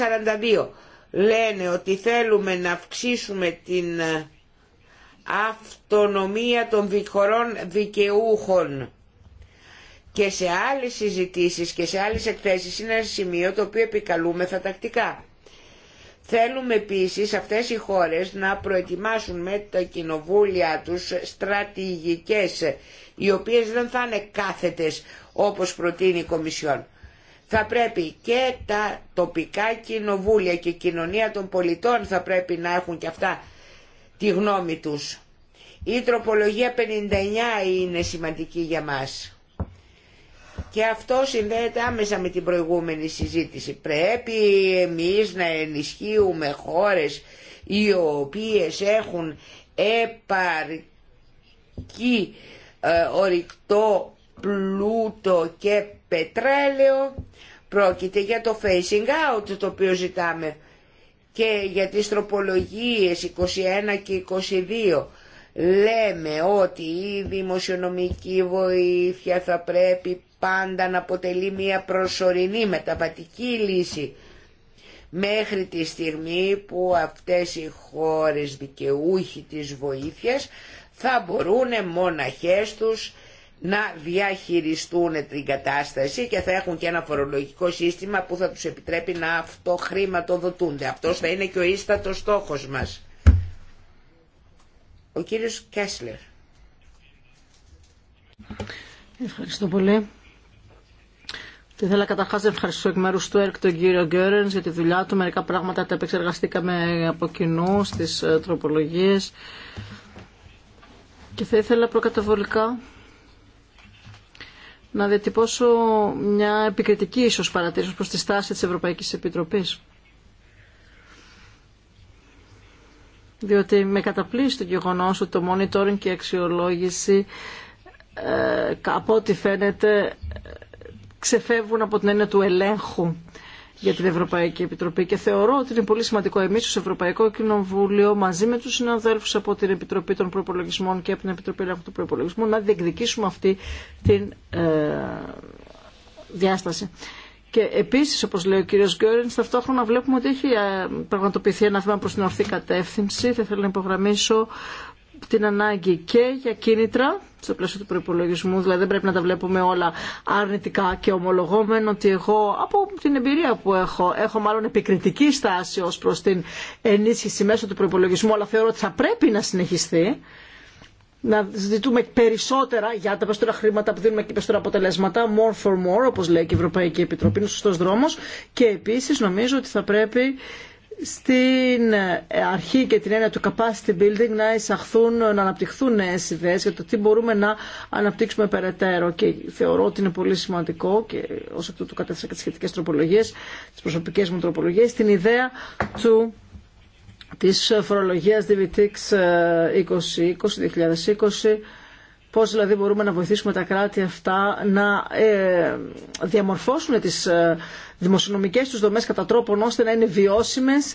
42 λένε ότι θέλουμε να αυξήσουμε την ε, αυτονομία των χωρών δικαιούχων και σε άλλες συζητήσεις και σε άλλες εκθέσεις είναι ένα σημείο το οποίο επικαλούμε θα τακτικά. Θέλουμε επίσης αυτές οι χώρες να προετοιμάσουν με τα κοινοβούλια τους στρατηγικές οι οποίες δεν θα είναι κάθετες όπως προτείνει η Κομισιόν. Θα πρέπει και τα τοπικά κοινοβούλια και η κοινωνία των πολιτών θα πρέπει να έχουν και αυτά τη γνώμη τους. Η τροπολογία 59 είναι σημαντική για μας. Και αυτό συνδέεται άμεσα με την προηγούμενη συζήτηση. Πρέπει εμείς να ενισχύουμε χώρες οι οποίες έχουν επαρκή ε, ορυκτό πλούτο και πετρέλαιο. Πρόκειται για το facing out το οποίο ζητάμε και για τις τροπολογίες 21 και 22 λέμε ότι η δημοσιονομική βοήθεια θα πρέπει πάντα να αποτελεί μια προσωρινή μεταβατική λύση μέχρι τη στιγμή που αυτές οι χώρες δικαιούχοι της βοήθειας θα μπορούν μοναχές τους να διαχειριστούν την κατάσταση και θα έχουν και ένα φορολογικό σύστημα που θα τους επιτρέπει να αυτοχρηματοδοτούνται. Αυτός θα είναι και ο ίστατος στόχος μας. Ο κύριος Κέσλερ. Ευχαριστώ πολύ. Και ήθελα καταρχά να ευχαριστήσω εκ μέρου του ΕΡΚ τον κύριο Γκέρεν για τη δουλειά του. Μερικά πράγματα τα επεξεργαστήκαμε από κοινού στι ε, τροπολογίε. Και θα ήθελα προκαταβολικά να διατυπώσω μια επικριτική ίσως παρατήρηση προς τη στάση της Ευρωπαϊκής Επιτροπής. Διότι με καταπλήσει το γεγονός ότι το monitoring και η αξιολόγηση ε, από ό,τι φαίνεται ξεφεύγουν από την έννοια του ελέγχου για την Ευρωπαϊκή Επιτροπή και θεωρώ ότι είναι πολύ σημαντικό εμείς ως Ευρωπαϊκό Κοινοβούλιο μαζί με τους συναδέλφους από την Επιτροπή των Προπολογισμών και από την Επιτροπή Ελέγχου του Προπολογισμού να διεκδικήσουμε αυτή τη ε, διάσταση. Και επίση, όπω λέει ο κύριο Γκέρεν, ταυτόχρονα βλέπουμε ότι έχει ε, πραγματοποιηθεί ένα θέμα προ την ορθή κατεύθυνση. Θα ήθελα να υπογραμμίσω την ανάγκη και για κίνητρα στο πλαίσιο του προπολογισμού, δηλαδή δεν πρέπει να τα βλέπουμε όλα αρνητικά και ομολογόμενο ότι εγώ από την εμπειρία που έχω, έχω μάλλον επικριτική στάση ως προς την ενίσχυση μέσω του προπολογισμού, αλλά θεωρώ ότι θα πρέπει να συνεχιστεί να ζητούμε περισσότερα για τα περισσότερα χρήματα που δίνουμε και περισσότερα αποτελέσματα, more for more, όπως λέει και η Ευρωπαϊκή Επιτροπή, είναι ο σωστός δρόμος και επίση, νομίζω ότι θα πρέπει στην αρχή και την έννοια του capacity building να εισαχθούν, να αναπτυχθούν νέε ιδέε για το τι μπορούμε να αναπτύξουμε περαιτέρω. Και θεωρώ ότι είναι πολύ σημαντικό και ω εκ τούτου κατέθεσα και τι σχετικέ τροπολογίε, τι προσωπικέ μου τροπολογίε, την ιδέα του της φορολογίας DVTX 2020, 2020 πώς δηλαδή μπορούμε να βοηθήσουμε τα κράτη αυτά να ε, διαμορφώσουν τις ε, δημοσιονομικές τους δομές κατά τρόπον ώστε να είναι βιώσιμες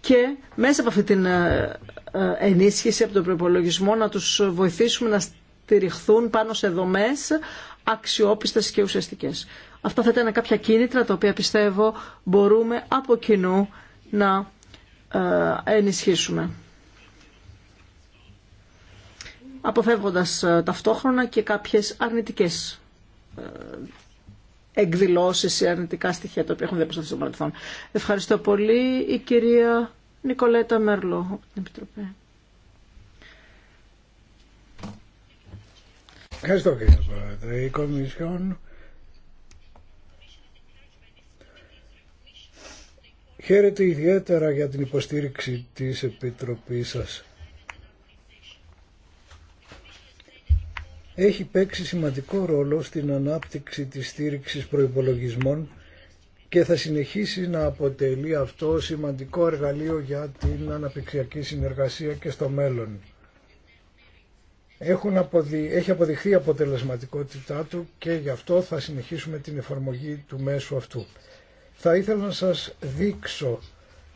και μέσα από αυτή την ε, ε, ενίσχυση από τον προπολογισμό να τους βοηθήσουμε να στηριχθούν πάνω σε δομές αξιόπιστες και ουσιαστικές. Αυτά θα ήταν κάποια κίνητρα τα οποία πιστεύω μπορούμε από κοινού να ε, ενισχύσουμε. Αποφεύγοντας ταυτόχρονα και κάποιες αρνητικές εκδηλώσεις ή αρνητικά στοιχεία τα οποία έχουν διαπιστωθεί στο παρελθόν. Ευχαριστώ πολύ η κυρία Νικολέτα Μέρλο από την Επιτροπή. Ευχαριστώ κύριε Πρόεδρε. Η Κομισιόν χαίρεται ιδιαίτερα για την υποστήριξη της Επιτροπής σας έχει παίξει σημαντικό ρόλο στην ανάπτυξη της στήριξης προϋπολογισμών και θα συνεχίσει να αποτελεί αυτό σημαντικό εργαλείο για την αναπτυξιακή συνεργασία και στο μέλλον. Έχουν Έχει αποδειχθεί αποτελεσματικότητά του και γι' αυτό θα συνεχίσουμε την εφαρμογή του μέσου αυτού. Θα ήθελα να σας δείξω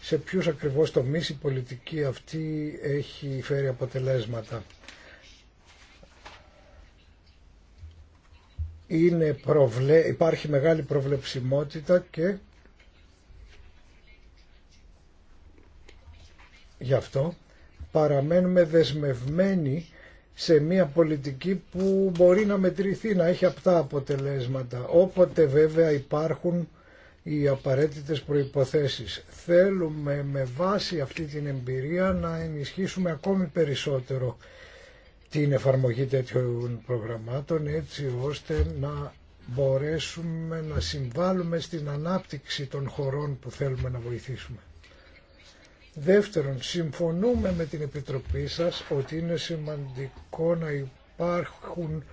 σε ποιους ακριβώς τομείς η πολιτική αυτή έχει φέρει αποτελέσματα. είναι προβλε... υπάρχει μεγάλη προβλεψιμότητα και γι' αυτό παραμένουμε δεσμευμένοι σε μια πολιτική που μπορεί να μετρηθεί, να έχει αυτά αποτελέσματα. Όποτε βέβαια υπάρχουν οι απαραίτητες προϋποθέσεις. Θέλουμε με βάση αυτή την εμπειρία να ενισχύσουμε ακόμη περισσότερο την εφαρμογή τέτοιων προγραμμάτων έτσι ώστε να μπορέσουμε να συμβάλλουμε στην ανάπτυξη των χωρών που θέλουμε να βοηθήσουμε. Δεύτερον, συμφωνούμε με την Επιτροπή σας ότι είναι σημαντικό να υπάρχουν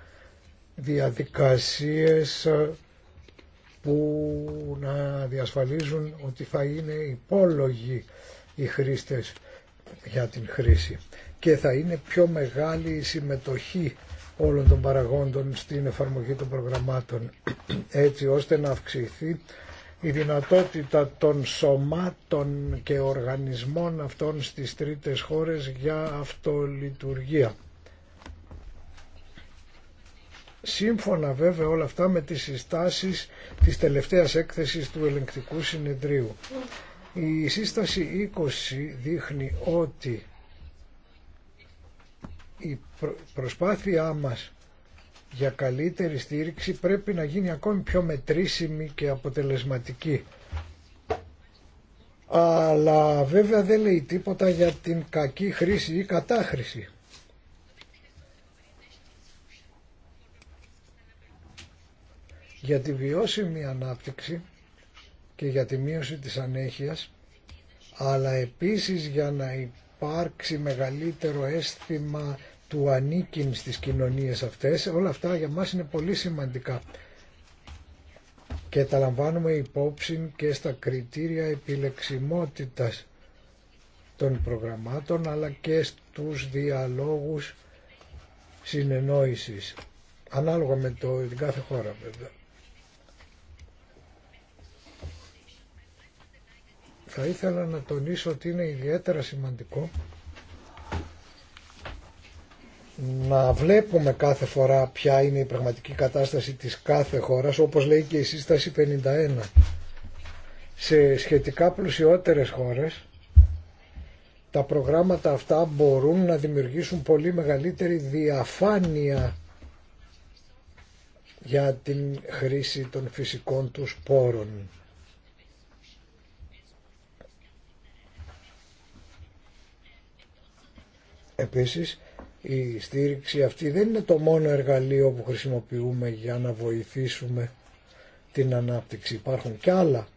διαδικασίες ε, που να διασφαλίζουν ότι θα είναι υπόλογοι οι χρήστες για την χρήση και θα είναι πιο μεγάλη η συμμετοχή όλων των παραγόντων στην εφαρμογή των προγραμμάτων [clears throat] έτσι ώστε να αυξηθεί η δυνατότητα των σωμάτων και οργανισμών αυτών στις τρίτες χώρες για αυτολειτουργία. Σύμφωνα βέβαια όλα αυτά με τις συστάσεις της τελευταίας έκθεσης του ελεγκτικού συνεδρίου. Η σύσταση 20 δείχνει ότι προσπάθειά μας για καλύτερη στήριξη πρέπει να γίνει ακόμη πιο μετρήσιμη και αποτελεσματική. Αλλά βέβαια δεν λέει τίποτα για την κακή χρήση ή κατάχρηση. Για τη βιώσιμη ανάπτυξη και για τη μείωση της ανέχειας, αλλά επίσης για να υπάρξει μεγαλύτερο αίσθημα του ανήκειν στις κοινωνίες αυτές. Όλα αυτά για μας είναι πολύ σημαντικά και τα λαμβάνουμε υπόψη και στα κριτήρια επιλεξιμότητας των προγραμμάτων αλλά και στους διαλόγους συνεννόησης ανάλογα με το, την κάθε χώρα βέβαια. Θα ήθελα να τονίσω ότι είναι ιδιαίτερα σημαντικό να βλέπουμε κάθε φορά ποια είναι η πραγματική κατάσταση της κάθε χώρας, όπως λέει και η σύσταση 51. Σε σχετικά πλουσιότερες χώρες, τα προγράμματα αυτά μπορούν να δημιουργήσουν πολύ μεγαλύτερη διαφάνεια για την χρήση των φυσικών τους πόρων. Επίσης, η στήριξη αυτή δεν είναι το μόνο εργαλείο που χρησιμοποιούμε για να βοηθήσουμε την ανάπτυξη. Υπάρχουν και άλλα.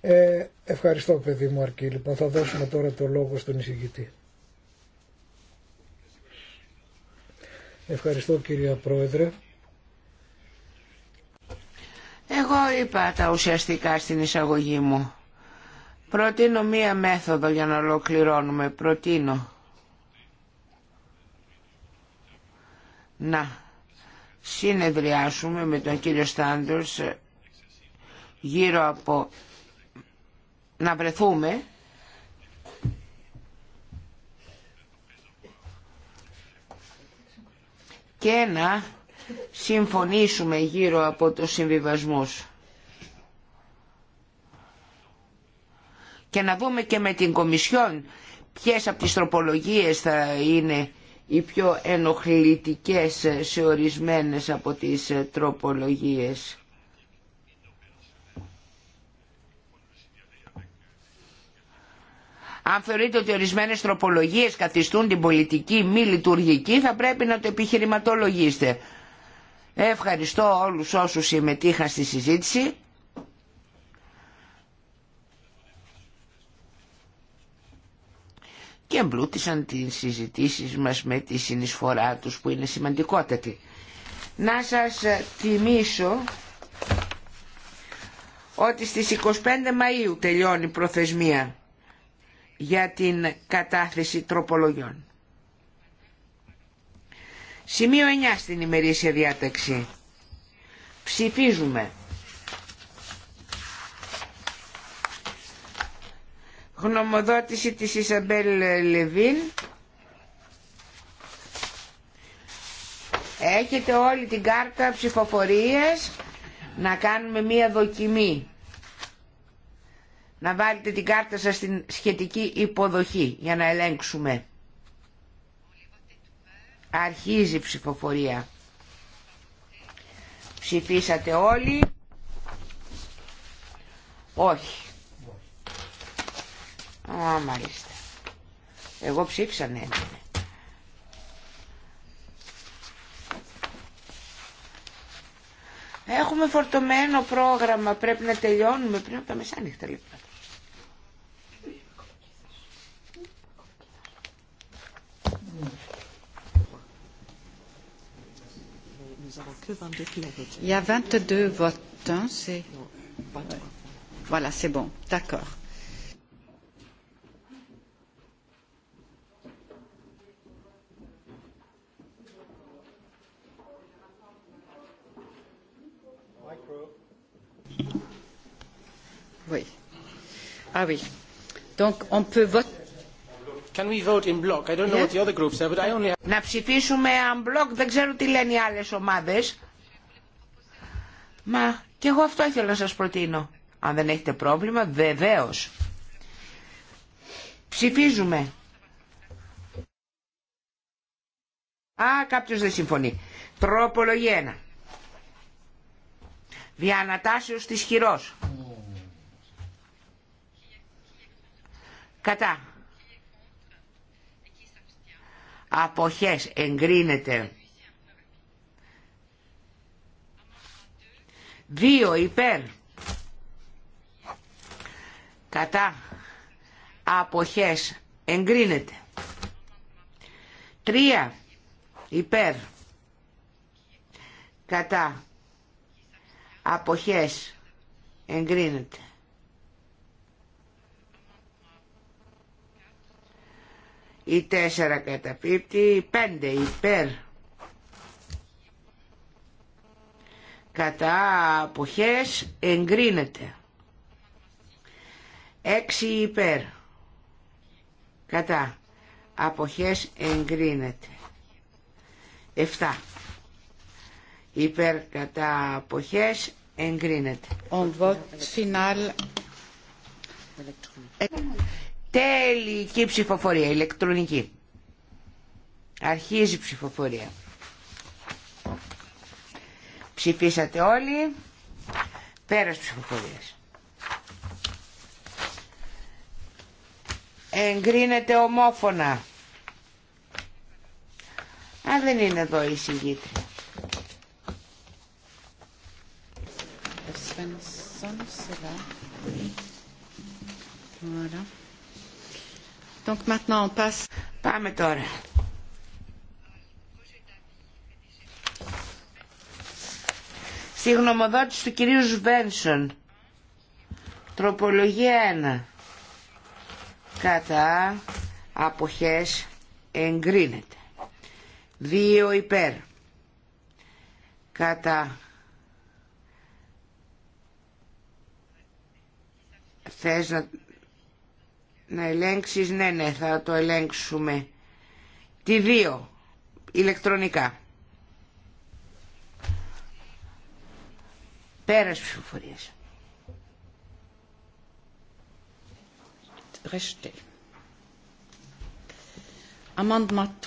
Ε, ευχαριστώ παιδί μου αρκεί. Λοιπόν θα δώσουμε τώρα το λόγο στον εισηγητή. Ευχαριστώ κυρία Πρόεδρε. είπα τα ουσιαστικά στην εισαγωγή μου. Προτείνω μία μέθοδο για να ολοκληρώνουμε. Προτείνω να συνεδριάσουμε με τον κύριο Στάντος γύρω από να βρεθούμε και να συμφωνήσουμε γύρω από το συμβιβασμός και να δούμε και με την Κομισιόν ποιες από τις τροπολογίες θα είναι οι πιο ενοχλητικές σε ορισμένες από τις τροπολογίες. Αν θεωρείτε ότι ορισμένες τροπολογίες καθιστούν την πολιτική μη λειτουργική θα πρέπει να το επιχειρηματολογήσετε. Ευχαριστώ όλους όσους συμμετείχαν στη συζήτηση. και εμπλούτησαν τις συζητήσεις μας με τη συνεισφορά τους που είναι σημαντικότατη. Να σας ε, τιμήσω ότι στις 25 Μαΐου τελειώνει η προθεσμία για την κατάθεση τροπολογιών. Σημείο 9 στην ημερήσια διάταξη. Ψηφίζουμε γνωμοδότηση της Ισαμπέλ Λεβίν. Έχετε όλη την κάρτα ψηφοφορίας να κάνουμε μία δοκιμή. Να βάλετε την κάρτα σας στην σχετική υποδοχή για να ελέγξουμε. Αρχίζει η ψηφοφορία. Ψηφίσατε όλοι. Όχι. Α, μάλιστα. Εγώ ψήφισα ναι, ναι, ναι. Έχουμε φορτωμένο πρόγραμμα, πρέπει να τελειώνουμε πριν από τα μεσάνυχτα λοιπόν. Il y a 22 votants, c'est... Voilà, c'est bon, d'accord. Oui. Ah oui. Donc on peut voter. Can we vote in block? I don't know what the other groups are, but I only have... Να ψηφίσουμε en block, Δεν ξέρω τι λένε οι άλλες ομάδες. Μα και εγώ αυτό ήθελα να σας προτείνω. Αν δεν έχετε πρόβλημα, βεβαίως. Ψηφίζουμε. Α, κάποιος δεν συμφωνεί. Τροπολογία 1. Διανατάσεως της χειρός. Mm. κατά αποχές εγκρίνεται δύο υπέρ κατά αποχές εγκρίνεται τρία υπέρ κατά αποχές εγκρίνεται Οι τέσσερα καταπίπτει. Πέντε υπέρ. Κατά αποχές εγκρίνεται. Έξι υπέρ. Κατά αποχές εγκρίνεται. Εφτά υπέρ κατά αποχές εγκρίνεται. Τελική ψηφοφορία, ηλεκτρονική. Αρχίζει η ψηφοφορία. Ψηφίσατε όλοι. Πέρας ψηφοφορίας. Εγκρίνεται ομόφωνα. αν δεν είναι εδώ η συγγήτρια. τώρα Πάμε τώρα. Στη γνωμοδότηση του κυρίου Σβένσον. Τροπολογία 1. Κατά αποχές εγκρίνεται. Δύο υπέρ. Κατά θες να να ελέγξεις, ναι, ναι, θα το ελέγξουμε. Τη 2, ηλεκτρονικά. Πέρας ψηφοφορίας. Ρεστε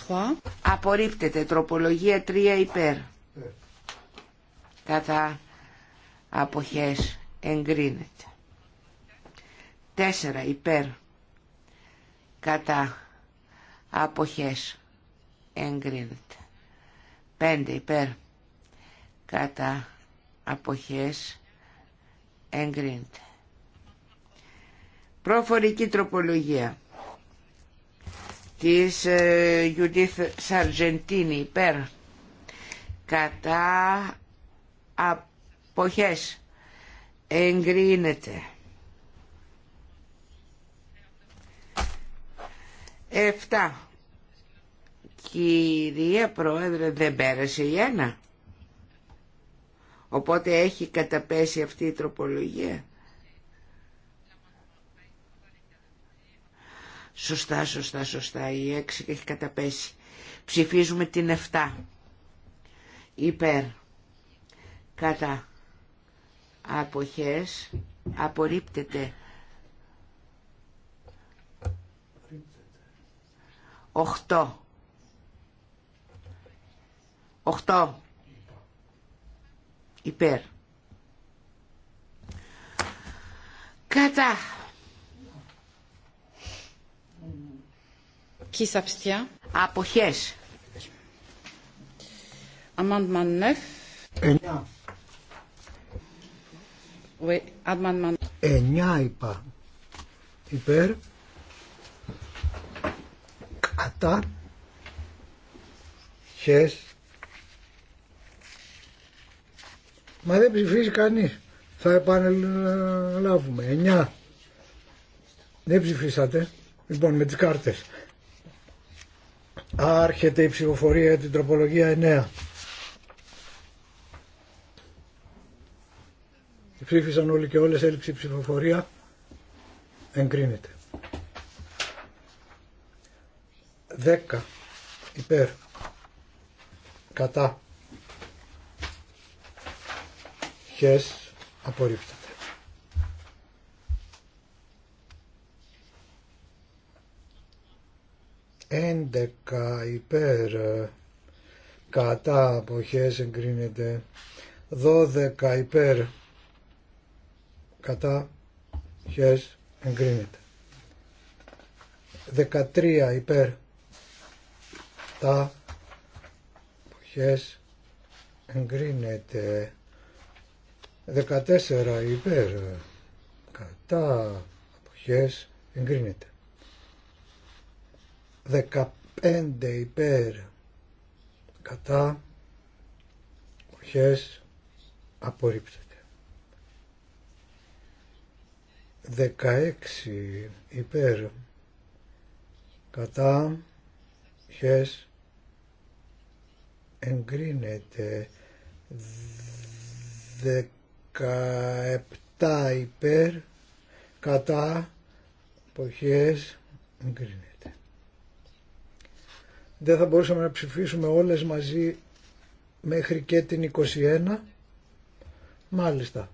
3. Απορρίπτεται τροπολογία 3 υπέρ. Κατά αποχές εγκρίνεται. 4 υπέρ κατά αποχές εγκρίνεται Πέντε υπέρ κατά αποχές εγκρίνεται προφορική τροπολογία της Γιουδίθ ε, Σαρτζεντίνη υπέρ κατά αποχές εγκρίνεται 7. Κυρία Πρόεδρε, δεν πέρασε η ένα. Οπότε έχει καταπέσει αυτή η τροπολογία. Σωστά, σωστά, σωστά. Η έξι έχει καταπέσει. Ψηφίζουμε την 7. Υπέρ. Κατά. Αποχές. Απορρίπτεται. Οχτώ. Οχτώ. Υπέρ. Κατά. Κισαψτιά. Αποχές. Αμάντμαν νεφ. Εννιά. Oui, αμάντμαν, Εννιά είπα. Υπέρ ατά, χες μα δεν ψηφίζει κανείς θα επαναλάβουμε 9 δεν ψηφίσατε λοιπόν με τις κάρτες άρχεται η ψηφοφορία την τροπολογία 9 ψήφισαν όλοι και όλες έλειψη ψηφοφορία εγκρίνεται Δέκα υπέρ κατά χες απορρίπτεται. Έντεκα υπέρ κατά από χες εγκρίνεται. Δώδεκα υπέρ κατά χες εγκρίνεται. Δεκατρία υπέρ κατά αποχές εγκρίνεται 14 υπέρ κατά αποχές εγκρίνεται 15 υπέρ κατά αποχές απορρίπτεται 16 υπέρ κατά χες εγκρίνεται 17 υπέρ κατά εποχές εγκρίνεται δεν θα μπορούσαμε να ψηφίσουμε όλες μαζί μέχρι και την 21 μάλιστα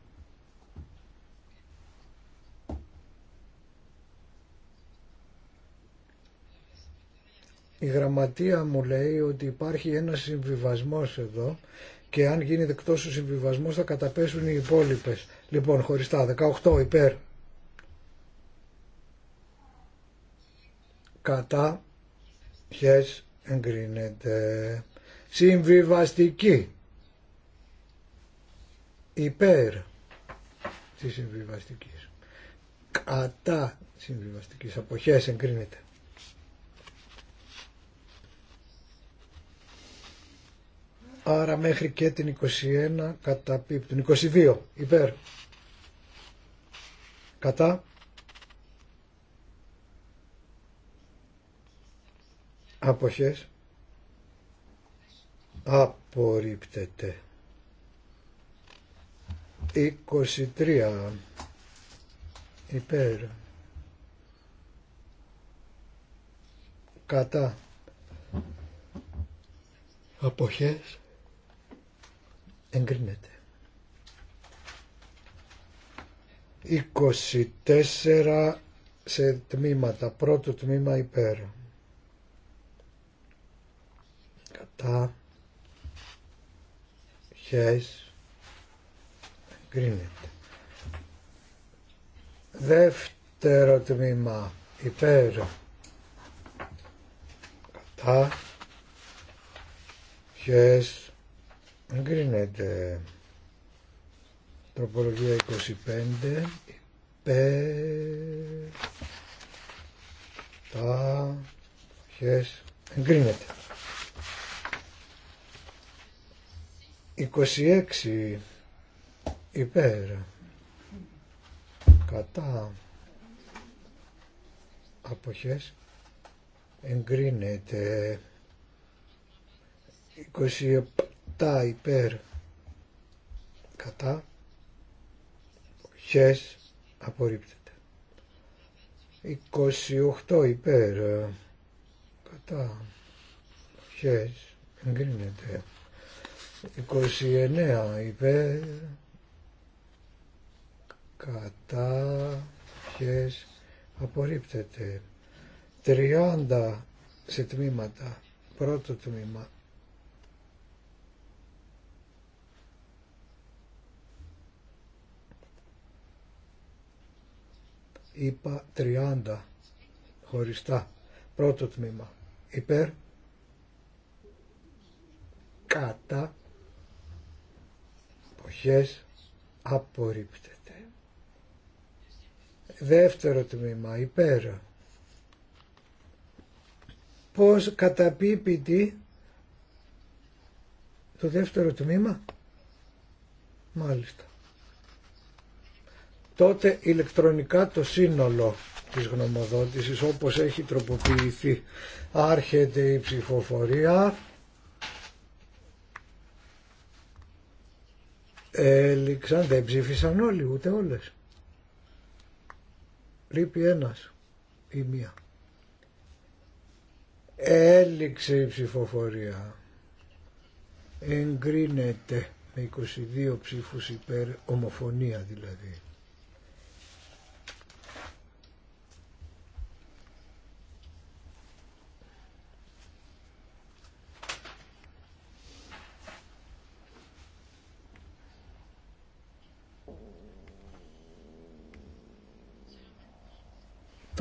Η γραμματεία μου λέει ότι υπάρχει ένας συμβιβασμός εδώ και αν γίνει δεκτός ο συμβιβασμός θα καταπέσουν οι υπόλοιπες. Λοιπόν, χωριστά, 18 υπέρ. Κατά, χες, εγκρίνεται. Συμβιβαστική. Υπέρ της συμβιβαστικής. Κατά συμβιβαστικής. Αποχές εγκρίνεται. Άρα μέχρι και την 21 κατά Την 22 υπέρ. Κατά. Αποχές. Απορρίπτεται. 23 υπέρ. Κατά. Αποχές εγκρίνεται. 24 σε τμήματα. Πρώτο τμήμα υπέρ. Κατά. Χες. Εγκρίνεται. Δεύτερο τμήμα υπέρ. Κατά. Χες. Εγκρίνεται. Τροπολογία 25. Πε. Τα. Χες. Εγκρίνεται. 26 υπέρ κατά αποχές εγκρίνεται τα υπέρ κατά χες απορρίπτεται 28 υπέρ κατά χες εγκρίνεται 29 υπέρ κατά χες απορρίπτεται 30 σε τμήματα πρώτο τμήμα είπα 30 χωριστά. Πρώτο τμήμα υπέρ, κατά, εποχές, απορρίπτεται. Δεύτερο τμήμα υπέρ. Πώς καταπίπτει το δεύτερο τμήμα. Μάλιστα τότε ηλεκτρονικά το σύνολο της γνωμοδότησης όπως έχει τροποποιηθεί. Άρχεται η ψηφοφορία. Έληξαν, δεν ψήφισαν όλοι, ούτε όλες. Λείπει ένας ή μία. Έληξε η ψηφοφορία. Εγκρίνεται με 22 ψήφους υπέρ ομοφωνία δηλαδή.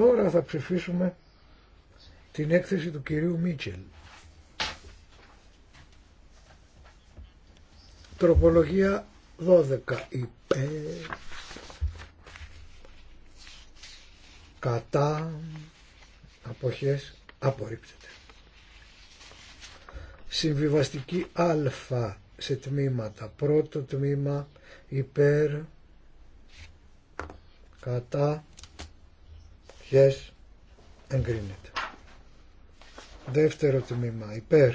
Τώρα θα ψηφίσουμε την έκθεση του κυρίου Μίτσελ. Τροπολογία 12 υπέρ κατά αποχές απορρίπτεται. Συμβιβαστική α σε τμήματα. Πρώτο τμήμα υπέρ κατά αποχές εγκρίνεται. Δεύτερο τμήμα υπέρ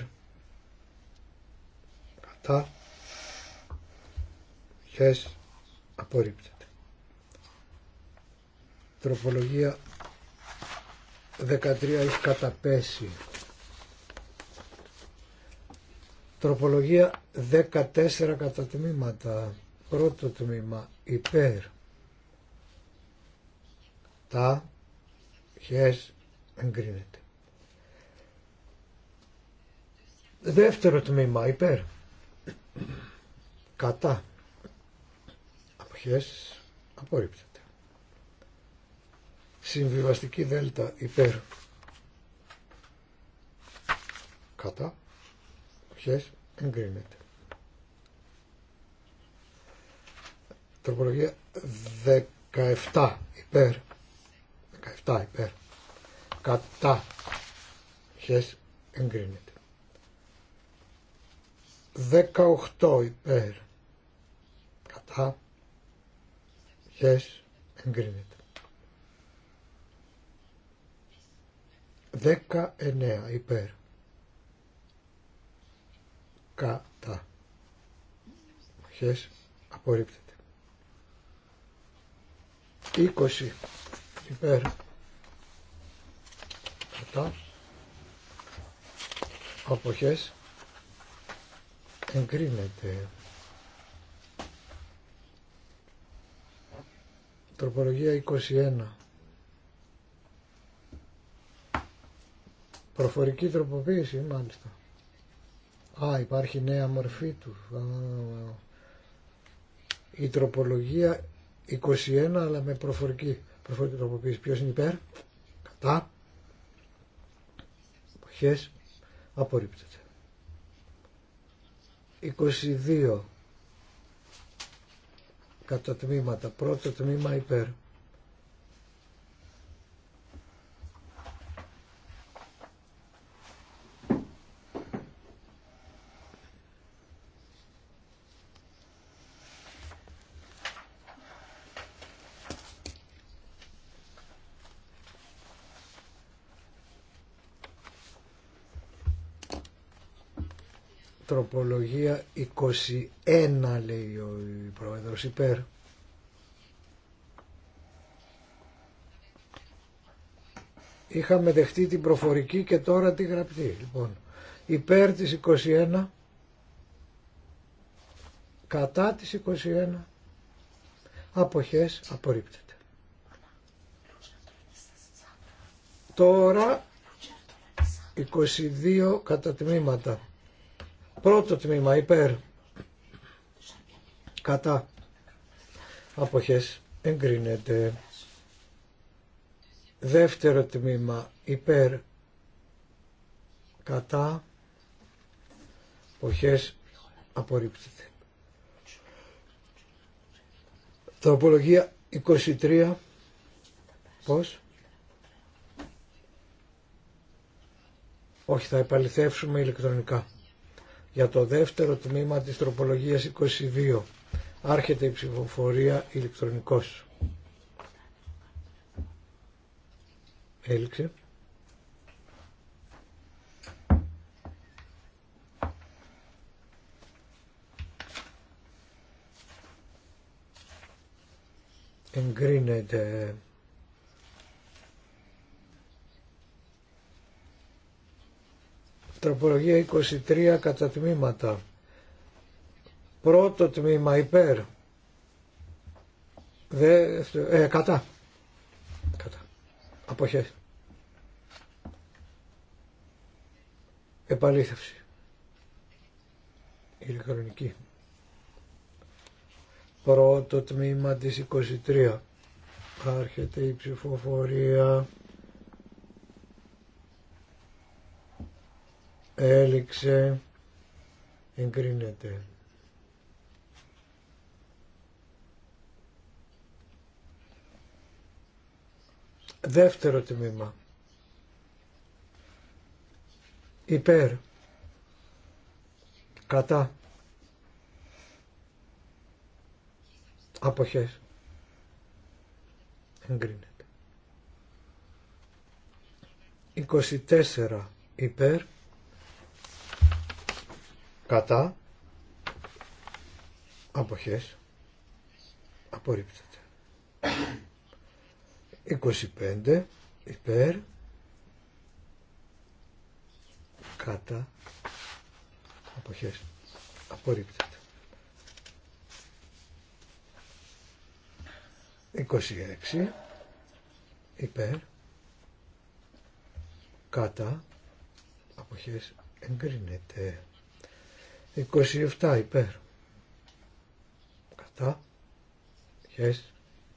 κατά αποχές απορρίπτεται. Τροπολογία 13 έχει καταπέσει. Τροπολογία 14 κατά τμήματα. Πρώτο τμήμα υπέρ. Τα χες εγκρίνεται. Δεύτερο τμήμα υπέρ. Κατά. χες απορρίπτεται. Συμβιβαστική δέλτα υπέρ. Κατά. χες εγκρίνεται. Τροπολογία 17 υπέρ 17 υπέρ κατά χες εγκρίνεται 18 υπέρ κατά χες εγκρίνεται 19 υπέρ κατά χες απορρίπτεται 20 υπέρ κατά αποχές εγκρίνεται τροπολογία 21 Προφορική τροποποίηση, μάλιστα. Α, υπάρχει νέα μορφή του. Α, η τροπολογία 21, αλλά με προφορική προφορική τροποποίηση. Ποιος είναι υπέρ, κατά, εποχές, απορρίπτεται. 22 κατά τμήματα, πρώτο τμήμα υπέρ, Τροπολογία 21 λέει ο Πρόεδρος υπέρ. Είχαμε δεχτεί την προφορική και τώρα τη γραπτή. Λοιπόν, υπέρ της 21, κατά της 21, αποχές απορρίπτεται. Τώρα 22 κατά τμήματα. Πρώτο τμήμα υπέρ κατά αποχές εγκρίνεται. Δεύτερο τμήμα υπέρ κατά αποχές απορρίπτεται. Τροπολογία 23 πώς όχι θα επαληθεύσουμε ηλεκτρονικά για το δεύτερο τμήμα της τροπολογίας 22. Άρχεται η ψηφοφορία ηλεκτρονικός. Έληξε. Εγκρίνεται Τροπολογία 23 κατά τμήματα. Πρώτο τμήμα υπέρ. Δε, ε, κατά. Κατά. Αποχές. Επαλήθευση. Ηλεκτρονική. Πρώτο τμήμα της 23. Άρχεται η ψηφοφορία. έληξε, εγκρίνεται. Δεύτερο τμήμα. Υπέρ. Κατά. Αποχές. Εγκρίνεται. 24 υπέρ κατά αποχές απορρίπτεται 25 υπέρ κατά αποχές απορρίπτεται 26 υπέρ κατά αποχές εγκρίνεται 27 υπέρ. Κατά. Χες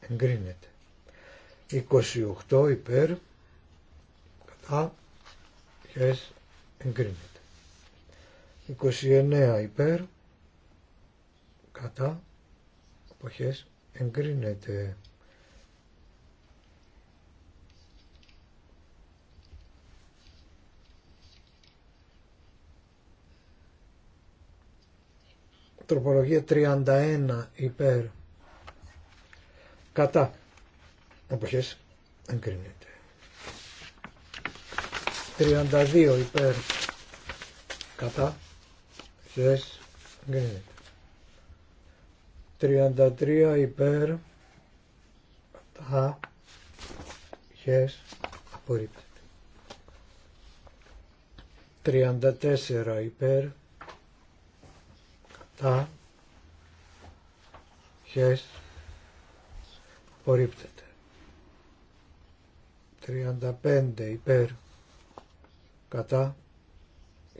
εγκρίνεται. 28 υπέρ. Κατά. Χες εγκρίνεται. 29 υπέρ. Κατά. Αποχές εγκρίνεται. Τροπολογία 31 υπέρ. Κατά. Αποχές. Εγκρίνεται. 32 υπέρ. Κατά. Αποχές. Εγκρίνεται. 33 υπέρ. Κατά. εποχές Απορρίπτεται. 34 υπέρ τα χες απορρίπτεται 35 υπέρ κατά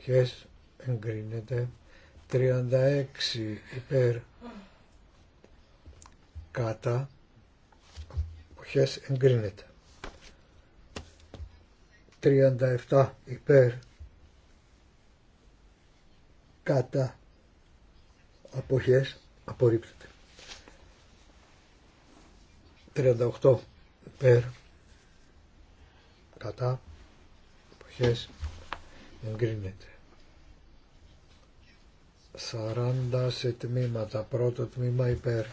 χες εγκρίνεται 36 υπέρ κατά χες εγκρίνεται 37 υπέρ κατά αποχές απορρίπτεται 38 περ κατά αποχές εγκρίνεται 40 σε τμήματα πρώτο τμήμα υπέρ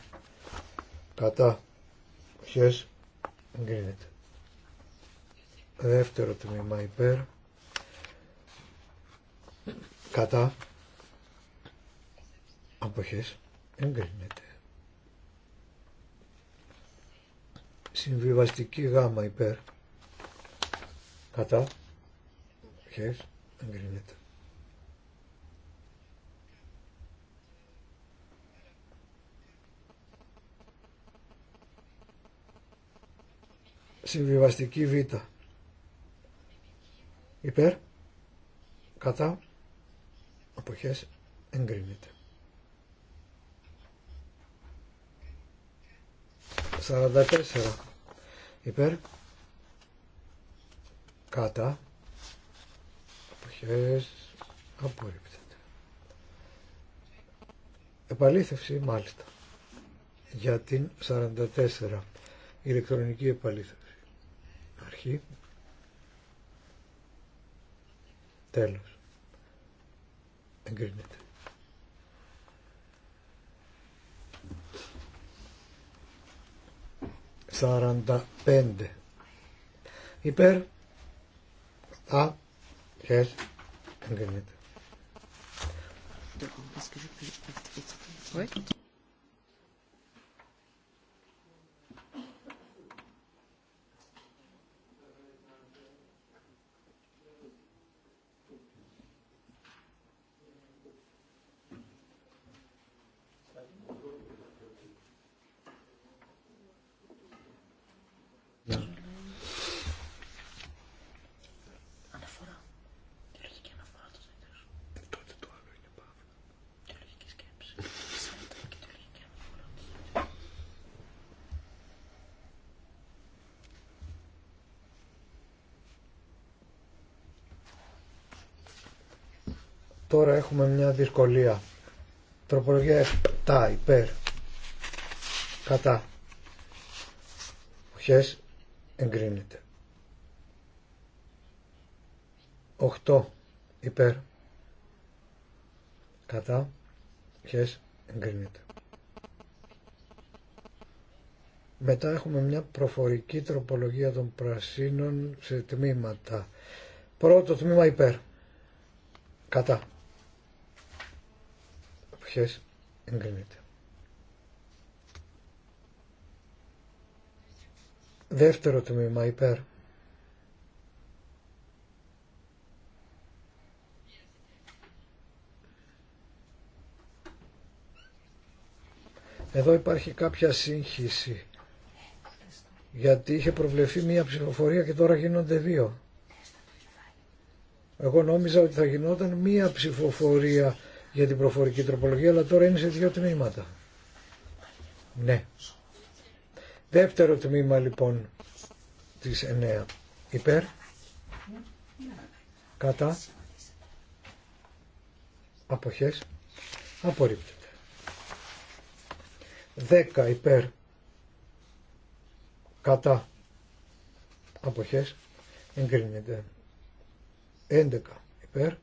κατά αποχές εγκρίνεται δεύτερο τμήμα υπέρ κατά αποχές εγκρίνεται. Συμβιβαστική γάμα υπέρ κατά αποχές εγκρίνεται. Συμβιβαστική β υπέρ κατά αποχές εγκρίνεται. 44 υπέρ κατά αποχές απορρίπτεται επαλήθευση μάλιστα για την 44 ηλεκτρονική επαλήθευση αρχή τέλος εγκρίνεται 45 υπέρ α χες εγκρίνεται έχουμε μια δυσκολία. Τροπολογία 7 υπέρ. Κατά. χες εγκρίνεται. 8 υπέρ. Κατά. χες εγκρίνεται. Μετά έχουμε μια προφορική τροπολογία των πρασίνων σε τμήματα. Πρώτο τμήμα υπέρ. Κατά εγκρίνεται. Δεύτερο τμήμα υπέρ. Εδώ υπάρχει κάποια σύγχυση. Γιατί είχε προβλεφθεί μία ψηφοφορία και τώρα γίνονται δύο. Εγώ νόμιζα ότι θα γινόταν μία ψηφοφορία για την προφορική τροπολογία, αλλά τώρα είναι σε δύο τμήματα. Ναι. Δεύτερο τμήμα λοιπόν της 9. Υπέρ. Κατά. Αποχές. Απορρίπτεται. 10 υπέρ. Κατά. Αποχές. Εγκρίνεται. έντεκα υπέρ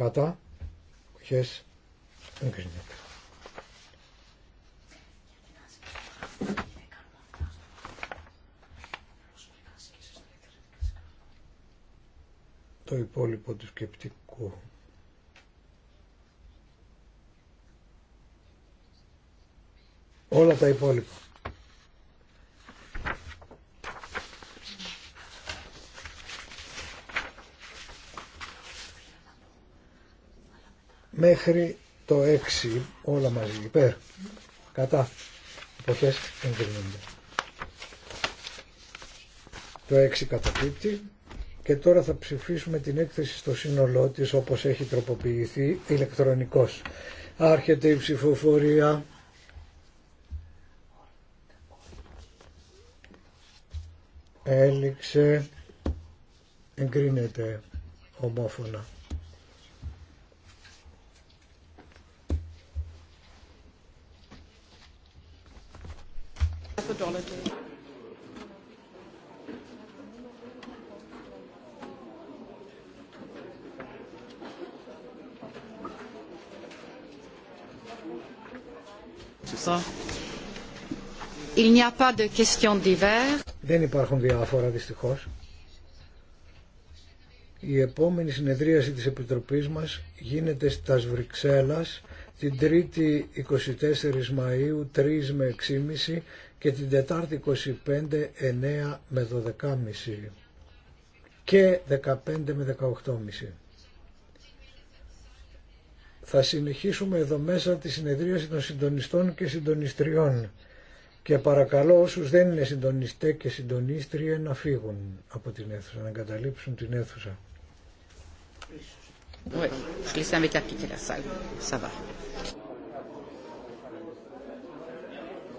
κατά χες εγκρίνεται. Το υπόλοιπο του σκεπτικού. Όλα τα υπόλοιπα. μέχρι το 6 όλα μαζί υπέρ κατά εποχές εγκρίνονται το 6 καταπίπτει και τώρα θα ψηφίσουμε την έκθεση στο σύνολό της όπως έχει τροποποιηθεί ηλεκτρονικός άρχεται η ψηφοφορία έληξε εγκρίνεται ομόφωνα Δεν υπάρχουν διάφορα δυστυχώς. Η επόμενη συνεδρίαση της Επιτροπής μας γίνεται στα Σβρυξέλλας την 3η 24 Μαΐου 3 με 6.30 και την Τετάρτη 25 9 με 12.30 και 15 με 18.30. Θα συνεχίσουμε εδώ μέσα τη συνεδρίαση των συντονιστών και συντονιστριών και παρακαλώ όσους δεν είναι συντονιστέ και συντονίστρια να φύγουν από την αίθουσα, να εγκαταλείψουν την αίθουσα. Oui, je la salle. Ça va.